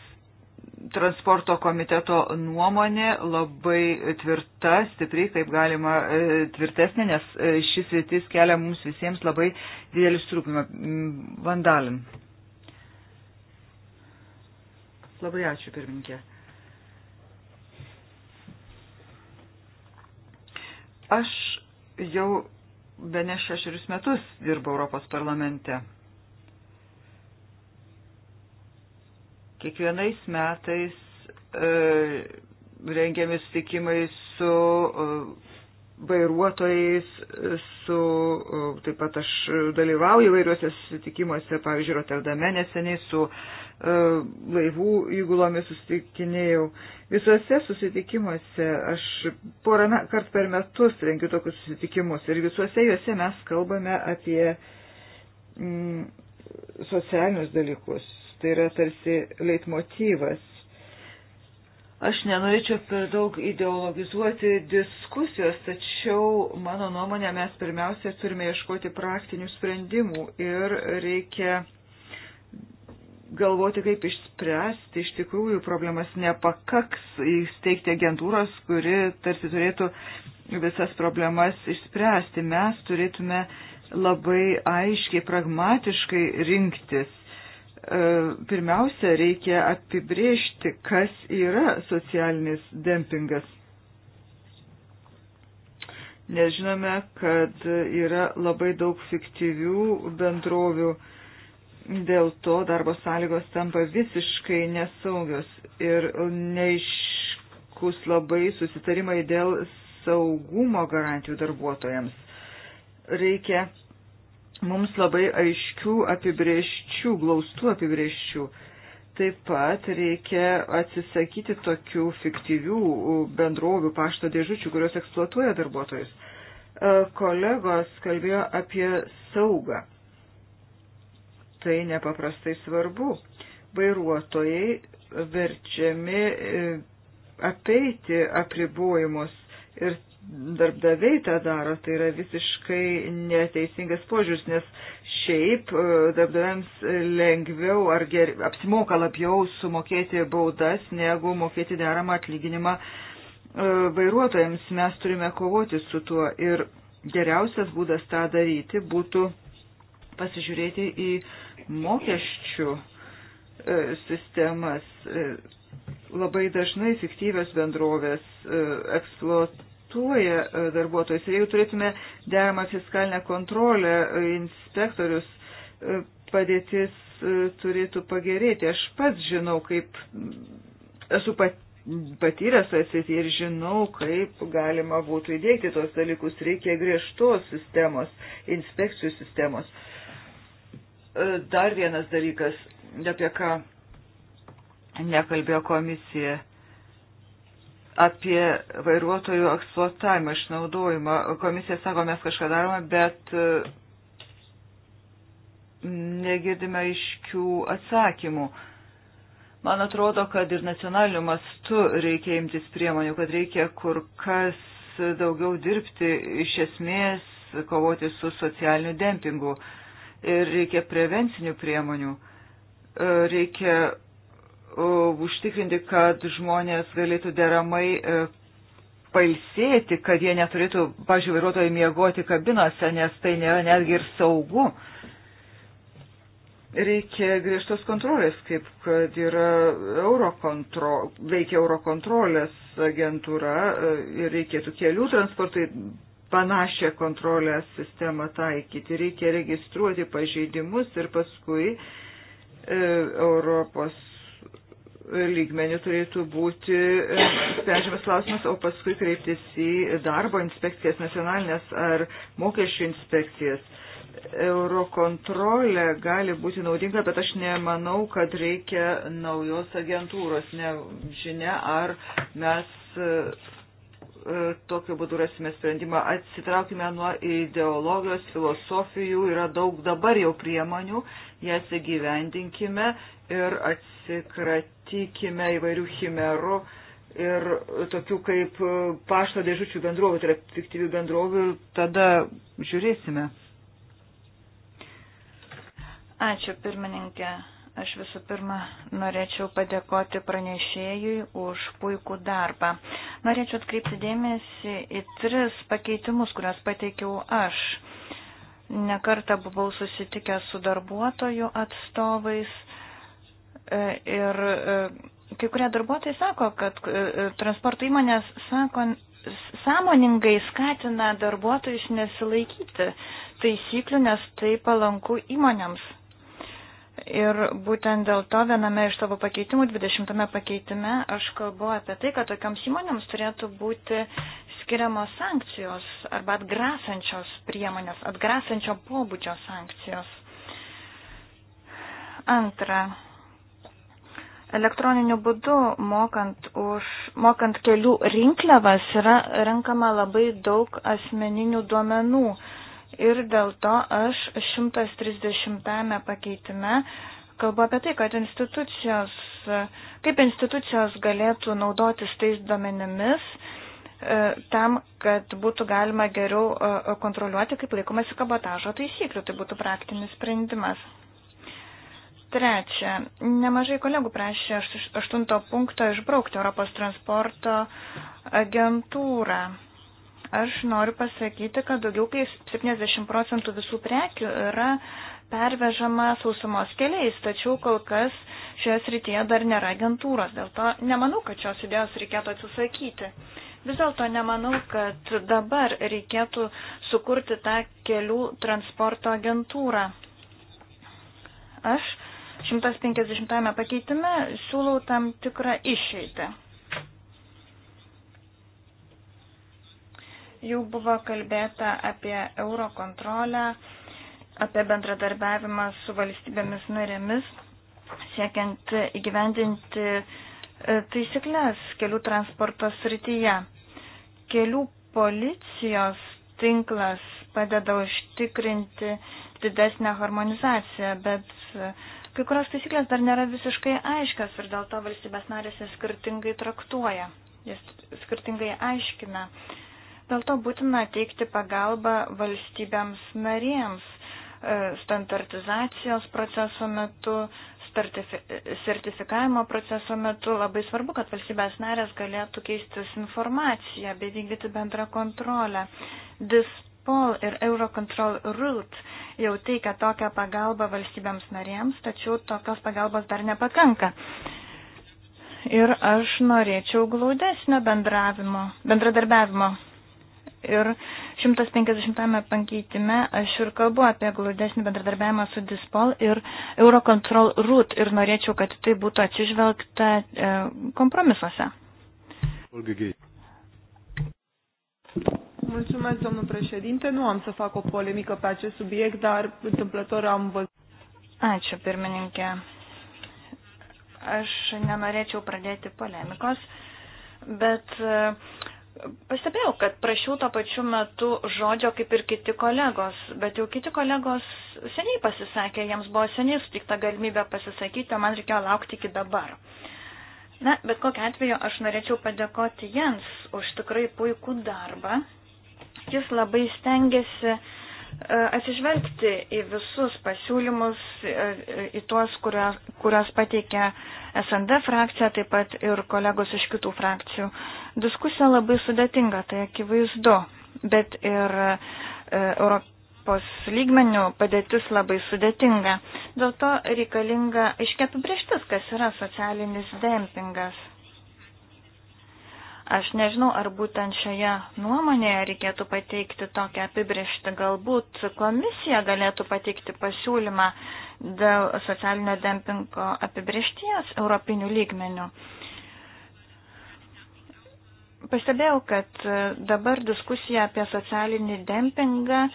transporto komiteto nuomonė labai tvirta, stipri, kaip galima e, tvirtesnė, nes e, šis rytis kelia mums visiems labai didelį strūpimą. Mm, Vandalin. Labai ačiū, pirmininkė. Aš jau be ne šešerius metus dirbu Europos parlamente. Kiekvienais metais e, rengiami sutikimai su e, vairuotojais, su, e, taip pat aš dalyvauju vairiuose sutikimuose, pavyzdžiui, Rotterdame neseniai su e, laivų įgulomis susitikinėjau. Visuose susitikimuose aš porą kart per metus rengiu tokius susitikimus ir visuose juose mes kalbame apie mm, socialinius dalykus tai yra tarsi leitmotyvas. Aš nenorėčiau per daug ideologizuoti diskusijos, tačiau mano nuomonė mes pirmiausia turime ieškoti praktinių sprendimų ir reikia galvoti, kaip išspręsti iš tikrųjų problemas. Nepakaks įsteigti agentūros, kuri tarsi turėtų visas problemas išspręsti. Mes turėtume labai aiškiai, pragmatiškai rinktis E, pirmiausia, reikia apibriežti, kas yra socialinis dempingas. Nes žinome, kad yra labai daug fiktyvių bendrovių, dėl to darbo sąlygos tampa visiškai nesaugios ir neiškus labai susitarimai dėl saugumo garantijų darbuotojams. Reikia mums labai aiškių apibrieščių, glaustų apibrieščių. Taip pat reikia atsisakyti tokių fiktyvių bendrovių pašto dėžučių, kurios eksploatuoja darbuotojus. E, kolegos kalbėjo apie saugą. Tai nepaprastai svarbu. Vairuotojai verčiami e, apeiti apribojimus ir darbdaviai tą daro, tai yra visiškai neteisingas požiūris, nes šiaip e, darbdaviams lengviau ar ger, apsimoka labiau sumokėti baudas, negu mokėti deramą atlyginimą e, vairuotojams. Mes turime kovoti su tuo ir geriausias būdas tą daryti būtų pasižiūrėti į mokesčių e, sistemas. Labai dažnai fiktyvios bendrovės eksploatuoja eksploatuoja e, darbuotojus. Ir jeigu turėtume deramą fiskalinę kontrolę, e, inspektorius e, padėtis turėtų pagerėti. Aš pats žinau, kaip esu patyręs atsitį ir žinau, kaip galima būtų įdėkti tos dalykus. Reikia griežtos sistemos, inspekcijų sistemos. Dar vienas dalykas, apie ką nekalbėjo komisija apie vairuotojų eksploatavimą, išnaudojimą. Komisija sako, mes kažką darome, bet e, negirdime aiškių atsakymų. Man atrodo, kad ir nacionaliniu mastu reikia imtis priemonių, kad reikia kur kas daugiau dirbti iš esmės, kovoti su socialiniu dempingu. Ir reikia prevencinių priemonių. E, reikia užtikrinti, kad žmonės galėtų deramai e, pailsėti, kad jie neturėtų, pažiūrėjau, vairuotojai miegoti kabinose, nes tai nėra netgi ir saugu. Reikia griežtos kontrolės, kaip kad yra eurokontro, veikia eurokontrolės agentūra e, ir reikėtų kelių transportui panašią kontrolės sistemą taikyti. Reikia registruoti pažeidimus ir paskui e, Europos lygmenių turėtų būti e, sprendžiamas klausimas, o paskui kreiptis į darbo inspekcijas, nacionalinės ar mokesčių inspekcijas. Eurokontrolė gali būti naudinga, bet aš nemanau, kad reikia naujos agentūros, nežinia, ar mes e, E, tokiu būdu rasime sprendimą. Atsitraukime nuo ideologijos, filosofijų, yra daug dabar jau priemonių, jas įgyvendinkime ir atsikratykime įvairių chimerų ir tokių kaip pašto dėžučių bendrovų, tai yra fiktyvių bendrovų ir tada žiūrėsime. Ačiū pirmininkė. Aš visų pirma norėčiau padėkoti pranešėjui už puikų darbą. Norėčiau atkreipti dėmesį į tris pakeitimus, kuriuos pateikiau aš. Nekartą buvau susitikęs su darbuotojų atstovais e, ir e, kai kurie darbuotojai sako, kad e, transporto įmonės sako, sąmoningai skatina darbuotojus nesilaikyti taisyklių, nes tai palanku įmonėms Ir būtent dėl to viename iš savo pakeitimų, 20 pakeitime, aš kalbu apie tai, kad tokiams įmonėms turėtų būti skiriamos sankcijos arba atgrasančios priemonės, atgrasančio pobūdžio sankcijos. Antra, elektroniniu būdu mokant, už, mokant kelių rinkliavas yra renkama labai daug asmeninių duomenų Ir dėl to aš 130 pakeitime kalbu apie tai, kad institucijos, kaip institucijos galėtų naudotis tais duomenimis e, tam, kad būtų galima geriau e, kontroliuoti, kaip laikomasi kabotažo taisyklių. Tai būtų praktinis sprendimas. Trečia, nemažai kolegų prašė aštunto punkto išbraukti Europos transporto agentūrą. Aš noriu pasakyti, kad daugiau kaip 70 procentų visų prekių yra pervežama sausumos keliais, tačiau kol kas šioje srityje dar nėra agentūros. Dėl to nemanau, kad šios idėjos reikėtų atsisakyti. Vis dėlto nemanau, kad dabar reikėtų sukurti tą kelių transporto agentūrą. Aš 150 pakeitime siūlau tam tikrą išeitį. Jau buvo kalbėta apie euro kontrolę, apie bendradarbiavimą su valstybėmis narėmis, siekiant įgyvendinti e, taisyklės kelių transporto srityje. Kelių policijos tinklas padeda užtikrinti didesnę harmonizaciją, bet e, kai kurios taisyklės dar nėra visiškai aiškios ir dėl to valstybės narėse skirtingai traktuoja, jas skirtingai aiškina. Uh, Dėl to būtina teikti pagalbą valstybėms narėms e, standartizacijos proceso metu, sertifikavimo proceso metu. Labai svarbu, kad valstybės narės galėtų keistis informaciją bei vykdyti bendrą kontrolę. Dispol ir Eurocontrol RULT jau teikia tokią pagalbą valstybėms narėms, tačiau tokios pagalbos dar nepakanka ir aš norėčiau glaudesnio bendravimo, bendradarbiavimo ir 150 pakeitime aš ir kalbu apie glūdesnį bendradarbiavimą su Dispol ir Eurocontrol Root ir norėčiau, kad tai būtų atsižvelgta e, kompromisuose. Mulțumesc, domnul președinte. Nu am să fac o polemică pe acest subiect, dar întâmplător am văzut. Ačiū, pirmininkė. Aš nenorėčiau pradėti polemikos, bet uh, Pastebėjau, kad prašiau to pačiu metu žodžio kaip ir kiti kolegos, bet jau kiti kolegos seniai pasisakė, jiems buvo seniai sutikta galimybė pasisakyti, o man reikėjo laukti iki dabar. Na, bet kokiu atveju aš norėčiau padėkoti Jens už tikrai puikų darbą. Jis labai stengiasi uh, E, atsižvelgti į visus pasiūlymus, e, į tuos, kurios, kurios pateikė SND frakcija, taip pat ir kolegos iš kitų frakcijų. Diskusija labai sudėtinga, tai akivaizdu, bet ir e, Europos lygmenių padėtis labai sudėtinga. Dėl to reikalinga aiškiai apibrieštis, kas yra socialinis dempingas. Aš nežinau, ar būtent šioje nuomonėje reikėtų pateikti tokią apibriežtį. Galbūt komisija galėtų pateikti pasiūlymą dėl socialinio dempingo apibriežties europinių lygmenių. Pastebėjau, kad dabar diskusija apie socialinį dempingą e,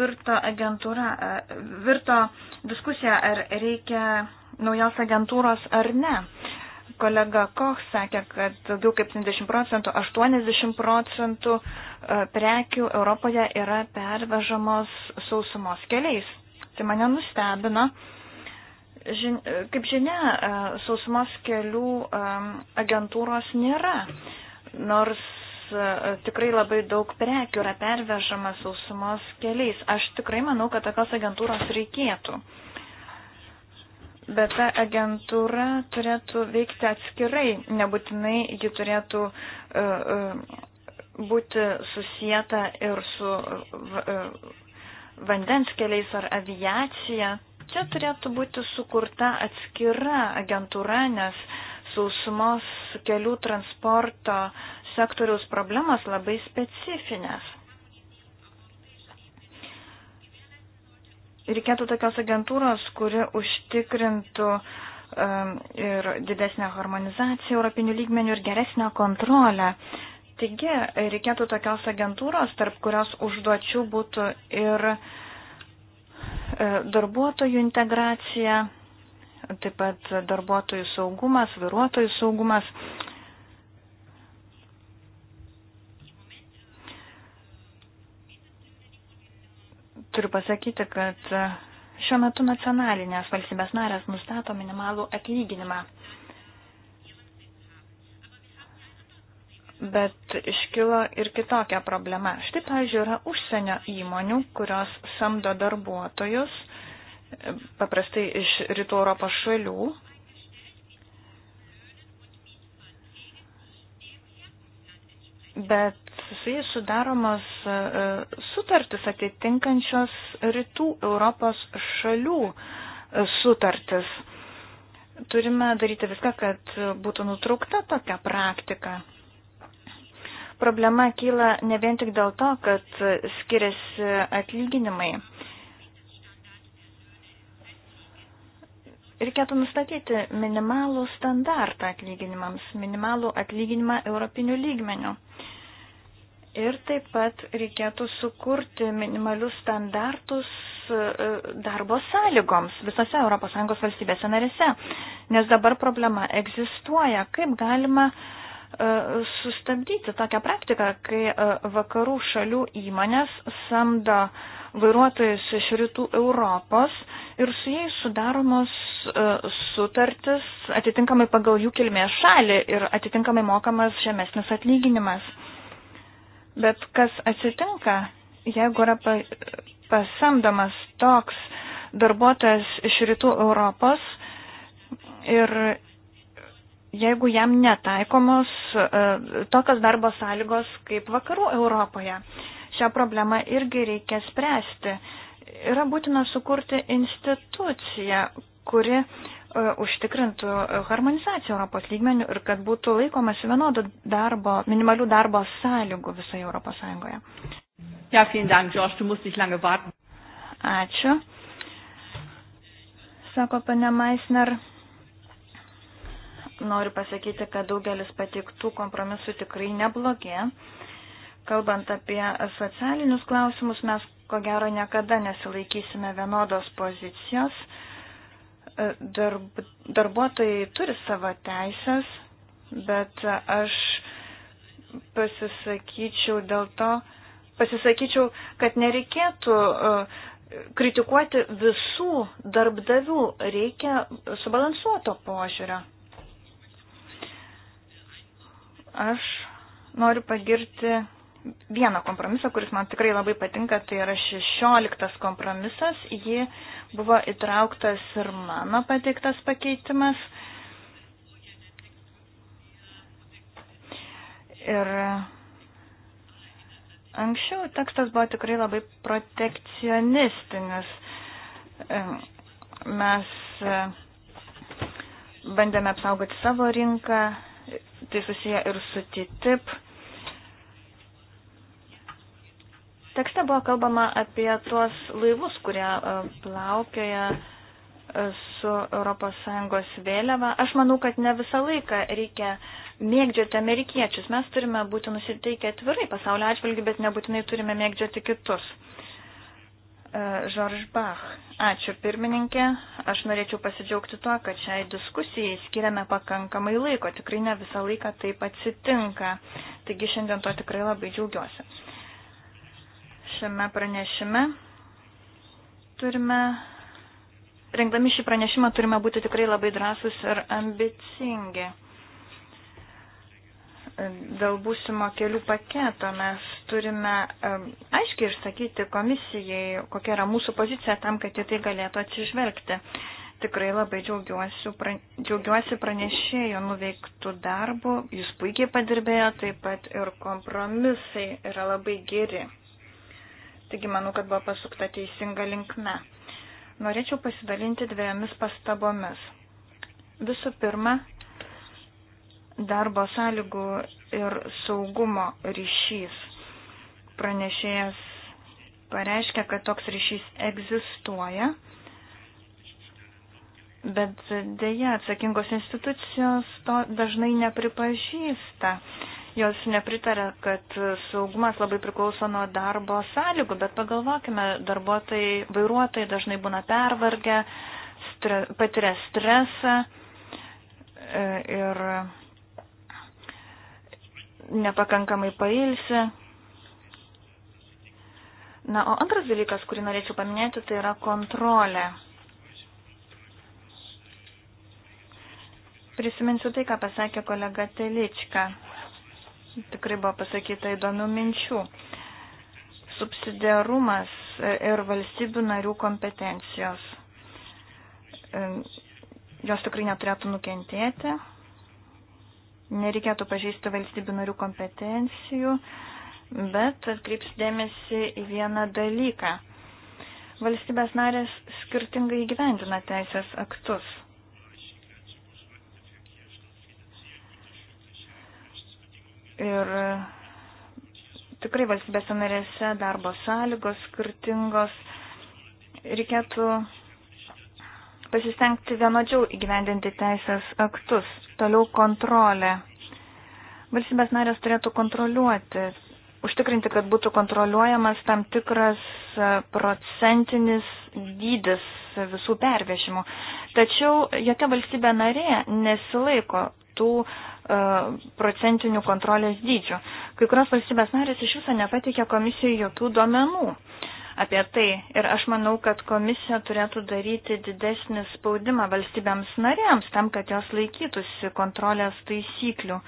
virto, agentūra, e, virto diskusija, ar reikia naujos agentūros ar ne kolega Koch sakė, kad daugiau kaip 70 procentų, 80 procentų e, prekių Europoje yra pervežamos sausumos keliais. Tai mane nustebino. Žin, e, kaip žinia, e, sausumos kelių agentūros nėra, nors tikrai labai daug prekių yra pervežama sausumos keliais. Aš tikrai manau, kad tokios agentūros reikėtų bet ta agentūra turėtų veikti atskirai, nebūtinai ji turėtų e, e, būti susijęta ir su e, vandens keliais ar aviacija. Čia turėtų būti sukurta atskira agentūra, nes sausumos kelių transporto sektoriaus problemas labai specifinės. reikėtų tokios agentūros, kuri užtikrintų um, ir didesnę harmonizaciją europinių lygmenių ir geresnę kontrolę. Taigi, reikėtų tokios agentūros, tarp kurios užduočių būtų ir e, darbuotojų integracija, taip pat darbuotojų saugumas, vairuotojų saugumas. E, Turiu pasakyti, kad šiuo metu nacionalinės valstybės narės nustato minimalų atlyginimą. Bet iškilo ir kitokia problema. Štai, pavyzdžiui, yra užsienio įmonių, kurios samdo darbuotojus, paprastai iš rytų Europos šalių. Bet su jais sudaromos e, e, sutartis atitinkančios rytų Europos šalių e, sutartis. Turime daryti viską, kad būtų nutraukta tokia praktika. Problema kyla ne vien tik dėl to, kad skiriasi atlyginimai. Reikėtų nustatyti minimalų standartą atlyginimams, minimalų atlyginimą europinių lygmenių. Ir taip pat reikėtų sukurti minimalius standartus e, e, darbo sąlygoms visose ES valstybėse narėse. Nes dabar problema egzistuoja. Kaip galima e, sustabdyti tokią praktiką, kai vakarų šalių įmonės samdo vairuotojus iš rytų Europos ir su jais sudaromos sutartis atitinkamai pagal jų kilmės šalį ir atitinkamai mokamas žemesnis atlyginimas. Bet kas atsitinka, jeigu yra pasamdomas toks darbuotojas iš rytų Europos ir jeigu jam netaikomos e, tokios darbo sąlygos kaip vakarų Europoje. Šią problemą irgi reikia spręsti. Yra būtina sukurti instituciją, kuri uh, E, užtikrintų e, harmonizaciją Europos lygmenių ir kad būtų laikomasi vienodų darbo, minimalių darbo sąlygų visoje Europos Sąjungoje. Ja, vielen Dank, George, du musst nicht lange warten. Ačiū. Sako pane Maisner. Noriu pasakyti, kad daugelis patiktų kompromisų tikrai neblogė. Kalbant apie socialinius klausimus, mes ko gero niekada nesilaikysime vienodos pozicijos darb, darbuotojai turi savo teisės, bet aš pasisakyčiau dėl to, pasisakyčiau, kad nereikėtų e, kritikuoti visų darbdavių, reikia subalansuoto požiūrio. Aš noriu pagirti vieną kompromisą, kuris man tikrai labai patinka, tai yra 16 kompromisas. Ji buvo įtrauktas ir mano pateiktas pakeitimas. Ir anksčiau tekstas buvo tikrai labai protekcionistinis. Mes bandėme apsaugoti savo rinką, tai susiję ir su TTIP. Tekste buvo kalbama apie tuos laivus, kurie e, plaukioja e, su ES vėliava. Aš manau, kad ne visą laiką reikia mėgdžioti amerikiečius. Mes turime būti nusiteikę atvirai pasaulio atžvilgių, bet nebūtinai turime mėgdžioti kitus. Žorž e, Bach. Ačiū pirmininkė. Aš norėčiau pasidžiaugti tuo, kad šiai diskusijai skiriame pakankamai laiko. Tikrai ne visą laiką taip atsitinka. Taigi šiandien to tikrai labai džiaugiuosi šiame pranešime turime, rengdami šį pranešimą turime būti tikrai labai drąsus ir ambicingi. Dėl būsimo kelių paketo mes turime aiškiai išsakyti komisijai, kokia yra mūsų pozicija tam, kad jie tai galėtų atsižvelgti. Tikrai labai džiaugiuosi, džiaugiuosi pranešėjo nuveiktų darbų, jūs puikiai padirbėjo, taip pat ir kompromisai yra labai geri. Taigi manau, kad buvo pasukta teisinga linkme. Norėčiau pasidalinti dviejomis pastabomis. Visų pirma, darbo sąlygų ir saugumo ryšys. Pranešėjas pareiškia, kad toks ryšys egzistuoja, bet dėja atsakingos institucijos to dažnai nepripažįsta. Jos nepritarė, kad saugumas labai priklauso nuo darbo sąlygų, bet pagalvokime, darbuotojai, vairuotojai dažnai būna pervargę, stre, patiria stresą e, ir nepakankamai pailsi. Na, o antras dalykas, kurį norėčiau paminėti, tai yra kontrolė. Prisiminsiu tai, ką pasakė kolega Telička. Tikrai buvo pasakyta įdomių minčių. Subsidiarumas ir valstybių narių kompetencijos. E, jos tikrai neturėtų nukentėti. Nereikėtų pažeisti valstybių narių kompetencijų, bet atkreips dėmesį į vieną dalyką. Valstybės narės skirtingai gyvendina teisės aktus Ir e, tikrai valstybės narėse darbo sąlygos skirtingos. Reikėtų pasistengti vienodžiau įgyvendinti teisės aktus. Toliau kontrolė. Valstybės narės turėtų kontroliuoti, užtikrinti, kad būtų kontroliuojamas tam tikras e, procentinis dydis visų pervešimų. Tačiau jokia valstybė narė nesilaiko kitų e, procentinių kontrolės dydžių. Kai kurios valstybės narės iš viso nepatikė komisijai jokių duomenų apie tai. Ir aš manau, kad komisija turėtų daryti didesnį spaudimą valstybėms narėms tam, kad jos laikytųsi kontrolės taisyklių.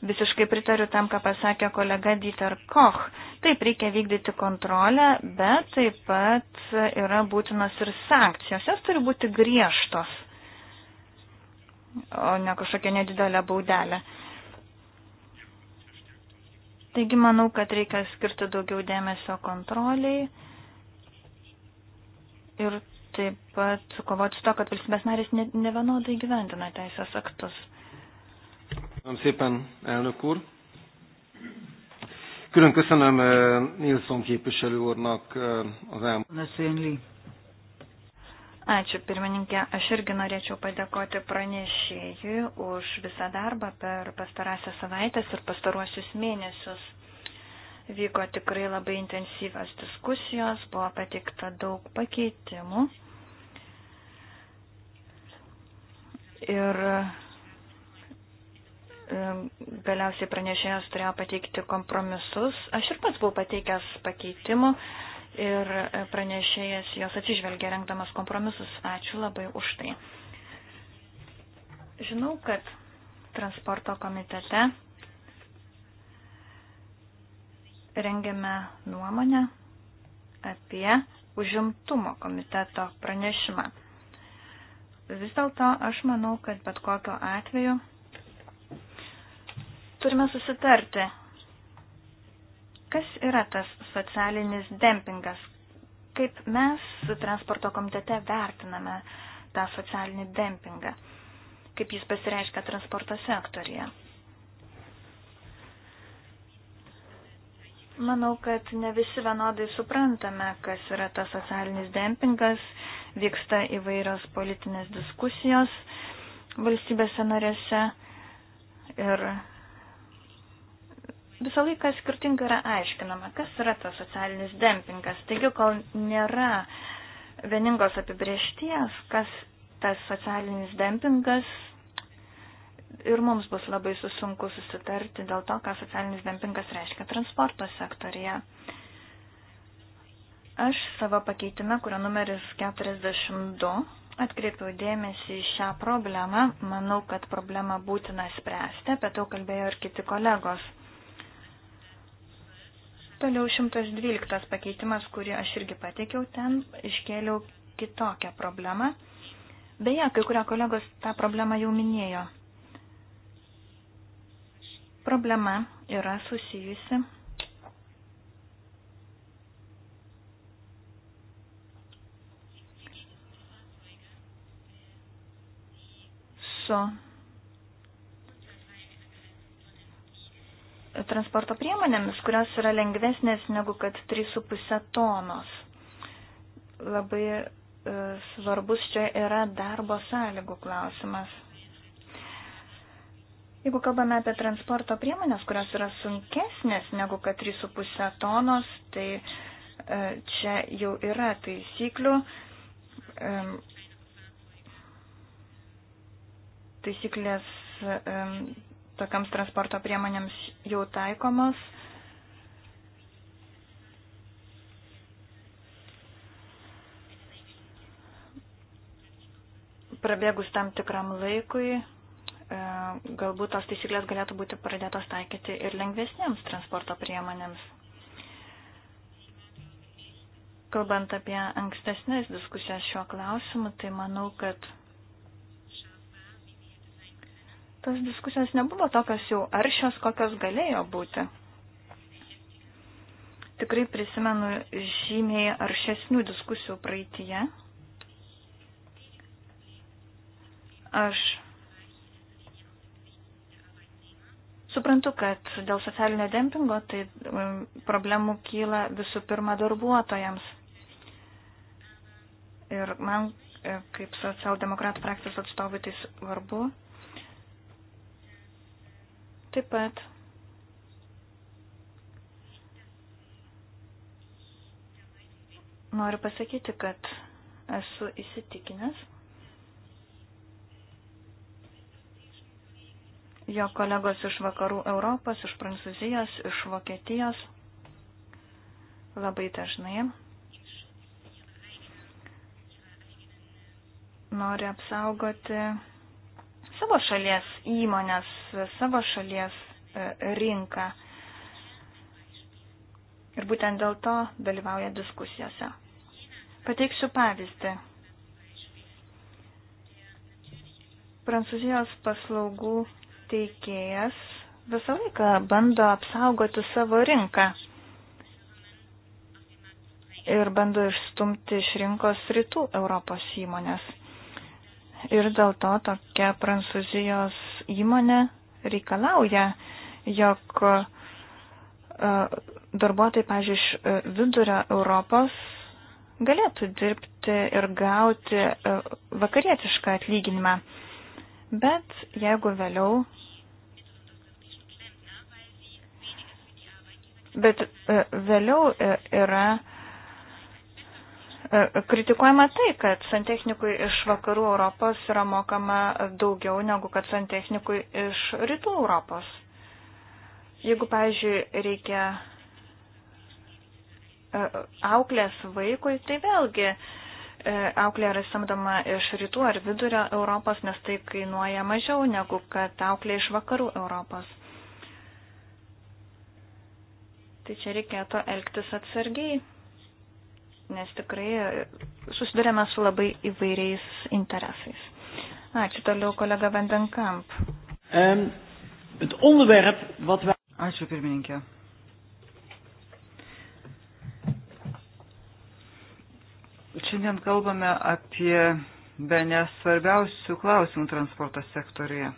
Visiškai pritariu tam, ką pasakė kolega Dieter Koch. Taip, reikia vykdyti kontrolę, bet taip pat yra būtinos ir sankcijos. Jos turi būti griežtos o ne kažkokia nedidelė baudelė. Taigi manau, kad reikia skirti daugiau dėmesio kontroliai ir taip pat kovoti su to, kad valstybės narės nevienodai ne gyventina teisės aktus. Köszönöm szépen, elnök úr! Külön köszönöm eh, Nilsson képviselő úrnak az elmúlt. Ačiū pirmininkė. Aš irgi norėčiau padėkoti pranešėjui už visą darbą per pastarąsias savaitės ir pastaruosius mėnesius. Vyko tikrai labai intensyvios diskusijos, buvo pateikta daug pakeitimų. Ir galiausiai pranešėjas turėjo pateikti kompromisus. Aš ir pats buvau pateikęs pakeitimų ir pranešėjas jos atsižvelgia rengdamas kompromisus. Ačiū labai už tai. Žinau, kad transporto komitete rengiame nuomonę apie užimtumo komiteto pranešimą. Vis dėlto aš manau, kad bet kokio atveju turime susitarti Kas yra tas socialinis dempingas? Kaip mes transporto komitete vertiname tą socialinį dempingą? Kaip jis pasireiškia transporto sektorija? Manau, kad ne visi vienodai suprantame, kas yra tas socialinis dempingas, vyksta įvairios politinės diskusijos valstybėse narėse ir visą laiką skirtingai yra aiškinama, kas yra tas socialinis dempingas. Taigi, kol nėra vieningos apibriešties, kas tas socialinis dempingas, ir mums bus labai susunku susitarti dėl to, ką socialinis dempingas reiškia transporto sektorija. Aš savo pakeitime, kurio numeris 42, atkreipiau dėmesį į šią problemą. Manau, kad problemą būtina spręsti, apie tai kalbėjo ir kiti kolegos. Toliau 112 pakeitimas, kurį aš irgi pateikiau, ten iškėliau kitokią problemą. Beje, kai kurie kolegos tą problemą jau minėjo. Problema yra susijusi su transporto priemonėmis, kurios yra lengvesnės negu kad 3,5 tonos. Labai e, svarbus čia yra darbo sąlygų klausimas. Jeigu kalbame apie transporto priemonės, kurios yra sunkesnės negu kad 3,5 tonos, tai e, čia jau yra taisyklių. E, taisyklės tokiams transporto priemonėms jau taikomos. Prabėgus tam tikram laikui, e, galbūt tos taisyklės galėtų būti pradėtos taikyti ir lengvesniems transporto priemonėms. Kalbant apie ankstesnės diskusijas šiuo klausimu, tai manau, kad tas diskusijos nebuvo tokios jau aršios, kokios galėjo būti. Tikrai prisimenu žymiai aršesnių diskusijų praeitie. Aš suprantu, kad dėl socialinio dempingo tai um, problemų kyla visų pirma darbuotojams. Ir man, e, kaip socialdemokratų frakcijos atstovai, tai svarbu Taip pat noriu pasakyti, kad esu įsitikinęs, jo kolegos iš vakarų Europos, iš Prancūzijos, iš Vokietijos labai dažnai nori apsaugoti savo šalies įmonės, savo šalies e, rinką. Ir būtent dėl to dalyvauja diskusijose. Pateiksiu pavyzdį. Prancūzijos paslaugų teikėjas visą laiką bando apsaugoti savo rinką ir bando išstumti iš rinkos rytų Europos įmonės ir dėl to tokia prancūzijos įmonė reikalauja, jog e, darbuotojai, pažiūrėjau, iš e, vidurio Europos galėtų dirbti ir gauti e, vakarietišką atlyginimą. Bet jeigu vėliau. Bet vėliau yra E, kritikuojama tai, kad santechnikui iš vakarų Europos yra mokama daugiau negu kad santechnikui iš rytų Europos. Jeigu, pavyzdžiui, reikia e, auklės vaikui, tai vėlgi e, auklė yra samdoma iš rytų ar vidurio Europos, nes tai kainuoja mažiau negu kad auklė iš vakarų Europos. Tai čia reikėtų elgtis atsargiai nes tikrai susidurėme su labai įvairiais interesais. Ačiū toliau kolega Vandenkamp. Um, het onderwerp wat wij... Ačiū pirmininkė. Šiandien kalbame apie be nesvarbiausių klausimų transporto sektoriuje.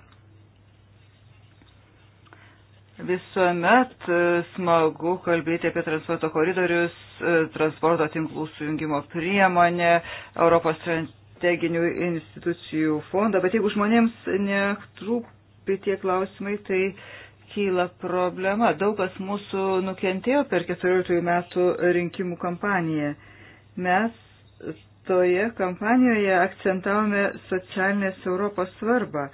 Visuomet e, smagu kalbėti apie transporto koridorius, e, transporto tinklų sujungimo priemonę, Europos strateginių institucijų fondą, bet jeigu žmonėms netrūpi tie klausimai, tai kyla problema. Daug kas mūsų nukentėjo per 14 metų rinkimų kampaniją. Mes toje kampanijoje akcentavome socialinės Europos svarbą.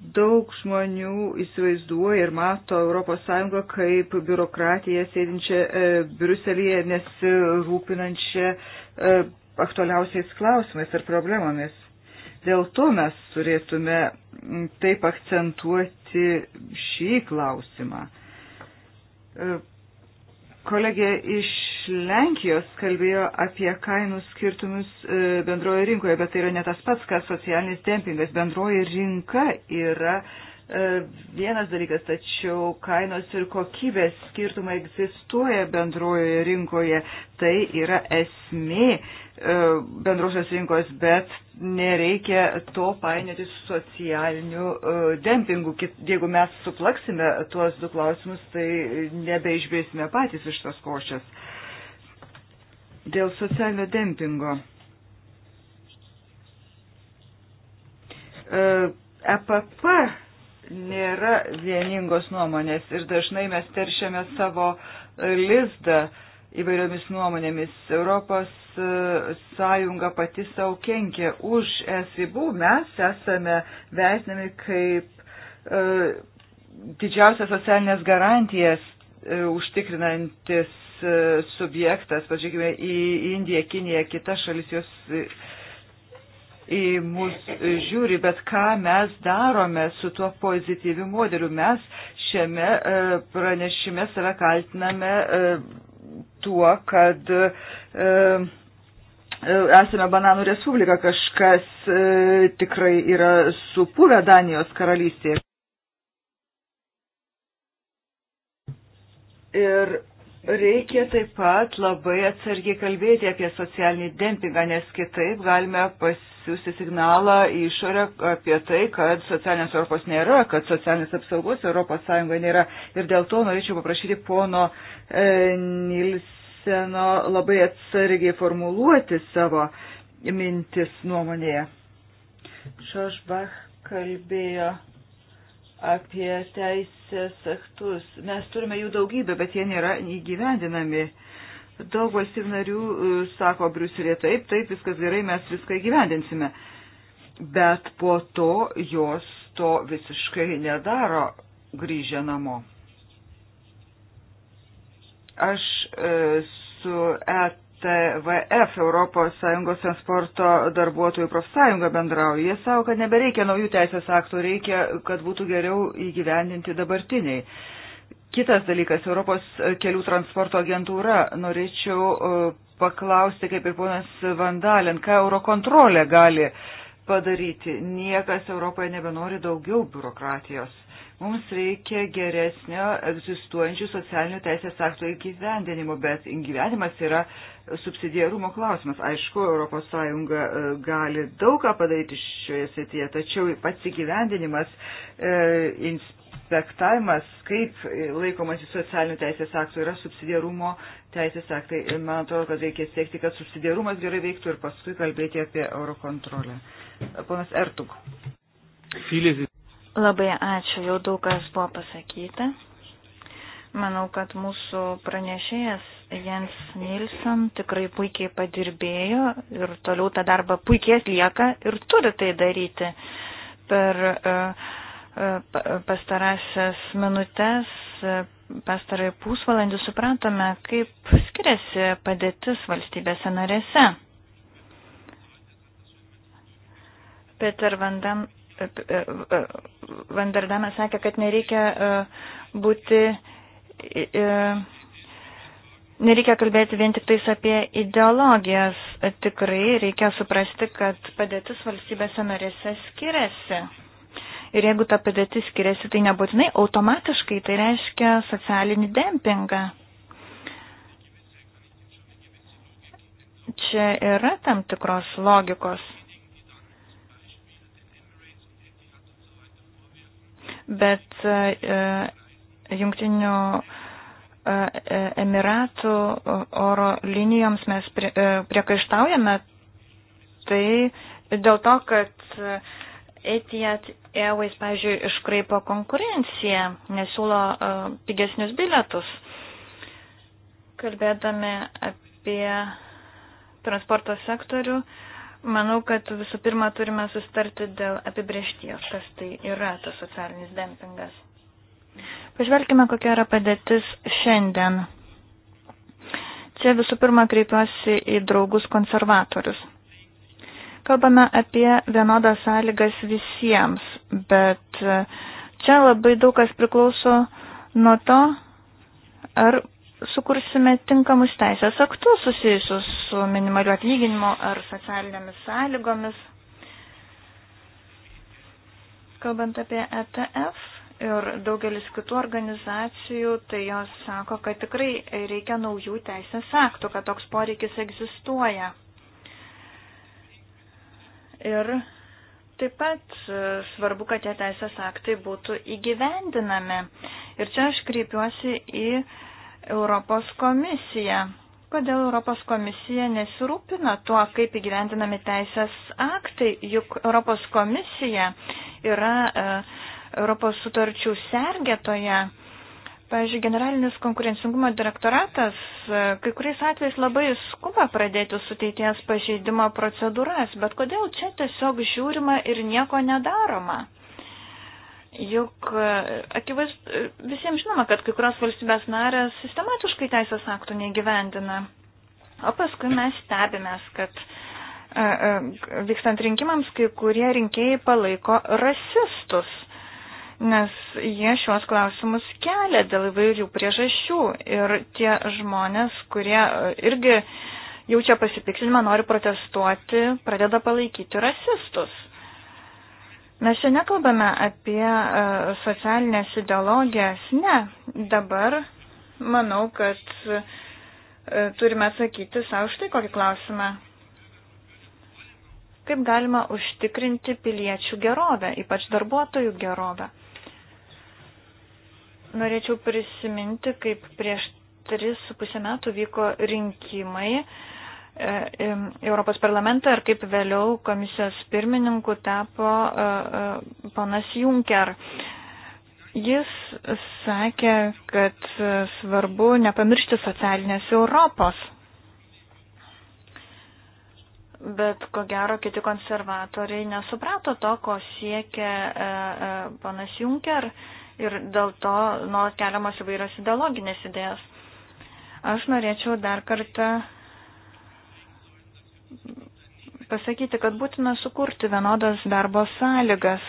Daug žmonių įsivaizduoja ir mato ES kaip biurokratiją sėdinčią e, Briuselėje nesirūpinančią e, aktualiausiais klausimais ir problemomis. Dėl to mes turėtume taip akcentuoti šį klausimą. E, kolegė iš Lenkijos kalbėjo apie kainų skirtumus e, bendroje rinkoje, bet tai yra ne tas pats, kas socialinis dempingas. Bendroji rinka yra e, vienas dalykas, tačiau kainos ir kokybės skirtumai egzistuoja bendrojoje rinkoje. Tai yra esmė e, bendrosios rinkos, bet nereikia to painioti su socialiniu dempingu. Jeigu mes suplaksime tuos du klausimus, tai nebeišbėsime patys iš tos košės. Dėl socialinio dempingo. EPP e nėra vieningos nuomonės ir dažnai mes teršiame savo lizdą įvairiomis nuomonėmis. Europos e, sąjunga pati savo kenkia už es ribų. Mes esame vertinami kaip e, didžiausias socialinės garantijas e, užtikrinantis E, subjektas, pažiūrėkime, į Indiją, Kiniją, kitas šalis, jos e, į mus žiūri, bet ką mes darome su tuo pozityviu modeliu. Mes šiame e, pranešime save kaltiname tuo, kad esame bananų respublika, kažkas tikrai yra supuvę Danijos karalystėje. Ir Reikia taip pat labai atsargiai kalbėti apie socialinį dempingą, nes kitaip galime pasiūsti signalą į išorę apie tai, kad socialinės Europos nėra, kad socialinės apsaugos Europos Sąjungoje nėra. Ir dėl to norėčiau paprašyti pono e, Nilseno labai atsargiai formuluoti savo mintis nuomonėje. Šošbach kalbėjo apie teisės aktus. Mes turime jų daugybę, bet jie nėra įgyvendinami. Daug valstybių narių e, sako Briuselė taip, taip, viskas gerai, mes viską įgyvendinsime. Bet po to jos to visiškai nedaro grįžę namo. Aš e, su ET TVF, ES transporto darbuotojų profsąjunga bendrauja. Jie savo, kad nebereikia naujų teisės aktų, reikia, kad būtų geriau įgyvendinti dabartiniai. Kitas dalykas, Europos kelių transporto agentūra. Norėčiau e, paklausti, kaip ir ponas Vandalin, ką Eurokontrolė gali padaryti. Niekas Europoje nebenori daugiau biurokratijos. Mums reikia geresnio egzistuojančių socialinių teisės aktų įgyvendinimo, bet gyvenimas yra subsidiarumo klausimas. Aišku, ES e, gali daug ką padaryti šioje srityje, tačiau pats įgyvendinimas, e, inspektavimas, kaip laikomasi socialinių teisės aktų, yra subsidiarumo teisės aktai. Ir man atrodo, kad reikia siekti, kad subsidiarumas gerai veiktų ir paskui kalbėti apie eurokontrolę. Ponas Ertuk. Filizis. Labai ačiū, jau daug kas buvo pasakyta. Manau, kad mūsų pranešėjas Jens Nilsson tikrai puikiai padirbėjo ir toliau tą darbą puikiai atlieka ir turi tai daryti. Per e, e, pastarąsias minutės, e, pastarąjį pusvalandį supratome, kaip skiriasi padėtis valstybėse narėse. Peter Vandam Vandardamas sakė, kad nereikia e, būti, e, e, nereikia kalbėti vien tik tais apie ideologijas. Tikrai reikia suprasti, kad padėtis valstybėse narėse skiriasi. Ir jeigu ta padėtis skiriasi, tai nebūtinai automatiškai tai reiškia socialinį dempingą. Čia yra tam tikros logikos. bet e, e, jungtinių e, Emiratų oro linijoms mes prie, priekaištaujame tai dėl to, kad Etihad Airways, pavyzdžiui, iškraipo konkurenciją, nesiūlo uh, pigesnius bilietus. Kalbėdami apie transporto sektorių, uh, Manau, kad visų pirma turime sustarti dėl apibriešties, kas tai yra tas socialinis dempingas. Pažvelkime, kokia yra padėtis šiandien. Čia visų pirma kreipiuosi į draugus konservatorius. Kalbame apie vienodas sąlygas visiems, bet čia labai daug kas priklauso nuo to, ar sukursime tinkamus teisės aktus susijusius su minimaliu atlyginimu ar socialinėmis sąlygomis. Kalbant apie ETF ir daugelis kitų organizacijų, tai jos sako, kad tikrai reikia naujų teisės aktų, kad toks poreikis egzistuoja. Ir taip pat svarbu, kad tie teisės aktai būtų įgyvendinami. Ir čia aš kreipiuosi į uh, Europos komisija. Kodėl Europos komisija nesirūpina tuo, kaip įgyvendinami teisės aktai, juk Europos komisija yra e, Europos sutarčių sergėtoje. Pavyzdžiui, generalinis konkurencingumo direktoratas e, kai kuriais atvejais labai skuba pradėti suteities pažeidimo procedūras, bet kodėl čia tiesiog žiūrima ir nieko nedaroma? Juk e, akivaiz, e, visiems žinoma, kad kai kurios valstybės narės sistematiškai teisės aktų negyvendina. O paskui mes stebimės, kad e, vykstant rinkimams kai kurie rinkėjai palaiko rasistus, nes jie šios klausimus kelia dėl įvairių priežasčių ir tie žmonės, kurie irgi jaučia pasipiktinimą, nori protestuoti, pradeda palaikyti rasistus. Mes čia nekalbame apie e, socialinės ideologijas, ne. Dabar manau, kad e, turime atsakyti savo štai kokį klausimą. Kaip galima užtikrinti piliečių gerovę, ypač darbuotojų gerovę? Norėčiau prisiminti, kaip prieš tris su pusę metų vyko rinkimai E, Europos parlamentą ir kaip vėliau komisijos pirmininku tapo e, e, panas Juncker. Jis sakė, kad svarbu nepamiršti socialinės Europos. Bet ko gero kiti konservatoriai nesuprato to, ko siekia panas Juncker ir dėl to nuolat keliamos įvairios ideologinės idėjas. Aš norėčiau dar kartą pasakyti, kad būtina sukurti vienodas darbo sąlygas.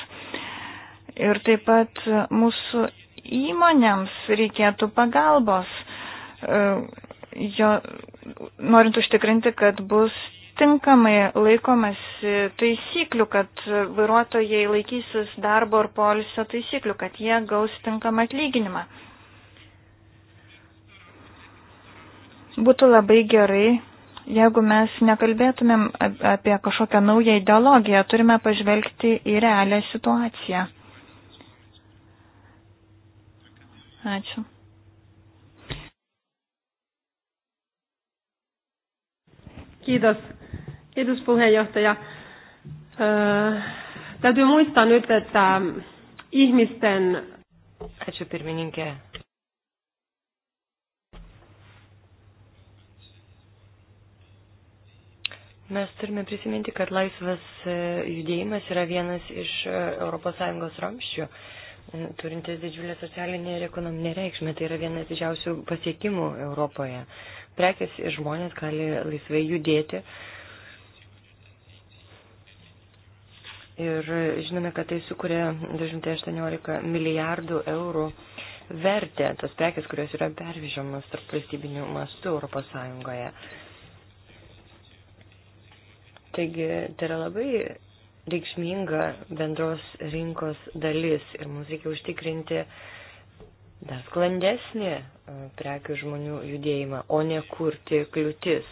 Ir taip pat mūsų įmonėms reikėtų pagalbos, e, jo, norint užtikrinti, kad bus tinkamai laikomasi taisyklių, kad vairuotojai laikysis darbo ir polisio taisyklių, kad jie gaus tinkamą atlyginimą. Būtų labai gerai, Jeigu mes nekalbėtumėm apie kažkokią naują ideologiją, turime pažvelgti į realią situaciją. Ačiū. Kiitos. Kiitos puheenjohtaja. Öö, täytyy muistaa nyt, että ihmisten... Ačiū pirmininkė. Mes turime prisiminti, kad laisvas e, judėjimas yra vienas iš ES ramščių, e, turintis didžiulę socialinę ir ekonominę reikšmę. Tai yra vienas didžiausių pasiekimų Europoje. Prekės ir žmonės gali laisvai judėti. Ir žinome, kad tai sukuria 218 milijardų eurų vertę tos prekės, kurios yra pervežamos tarp valstybinių mastų ES. Taigi tai yra labai reikšminga bendros rinkos dalis ir mums reikia užtikrinti dar sklandesnį e, prekių žmonių judėjimą, o ne kurti kliūtis.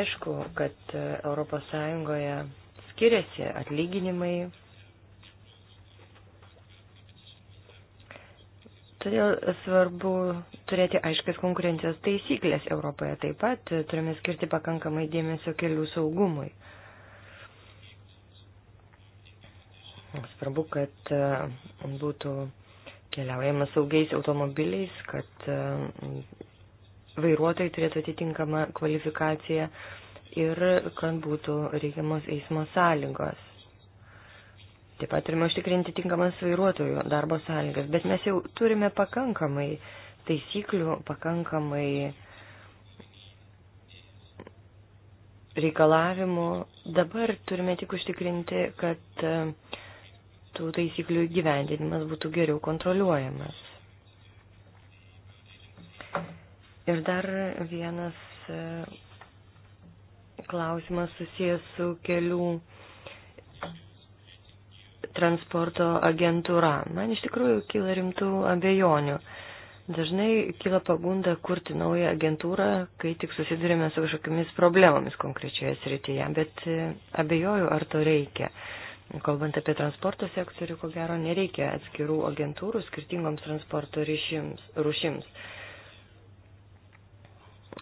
Aišku, kad ES skiriasi atlyginimai, Todėl svarbu turėti aiškias konkurencijos taisyklės Europoje. Taip pat turime skirti pakankamai dėmesio kelių saugumui. Svarbu, kad e, būtų keliaujama saugiais automobiliais, kad e, vairuotojai turėtų atitinkamą kvalifikaciją ir kad būtų reikiamos eismo sąlygos. Taip pat turime užtikrinti tinkamas vairuotojų darbo sąlygas, bet mes jau turime pakankamai taisyklių, pakankamai reikalavimų. Dabar turime tik užtikrinti, kad e, tų taisyklių gyvendinimas būtų geriau kontroliuojamas. Ir dar vienas e, klausimas susijęs su kelių transporto agentūra. Man iš tikrųjų kyla rimtų abejonių. Dažnai kyla pagunda kurti naują agentūrą, kai tik susidurime su kažkokiamis problemomis konkrečioje srityje, bet e, abejoju, ar to reikia. Kalbant apie transporto sektorių, ko gero nereikia atskirų agentūrų skirtingoms transporto ryšims, rušims.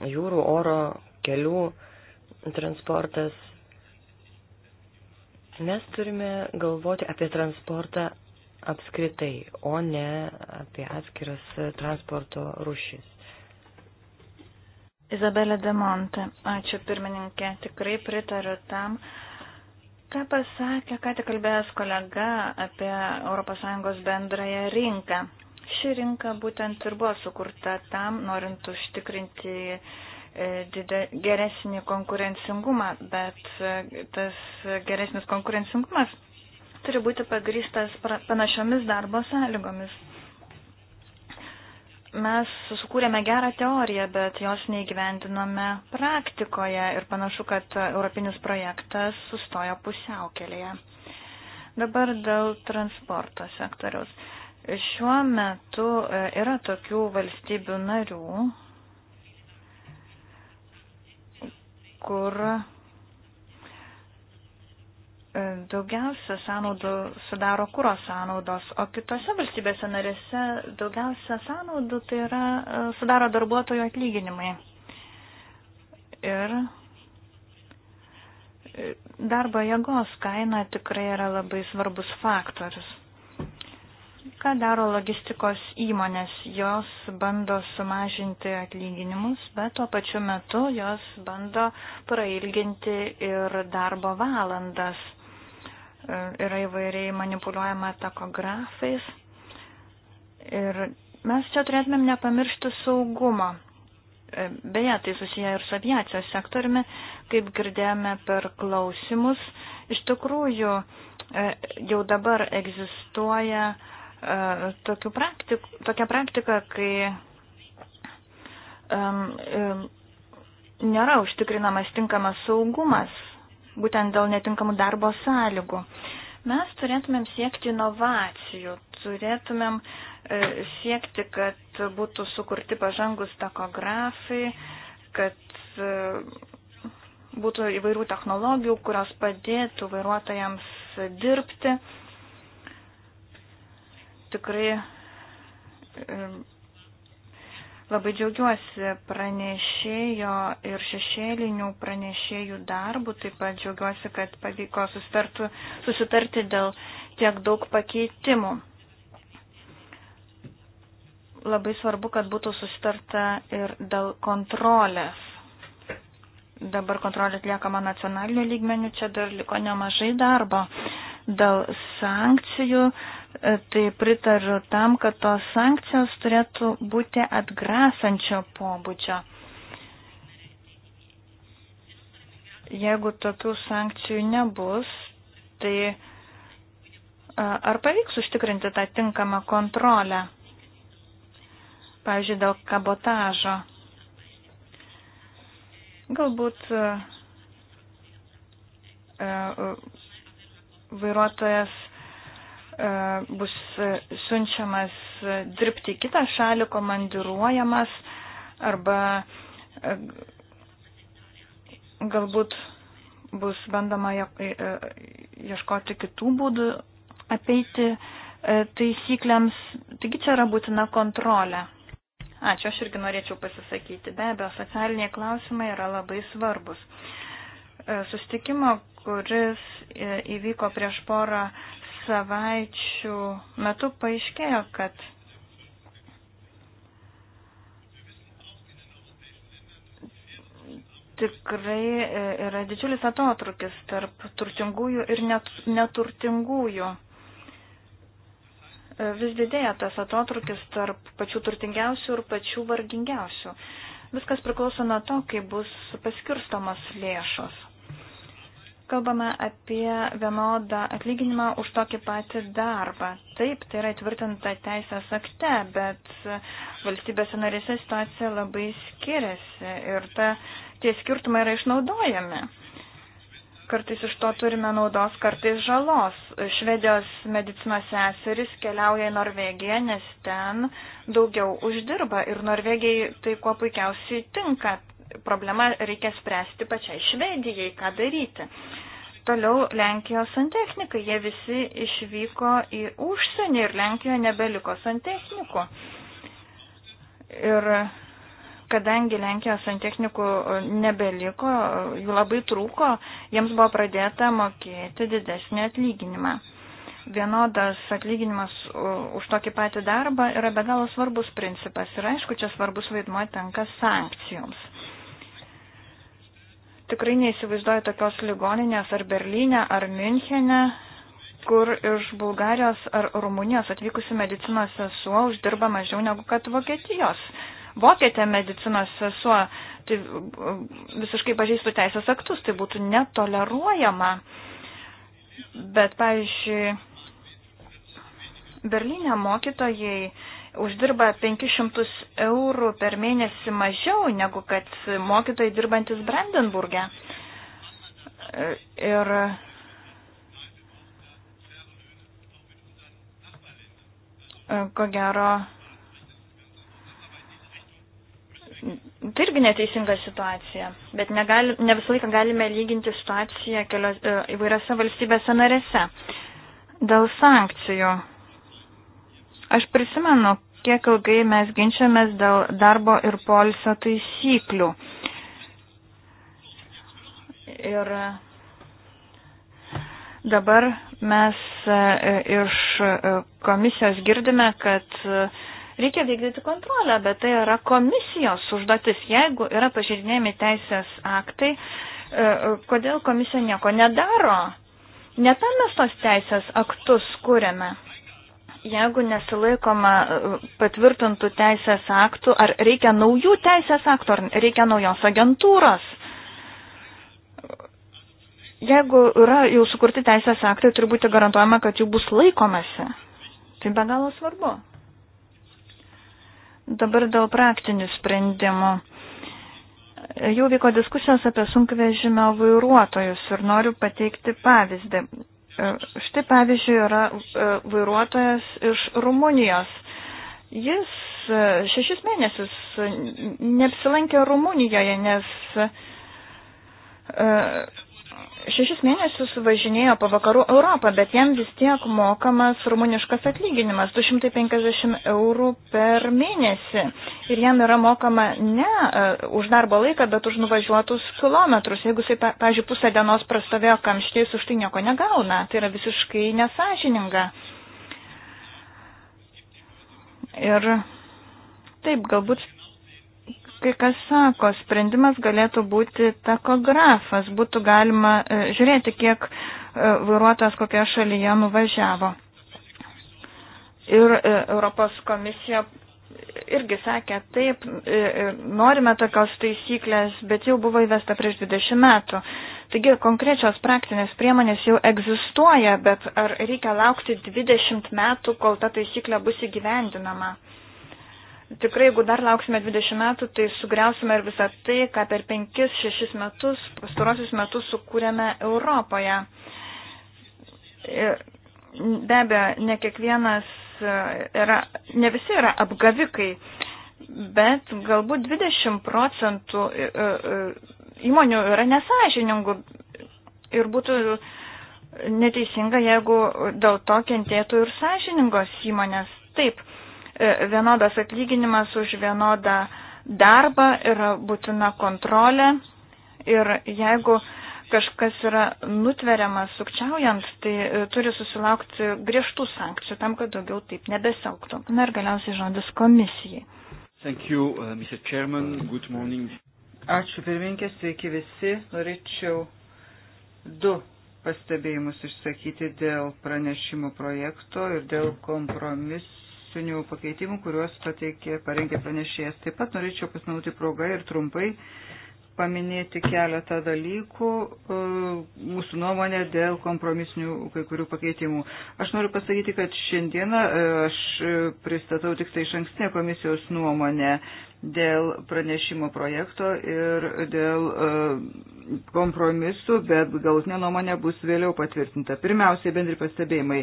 Jūrų, oro, kelių transportas Mes turime galvoti apie transportą apskritai, o ne apie atskiras transporto rušis. Izabelė Demonte, ačiū pirmininkė, tikrai pritariu tam, ką pasakė, ką tik kalbėjęs kolega apie ES bendrąją rinką. Ši rinka būtent ir buvo sukurta tam, norint užtikrinti uh, E, geresnį konkurencingumą, bet e, tas geresnis konkurencingumas turi būti pagrįstas panašiomis darbo sąlygomis. Mes sukūrėme gerą teoriją, bet jos neįgyvendinome praktikoje ir panašu, kad europinis projektas sustojo pusiaukelėje. Dabar dėl transporto sektoriaus. Šiuo metu e, yra tokių valstybių narių, kur e, daugiausia sąnaudų sudaro kūro sąnaudos, o kitose valstybėse narėse daugiausia sąnaudų tai yra e, sudaro darbuotojų atlyginimai. Ir e, darbo jėgos kaina tikrai yra labai svarbus faktorius. Ką daro logistikos įmonės? Jos bando sumažinti atlyginimus, bet tuo pačiu metu jos bando prailginti ir darbo valandas. E, yra įvairiai manipuliuojama takografais. Ir mes čia turėtumėm nepamiršti saugumo. E, beje, tai susiję ir su aviacijos sektoriumi, kaip girdėjome per klausimus. Iš tikrųjų, e, jau dabar egzistuoja uh, praktik, tokia praktika, kai um, nėra užtikrinamas tinkamas saugumas, būtent dėl netinkamų darbo sąlygų. Mes turėtumėm siekti inovacijų, turėtumėm e, siekti, kad būtų sukurti pažangus takografai, kad e, būtų įvairių technologijų, kurios padėtų vairuotojams dirbti tikrai labai džiaugiuosi pranešėjo ir šešėlinių pranešėjų darbų. Taip pat džiaugiuosi, kad pavyko susitartų, susitarti dėl tiek daug pakeitimų. Labai svarbu, kad būtų susitarta ir dėl kontrolės. Dabar kontrolė atliekama nacionaliniu lygmeniu, čia dar liko nemažai darbo dėl sankcijų, E, tai pritariu tam, kad tos sankcijos turėtų būti atgrasančio pobūdžio. Jeigu tokių sankcijų nebus, tai e, ar pavyks užtikrinti tą tinkamą kontrolę? Pavyzdžiui, dėl kabotažo. Galbūt e, vairuotojas E, bus siunčiamas dirbti į kitą šalį, komandiruojamas arba e, galbūt bus bandama e, ieškoti kitų būdų apeiti taisyklėms. Taigi čia yra būtina kontrolė. Ačiū, aš irgi norėčiau pasisakyti. Be abejo, socialiniai klausimai yra labai svarbus. Sustikimo, kuris įvyko prieš porą savaičių metu paaiškėjo, kad tikrai e, yra didžiulis atotrukis tarp turtingųjų ir net, neturtingųjų. E, vis didėja tas atotrukis tarp pačių turtingiausių ir pačių vargingiausių. Viskas priklauso nuo to, kaip bus paskirstamos lėšos kalbame apie vienodą atlyginimą už tokį patį darbą. Taip, tai yra įtvirtinta teisės akte, bet valstybėse narėse situacija labai skiriasi ir ta, tie skirtumai yra išnaudojami. Kartais iš to turime naudos, kartais žalos. Švedijos medicinos seseris keliauja į Norvegiją, nes ten daugiau uždirba ir Norvegijai tai kuo puikiausiai tinka problemą reikia spręsti pačiai Švedijai, ką daryti. Toliau Lenkijos santechnikai, jie visi išvyko į užsienį ir Lenkijoje nebeliko santechnikų. Ir kadangi Lenkijos santechnikų nebeliko, jų labai trūko, jiems buvo pradėta mokėti didesnį atlyginimą vienodas atlyginimas už tokį patį darbą yra be galo svarbus principas ir aišku, čia svarbus vaidmuo tenka sankcijoms. Tikrai neįsivaizduoju tokios ligoninės ar Berlyne, ar Münchene, kur iš Bulgarijos ar Rumunijos atvykusi medicinos sesuo uždirba mažiau negu kad Vokietijos. Vokietė medicinos sesuo tai mm, visiškai pažįstų teisės aktus, tai būtų netoleruojama. Bet, pavyzdžiui, Berlyne mokytojai uždirba 500 eurų per mėnesį mažiau negu kad mokytojai dirbantis Brandenburgė. Ir ko gero, tai irgi neteisinga situacija, bet negali, ne visą laiką galime lyginti situaciją kelios, e, įvairiose valstybėse narėse. Dėl sankcijų Aš prisimenu, kiek ilgai mes ginčiamės dėl darbo ir polsio taisyklių. Ir dabar mes e, iš e, komisijos girdime, kad e, reikia vykdyti kontrolę, bet tai yra komisijos užduotis. Jeigu yra pažeidinėjami teisės aktai, kodėl komisija nieko nedaro? Ne tam mes tos teisės aktus kūrėme. Jeigu nesilaikoma e, patvirtintų teisės aktų, ar reikia naujų teisės aktų, ar reikia naujos agentūros? Jeigu yra jau sukurti teisės aktai, turi būti garantuojama, kad jų bus laikomasi. Tai be galo svarbu. Dabar dėl praktinių sprendimų. Jau vyko diskusijos apie sunkvežimio vairuotojus ir noriu pateikti pavyzdį. E, štai pavyzdžiui yra e, vairuotojas iš Rumunijos. Jis e, šešis mėnesius neapsilankė Rumunijoje, nes šešis mėnesius važinėjo po vakarų Europą, bet jam vis tiek mokamas rumuniškas atlyginimas - 250 eurų per mėnesį. Ir jam yra mokama ne uh, už darbo laiką, bet už nuvažiuotus kilometrus. Jeigu jisai, pavyzdžiui, pusę dienos prastovėjo kamščiais, už tai nieko negauna. Tai yra visiškai nesažininga. Ir taip, galbūt kai kas sako, sprendimas galėtų būti takografas, būtų galima e, žiūrėti, kiek e, vairuotojas kokioje šalyje nuvažiavo. Ir e, Europos komisija irgi sakė, taip, norime tokios taisyklės, bet jau buvo įvesta prieš 20 metų. Taigi konkrečios praktinės priemonės jau egzistuoja, bet ar reikia laukti 20 metų, kol ta taisyklė bus įgyvendinama? tikrai, jeigu dar lauksime 20 metų, tai sugriausime ir visą tai, ką per 5-6 metus, pastarosius metus sukūrėme Europoje. E, be abejo, ne kiekvienas e, yra, ne visi yra apgavikai, bet galbūt 20 procentų e, įmonių yra nesažiningų ir būtų neteisinga, jeigu dėl to kentėtų ir sąžiningos įmonės. Taip, E, vienodas atlyginimas už vienodą darbą yra būtina kontrolė ir jeigu kažkas yra nutveriamas sukčiaujant, tai e, turi susilaukti griežtų sankcijų tam, kad daugiau taip nebesielgtų. Na ir galiausiai žodis komisijai. Thank you, uh, Mr. Chairman. Good morning. Ačiū pirmininkė, sveiki visi. Norėčiau du pastebėjimus išsakyti dėl pranešimo projekto ir dėl kompromisų kompromisinių pakeitimų, kuriuos pateikė, parengė pranešėjas. Taip pat norėčiau pasinaudoti progą ir trumpai paminėti keletą dalykų e, mūsų nuomonę dėl kompromisinių kai kurių pakeitimų. Aš noriu pasakyti, kad šiandieną e, aš e, pristatau tik tai iš ankstinę komisijos nuomonę dėl pranešimo projekto ir dėl kompromisų, bet galutinė nuomonė bus vėliau patvirtinta. Pirmiausiai bendri pastebėjimai.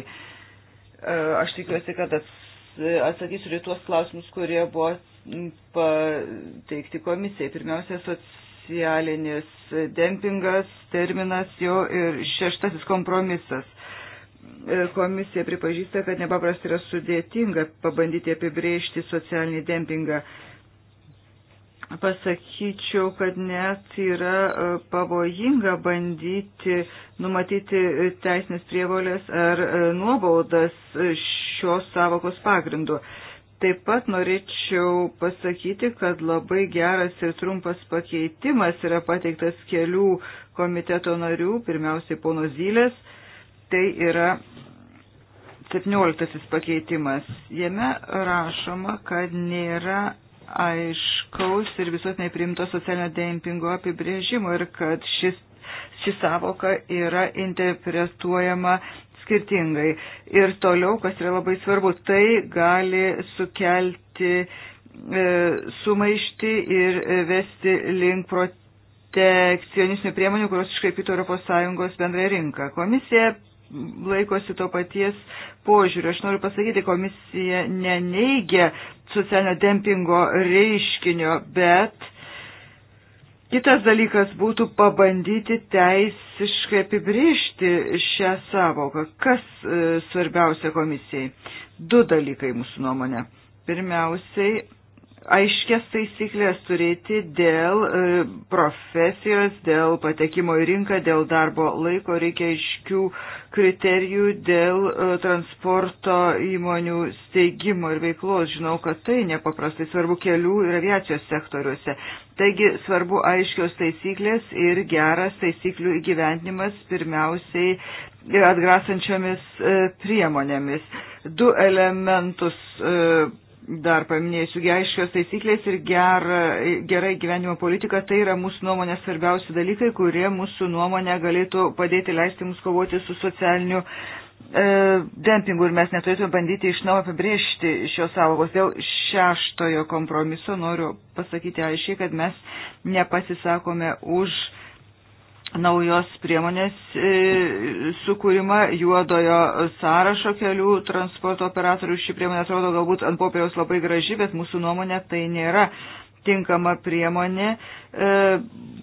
Aš tikiuosi, kad atsitiktų atsakysiu ir tuos klausimus, kurie buvo pateikti komisijai. Pirmiausia, socialinis dempingas, terminas jo ir šeštasis kompromisas komisija pripažįsta, kad nepaprastai yra sudėtinga pabandyti apibrėžti socialinį dempingą pasakyčiau, kad net yra e, pavojinga bandyti numatyti teisinės prievolės ar e, nuobaudas šios savokos pagrindu. Taip pat norėčiau pasakyti, kad labai geras ir trumpas pakeitimas yra pateiktas kelių komiteto narių, pirmiausiai pono Zylės. Tai yra 17 pakeitimas. Jame rašoma, kad nėra aiškaus ir visuotinai priimto socialinio dempingo apibrėžimo ir kad šis, ši savoka yra interpretuojama skirtingai. Ir toliau, kas yra labai svarbu, tai gali sukelti e, sumaišti ir e, vesti link protekcionistinių priemonių, kurios iškreipytų ES bendrąją rinką. Komisija laikosi to paties požiūrio. Aš noriu pasakyti, komisija neneigia socialinio dempingo reiškinio, bet kitas dalykas būtų pabandyti teisiškai apibriežti šią savoką. Kas e, svarbiausia komisijai? Du dalykai mūsų nuomonė. Pirmiausiai, aiškės taisyklės turėti dėl e, profesijos, dėl patekimo į rinką, dėl darbo laiko, reikia aiškių kriterijų dėl e, transporto įmonių steigimo ir veiklos. Žinau, kad tai nepaprastai svarbu kelių ir aviacijos sektoriuose. Taigi svarbu aiškios taisyklės ir geras taisyklių įgyvendinimas pirmiausiai atgrasančiomis e, priemonėmis. Du elementus dar paminėsiu, aiškios taisyklės ir gerą, gerai gyvenimo politika, tai yra mūsų nuomonė svarbiausi dalykai, kurie mūsų nuomonė galėtų padėti leisti mums kovoti su socialiniu e, dempingu ir mes neturėtume bandyti iš naujo apibriežti šios savokos. Dėl šeštojo kompromiso noriu pasakyti aiškiai, kad mes nepasisakome už naujos priemonės e, sukūrimą juodojo sąrašo kelių transporto operatorių. Ši priemonė atrodo galbūt ant popieriaus labai graži, bet mūsų nuomonė tai nėra tinkama priemonė, e,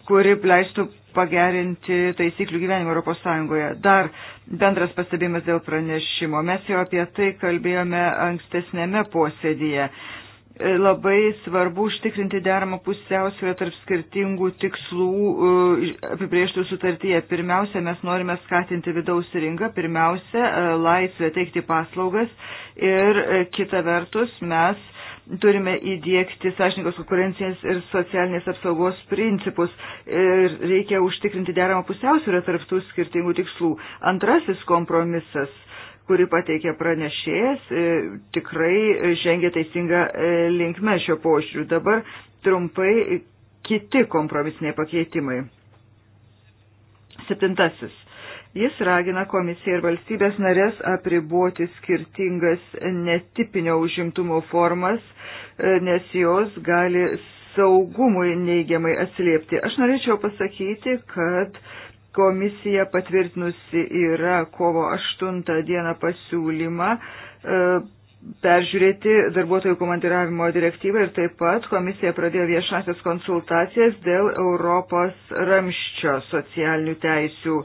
kuri leistų pagerinti taisyklių gyvenimą Europos Sąjungoje. Dar bendras pastebėjimas dėl pranešimo. Mes jau apie tai kalbėjome ankstesnėme posėdėje. E, labai svarbu užtikrinti deramą pusiausvę tarp skirtingų tikslų e, apibrieštų sutartyje. Pirmiausia, mes norime skatinti vidaus rinką, pirmiausia, e, laisvę teikti paslaugas ir kita vertus mes turime įdėkti sąžininkos konkurencijos ir socialinės apsaugos principus ir reikia užtikrinti deramą pusiausvyrą tarp tų skirtingų tikslų. Antrasis kompromisas kuri pateikė pranešėjas, e, tikrai žengia teisinga e, linkme šio požiūriu. Dabar trumpai kiti kompromisiniai pakeitimai. Septintasis. Jis ragina komisiją ir valstybės narės apriboti skirtingas netipinio užimtumo formas, e, nes jos gali saugumui neigiamai atsiliepti. Aš norėčiau pasakyti, kad Komisija patvirtinusi yra kovo 8 dieną pasiūlymą e, peržiūrėti darbuotojų komandiravimo direktyvą ir taip pat komisija pradėjo viešasias konsultacijas dėl Europos ramščio socialinių teisių.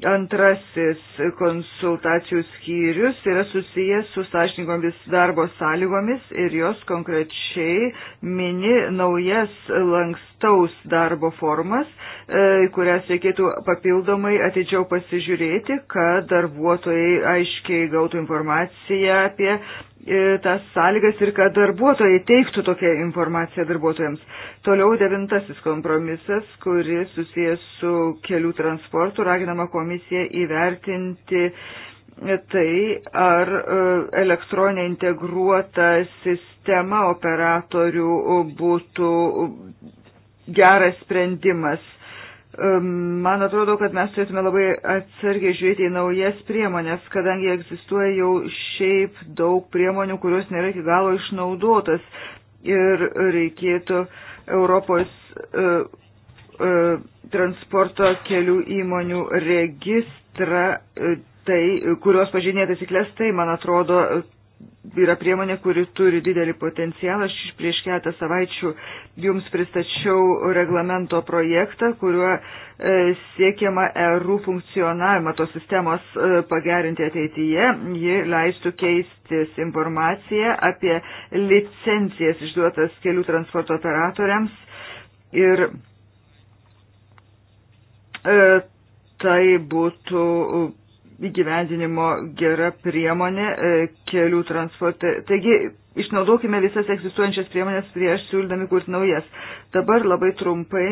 Antrasis konsultacijų skyrius yra susijęs su sąžininkomis darbo sąlygomis ir jos konkrečiai mini naujas lankstaus darbo formas, e, kurias reikėtų papildomai atidžiau pasižiūrėti, kad darbuotojai aiškiai gautų informaciją apie E, tas sąlygas ir kad darbuotojai teiktų tokią informaciją darbuotojams. Toliau devintasis kompromisas, kuris susijęs su kelių transportu, raginama komisija įvertinti tai, ar e, elektroninė integruota sistema operatorių būtų geras sprendimas Man atrodo, kad mes turėtume labai atsargiai žiūrėti į naujas priemonės, kadangi egzistuoja jau šiaip daug priemonių, kurios nėra iki galo išnaudotas ir reikėtų Europos uh, uh, transporto kelių įmonių registrą, uh, tai, kurios pažinėtas įklės, tai, man atrodo, yra priemonė, kuri turi didelį potencialą. Aš prieš keletą savaičių jums pristačiau reglamento projektą, kuriuo e, siekiama ERU funkcionavimą tos sistemos e, pagerinti ateityje. Ji leistų keistis informaciją apie licencijas išduotas kelių transporto operatoriams. Ir e, tai būtų įgyvendinimo gera priemonė e, kelių transporte. Taigi, išnaudokime visas egzistuojančias priemonės prieš siūlydami kurti naujas. Dabar labai trumpai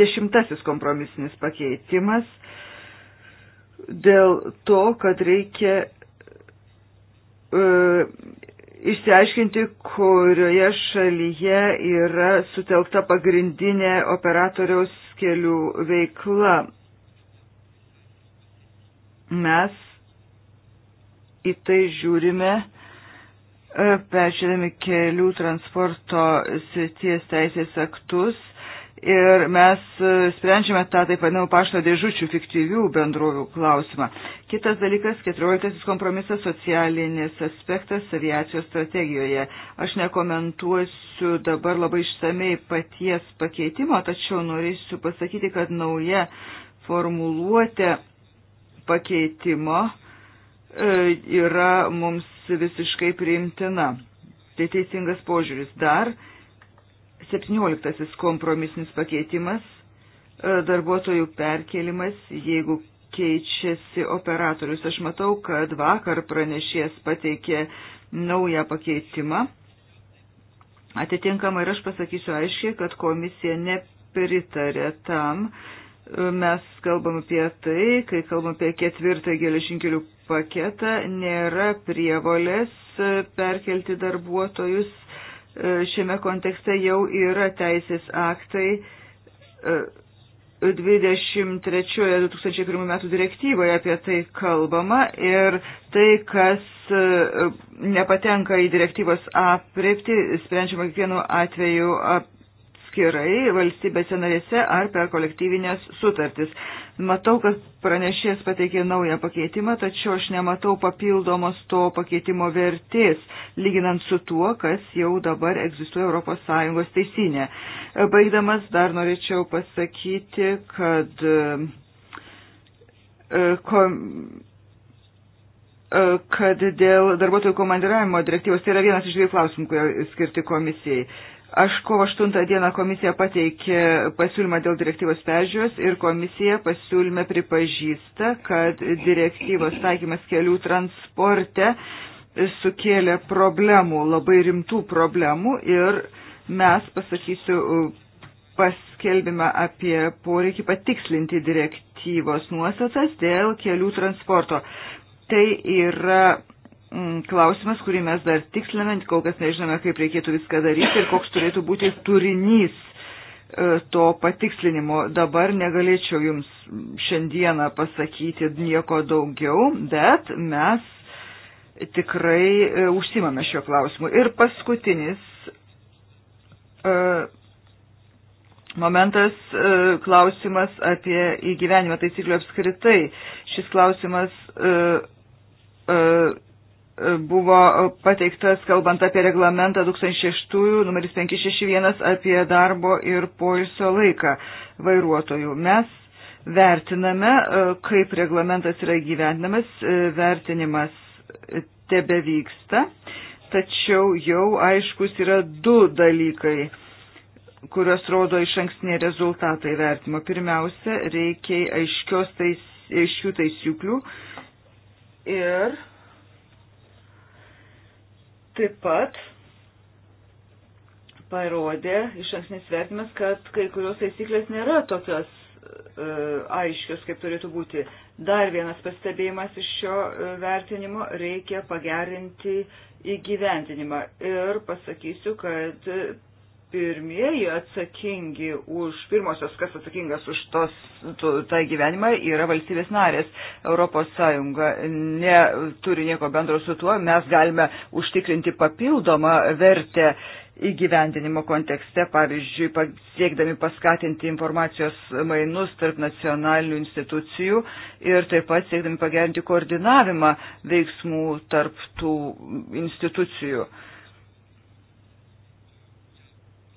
dešimtasis kompromisinis pakeitimas dėl to, kad reikia e, išsiaiškinti, kurioje šalyje yra sutelkta pagrindinė operatoriaus kelių veikla mes į tai žiūrime, e, peržiūrėdami kelių transporto srities teisės aktus ir mes e, sprendžiame tą taip vadinamą pašto dėžučių fiktyvių bendrovių klausimą. Kitas dalykas, keturioliktasis kompromisas, socialinis aspektas aviacijos strategijoje. Aš nekomentuosiu dabar labai išsamei paties pakeitimo, tačiau norėsiu pasakyti, kad nauja formuluotė pakeitimo e, yra mums visiškai priimtina. Tai teisingas požiūris. Dar 17 kompromisinis pakeitimas e, - darbuotojų perkelimas, jeigu keičiasi operatorius. Aš matau, kad vakar pranešėjas pateikė naują pakeitimą. Atitinkamai ir aš pasakysiu aiškiai, kad komisija nepritarė tam, mes kalbam apie tai, kai kalbam apie ketvirtą geležinkelių paketą, nėra prievolės perkelti darbuotojus. E, šiame kontekste jau yra teisės aktai 23.2001 e, metų direktyvoje apie tai kalbama ir tai, kas e, nepatenka į direktyvos aprepti, sprendžiama kiekvienu atveju ap, atskirai valstybėse narėse ar per kolektyvinės sutartis. Matau, kad pranešės pateikė naują pakeitimą, tačiau aš nematau papildomos to pakeitimo vertės, lyginant su tuo, kas jau dabar egzistuoja ES teisinė. Baigdamas dar norėčiau pasakyti, kad e, kom, e, kad dėl darbuotojų komandiravimo direktyvos tai yra vienas iš dviejų klausimų, kurie skirti komisijai. Aš kovo 8 dieną komisija pateikė pasiūlymą dėl direktyvos peržiūros ir komisija pasiūlyme pripažįsta, kad direktyvos taikymas kelių transporte sukėlė problemų, labai rimtų problemų ir mes, pasakysiu, paskelbime apie poreikį patikslinti direktyvos nuostatas dėl kelių transporto. Tai yra Mm, klausimas, kurį mes dar tiksliname, kol kas nežinome, kaip reikėtų viską daryti ir koks turėtų būti turinys e, to patikslinimo. Dabar negalėčiau Jums šiandieną pasakyti nieko daugiau, bet mes tikrai e, užsimame šio klausimu. Ir paskutinis e, momentas klausimas apie įgyvenimą taisyklių apskritai. Šis klausimas buvo pateiktas, kalbant apie reglamentą 2006, numeris 561 apie darbo ir poilsio laiką vairuotojų. Mes vertiname, e, kaip reglamentas yra gyvendinamas, e, vertinimas tebe vyksta, tačiau jau aiškus yra du dalykai kurios rodo iš ankstinė rezultatai vertimo. Pirmiausia, reikia aiškios tais, aiškių taisyklių ir Taip pat parodė iš asmens vertimas, kad kai kurios taisyklės nėra tokios e, aiškios, kaip turėtų būti. Dar vienas pastebėjimas iš šio e, vertinimo - reikia pagerinti įgyvendinimą. Ir pasakysiu, kad pirmieji atsakingi už, pirmosios, kas atsakingas už tos, to, tą gyvenimą, yra valstybės narės. Europos Sąjunga neturi nieko bendro su tuo, mes galime užtikrinti papildomą vertę įgyvendinimo kontekste, pavyzdžiui, siekdami paskatinti informacijos mainus tarp nacionalinių institucijų ir taip pat siekdami pagerinti koordinavimą veiksmų tarp tų institucijų. Uh,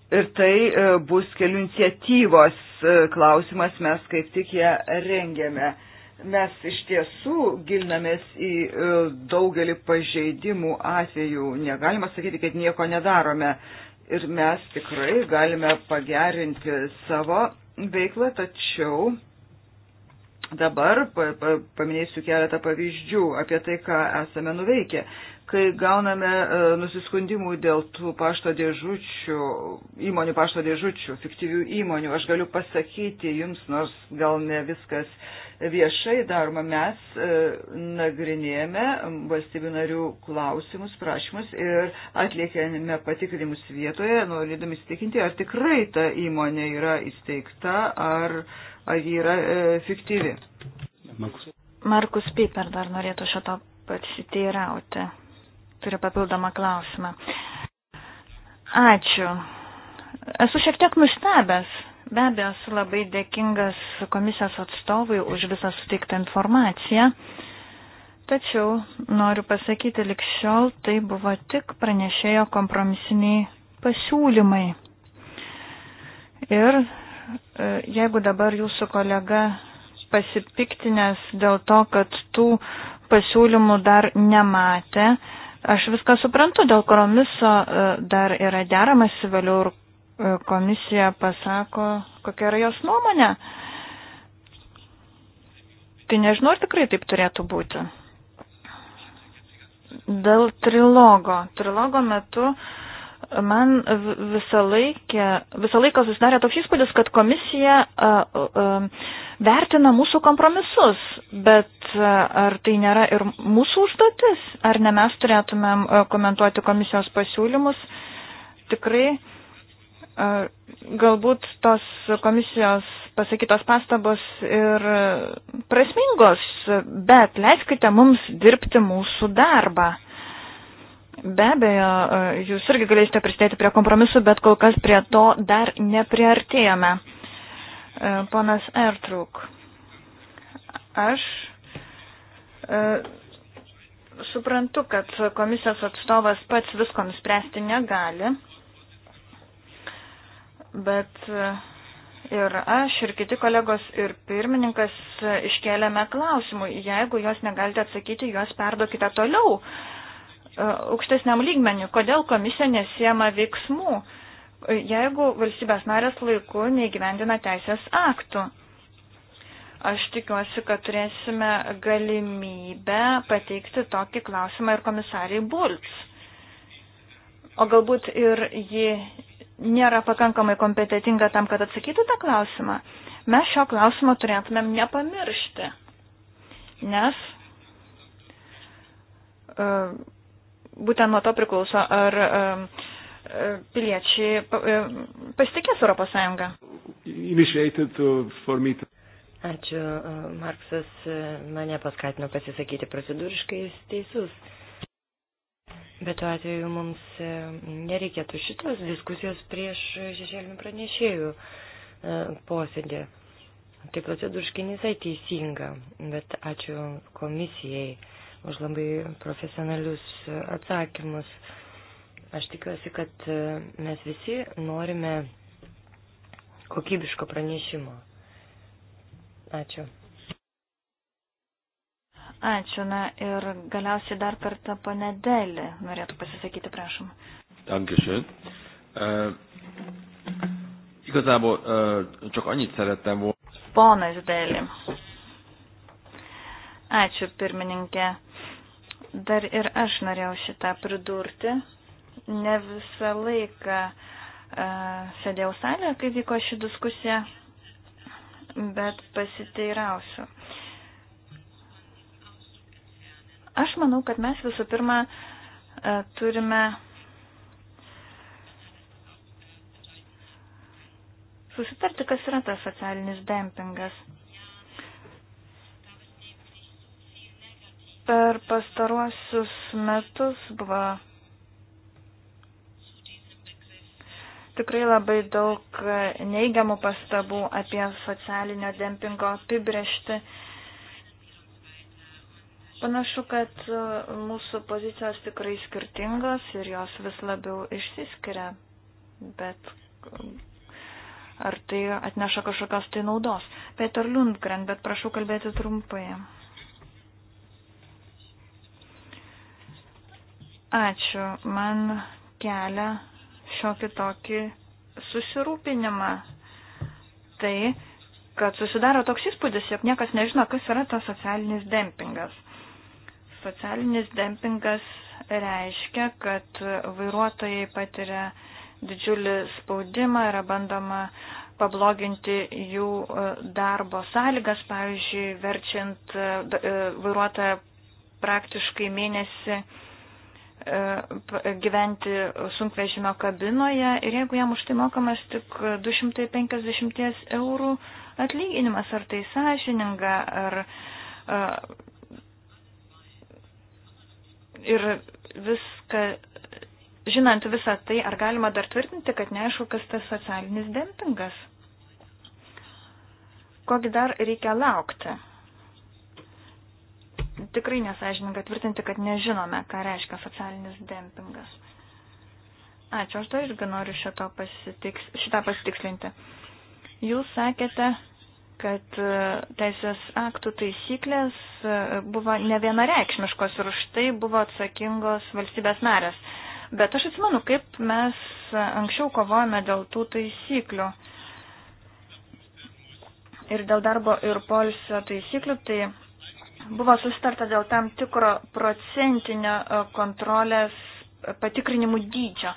Ir tai e, bus kelių iniciatyvos e, klausimas, mes kaip tik ją rengėme. Mes iš tiesų gilinamės į e, daugelį pažeidimų atvejų, negalima sakyti, kad nieko nedarome. Ir mes tikrai galime pagerinti savo veiklą, tačiau dabar paminėsiu keletą pavyzdžių apie tai, ką esame nuveikę kai gauname e, nusiskundimų dėl tų pašto dėžučių, įmonių pašto dėžučių, fiktyvių įmonių, aš galiu pasakyti jums, nors gal ne viskas viešai daroma, mes e, nagrinėjame valstybių narių klausimus, prašymus ir atliekėme patikrinimus vietoje, norėdami įsitikinti, ar tikrai ta įmonė yra įsteigta, ar, ar ji yra e, fiktyvi. Markus Piper dar norėtų šito pasiteirauti turiu papildomą klausimą. Ačiū. Esu šiek tiek nustebęs. Be abejo, esu labai dėkingas komisijos atstovui už visą suteiktą informaciją. Tačiau noriu pasakyti, likščiol tai buvo tik pranešėjo kompromisiniai pasiūlymai. Ir e, jeigu dabar jūsų kolega pasipiktinės dėl to, kad tų pasiūlymų dar nematė, Aš viską suprantu, dėl kompromiso e, dar yra deramas, vėliau ir e, komisija pasako, kokia yra jos nuomonė. Tai nežinau, ar tikrai taip turėtų būti. Dėl trilogo. Trilogo metu uh, Man visą, laikę, visą laiką susidarė toks įspūdis, kad komisija a, a, vertina mūsų kompromisus, bet a, ar tai nėra ir mūsų užduotis, ar ne mes turėtumėm komentuoti komisijos pasiūlymus. Tikrai a, galbūt tos komisijos pasakytos pastabos ir prasmingos, bet leiskite mums dirbti mūsų darbą. Be abejo, jūs irgi galėsite prisidėti prie kompromisų, bet kol kas prie to dar nepriartėjome. E, ponas Ertruk, aš e, suprantu, kad komisijos atstovas pats visko nuspręsti negali, bet e, ir aš, ir kiti kolegos, ir pirmininkas iškėlėme klausimų. Jeigu jos negalite atsakyti, juos perduokite toliau E, aukštesniam lygmeniu. Kodėl komisija nesiema veiksmų, e, jeigu valstybės narės laiku neįgyvendina teisės aktų? Aš tikiuosi, kad turėsime galimybę pateikti tokį klausimą ir komisariai Bulc. O galbūt ir ji nėra pakankamai kompetitinga tam, kad atsakytų tą klausimą. Mes šio klausimo turėtumėm nepamiršti, nes uh, būtent nuo to priklauso, ar piliečiai pasitikės Europos Sąjungą. Ačiū, e, Marksas e, mane paskatino pasisakyti procedūriškai, jis teisus. Bet tuo atveju mums e, nereikėtų šitos diskusijos prieš šešėlinių pranešėjų posėdį. Tai procedūriškai visai teisinga, bet ačiū komisijai už labai profesionalius atsakymus. Aš tikiuosi, kad e, mes visi norime kokybiško pranešimo. Ačiū. Ačiū. Na ir galiausiai dar kartą panedelį norėtų pasisakyti, prašom. Dankeschön. Uh, igazából uh, csak annyit szerettem volna. Ponas Deli. Ačiū pirmininkė. Dar ir aš norėjau šitą pridurti. Ne visą laiką uh, sėdėjau salėje, kai vyko ši diskusija, bet pasiteirausiu. Aš manau, kad mes visų pirma uh, turime susitarti, kas yra tas socialinis dempingas. Per pastaruosius metus buvo tikrai labai daug neigiamų pastabų apie socialinio dempingo apibrėžti. Panašu, kad mūsų pozicijos tikrai skirtingos ir jos vis labiau išsiskiria, bet ar tai atneša kažkokios tai naudos. Peter Lundgren, bet prašau kalbėti trumpai. Ačiū. Man kelia šiokį tokį susirūpinimą. Tai, kad susidaro toks įspūdis, jog niekas nežino, kas yra tas socialinis dempingas. Socialinis dempingas reiškia, kad vairuotojai patiria didžiulį spaudimą, yra bandoma pabloginti jų e, darbo sąlygas, pavyzdžiui, verčiant e, vairuotoją praktiškai mėnesį E, gyventi sunkvežimio kabinoje ir jeigu jam už tai mokamas tik 250 eurų atlyginimas, ar tai sąžininga, ar e, ir viską, žinant visą tai, ar galima dar tvirtinti, kad neaišku, kas tas socialinis dempingas? Kogi dar reikia laukti? tikrai nesažininga tvirtinti, kad nežinome, ką reiškia socialinis dempingas. Ačiū, aš dar irgi noriu šito pasitiks, šitą pasitikslinti. Jūs sakėte, kad e, teisės aktų taisyklės e, buvo nevienareikšmiškos ir už tai buvo atsakingos valstybės narės. Bet aš atsimenu, kaip mes anksčiau kovojame dėl tų taisyklių. Ir dėl darbo ir polisio taisyklių, tai buvo sustarta dėl tam tikro procentinio e, kontrolės e, patikrinimų dydžio.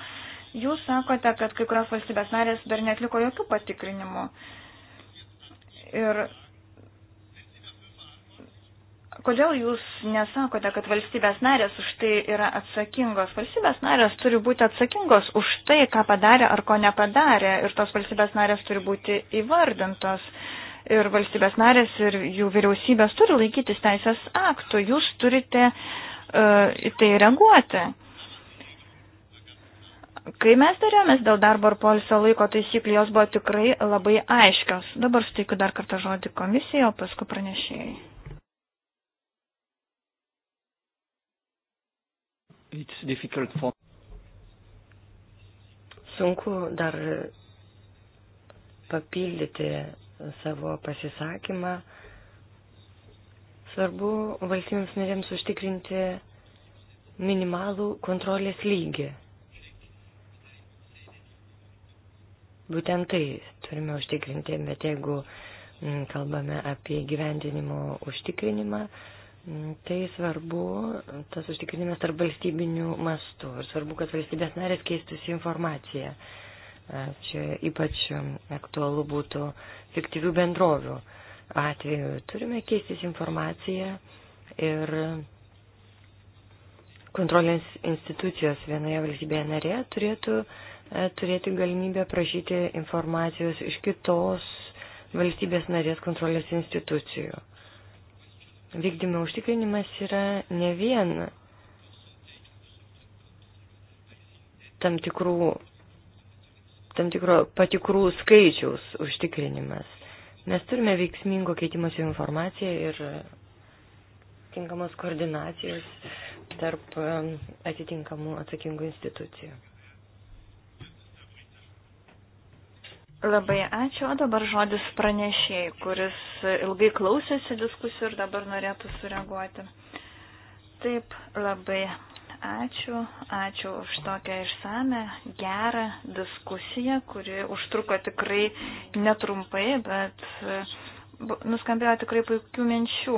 Jūs sakote, kad kai kurios valstybės narės dar netliko jokių patikrinimų. Ir kodėl jūs nesakote, kad valstybės narės už tai yra atsakingos? Valstybės narės turi būti atsakingos už tai, ką padarė ar ko nepadarė. Ir tos valstybės narės turi būti įvardintos. Uh, ir valstybės narės ir jų vyriausybės turi laikytis teisės aktų, jūs turite uh, į tai reaguoti. Kai mes darėmės dėl darbo ir polisio laiko taisyklių, jos buvo tikrai labai aiškios. Dabar suteikiu dar kartą žodį komisijai, o paskui pranešėjai. For... Sunku dar papildyti savo pasisakymą. Svarbu valstybėms narėms užtikrinti minimalų kontrolės lygį. Būtent tai turime užtikrinti, bet jeigu mm, kalbame apie gyvendinimo užtikrinimą, mm, tai svarbu tas užtikrinimas tarp valstybinių mastų ir svarbu, kad valstybės narės keistųsi informaciją. Čia ypač aktualu būtų fiktyvių bendrovių atveju. Turime keistis informaciją ir kontrolės institucijos vienoje valstybėje narėje turėtų e, turėti galimybę prašyti informacijos iš kitos valstybės narės kontrolės institucijų. Vykdymo užtikrinimas yra ne vien tam tikrų tam tikro patikrų skaičiaus užtikrinimas. Mes turime veiksmingo keitimosi informaciją ir tinkamos koordinacijos tarp atitinkamų atsakingų institucijų. Labai ačiū, o dabar žodis pranešėjai, kuris ilgai klausėsi diskusijų ir dabar norėtų sureaguoti. Taip, labai ačiū. Ačiū už tokią išsame, gerą diskusiją, kuri užtruko tikrai netrumpai, bet nuskambėjo tikrai puikių minčių.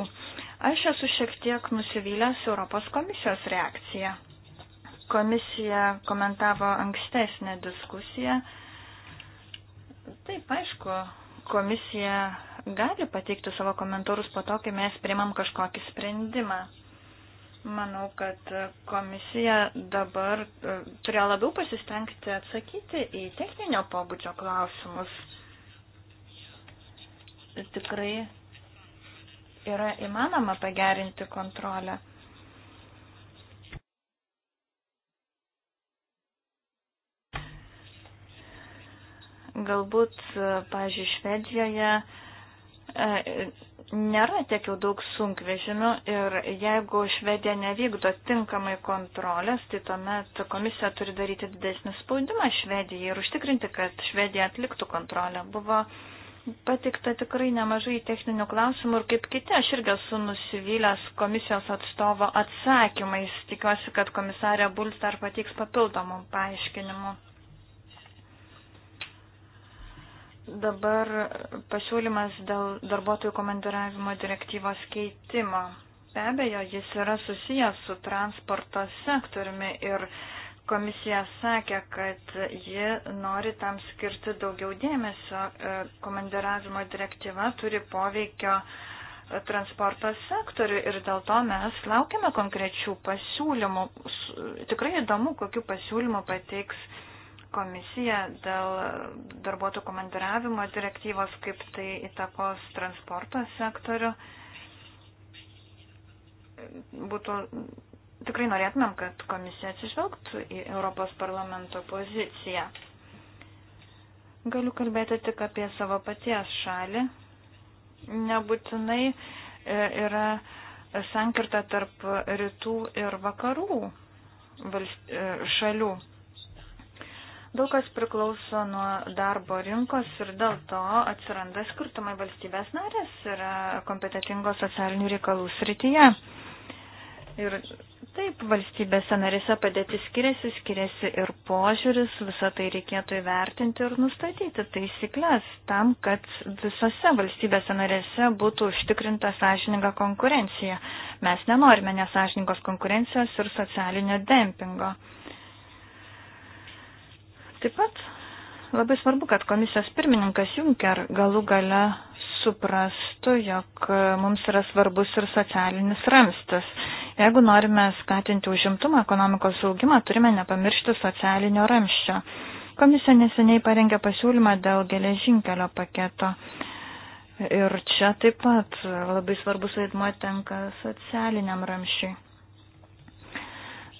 Aš esu šiek tiek nusivylęs Europos komisijos reakcija. Komisija komentavo ankstesnę diskusiją. Taip, aišku, komisija gali pateikti savo komentarus po to, kai mes priimam kažkokį sprendimą. Manau, kad komisija dabar e, turėjo labiau pasistengti atsakyti į techninio pobūdžio klausimus. Tikrai yra įmanoma pagerinti kontrolę. Galbūt, e, pažiūrėjau, Švedijoje e, nėra tiek jau daug sunkvežimių ir jeigu Švedija nevykdo tinkamai kontrolės, tai tuomet komisija turi daryti didesnį spaudimą Švedijai ir užtikrinti, kad Švedija atliktų kontrolę. Buvo patikta tikrai nemažai techninių klausimų ir kaip kiti, aš irgi esu nusivylęs komisijos atstovo atsakymais. Tikiuosi, kad komisarė Bulstar pateiks papildomų paaiškinimų. Dabar pasiūlymas dėl darbuotojų komandiravimo direktyvos keitimo. Be abejo, jis yra susijęs su transporto sektoriumi ir komisija sakė, kad ji nori tam skirti daugiau dėmesio. E, komandiravimo direktyva turi poveikio e, transporto sektoriui ir dėl to mes laukiame konkrečių pasiūlymų. Tikrai įdomu, kokiu pasiūlymu pateiks komisija dėl darbuotojų komandiravimo direktyvos, kaip tai įtakos transporto sektorių. Būtų, tikrai norėtumėm, kad komisija atsižvelgtų į Europos parlamento poziciją. Galiu kalbėti tik apie savo paties šalį. Nebūtinai e, yra sankirta tarp rytų ir vakarų e, šalių Daug kas priklauso nuo darbo rinkos ir dėl to atsiranda skirtumai valstybės narės yra e, kompetitingos socialinių reikalų srityje. Ir taip, valstybėse narėse padėtis skiriasi, skiriasi ir požiūris, visą tai reikėtų įvertinti ir nustatyti taisyklės tam, kad visose valstybėse narėse būtų užtikrinta sąžininga konkurencija. Mes nenorime nesažiningos konkurencijos ir socialinio dempingo. Taip pat labai svarbu, kad komisijos pirmininkas Junker galų gale suprastų, jog mums yra svarbus ir socialinis ramstas. Jeigu norime skatinti užimtumą, ekonomikos augimą, turime nepamiršti socialinio ramščio. Komisija neseniai parengė pasiūlymą dėl geležinkelio paketo. Ir čia taip pat labai svarbus vaidmuo tenka socialiniam ramšiai.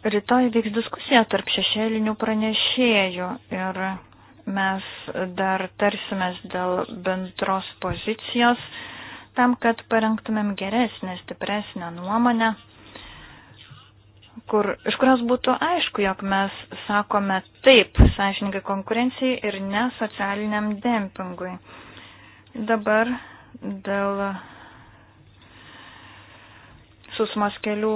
Rytoj vyks diskusija tarp šešėlinių pranešėjų ir mes dar tarsimės dėl bendros pozicijos tam, kad parengtumėm geresnę, stipresnę nuomonę, kur, iš kurios būtų aišku, jog mes sakome taip sąžininkai konkurencijai ir ne socialiniam dempingui. Dabar dėl susmos kelių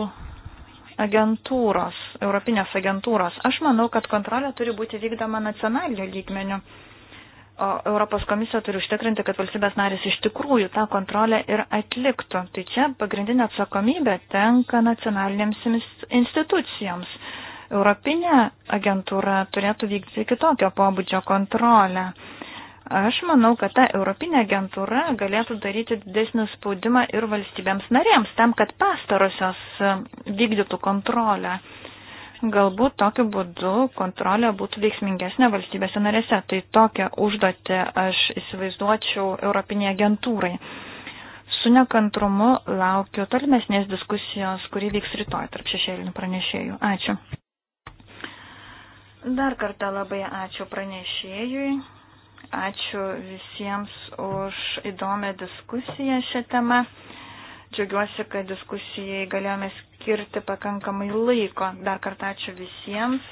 agentūros, Europinės agentūros. Aš manau, kad kontrolė turi būti vykdoma nacionalinio lygmeniu, o Europos komisija turi užtikrinti, kad valstybės narės iš tikrųjų tą kontrolę ir atliktų. Tai čia pagrindinė atsakomybė tenka nacionalinėms institucijoms. Europinė agentūra turėtų vykdyti kitokio pobūdžio kontrolę. Aš manau, kad ta Europinė agentūra galėtų daryti didesnį spaudimą ir valstybėms narėms, tam, kad pastarosios e, vykdytų kontrolę. Galbūt tokiu būdu kontrolė būtų veiksmingesnė valstybėse narėse. Tai tokią užduotį aš įsivaizduočiau Europinė agentūrai. Su nekantrumu laukiu tolimesnės diskusijos, kuri vyks rytoj tarp šešėlinių pranešėjų. Ačiū. Dar kartą labai ačiū pranešėjui. Ačiū visiems už įdomią diskusiją šią temą. Džiaugiuosi, kad diskusijai galėjome skirti pakankamai laiko. Dar kartą ačiū visiems.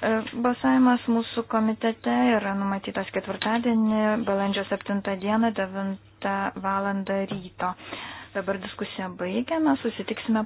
E, balsavimas mūsų komitete yra numatytas ketvirtadienį, balandžio 7 dieną, 9 val. ryto. Dabar diskusiją baigiame, susitiksime.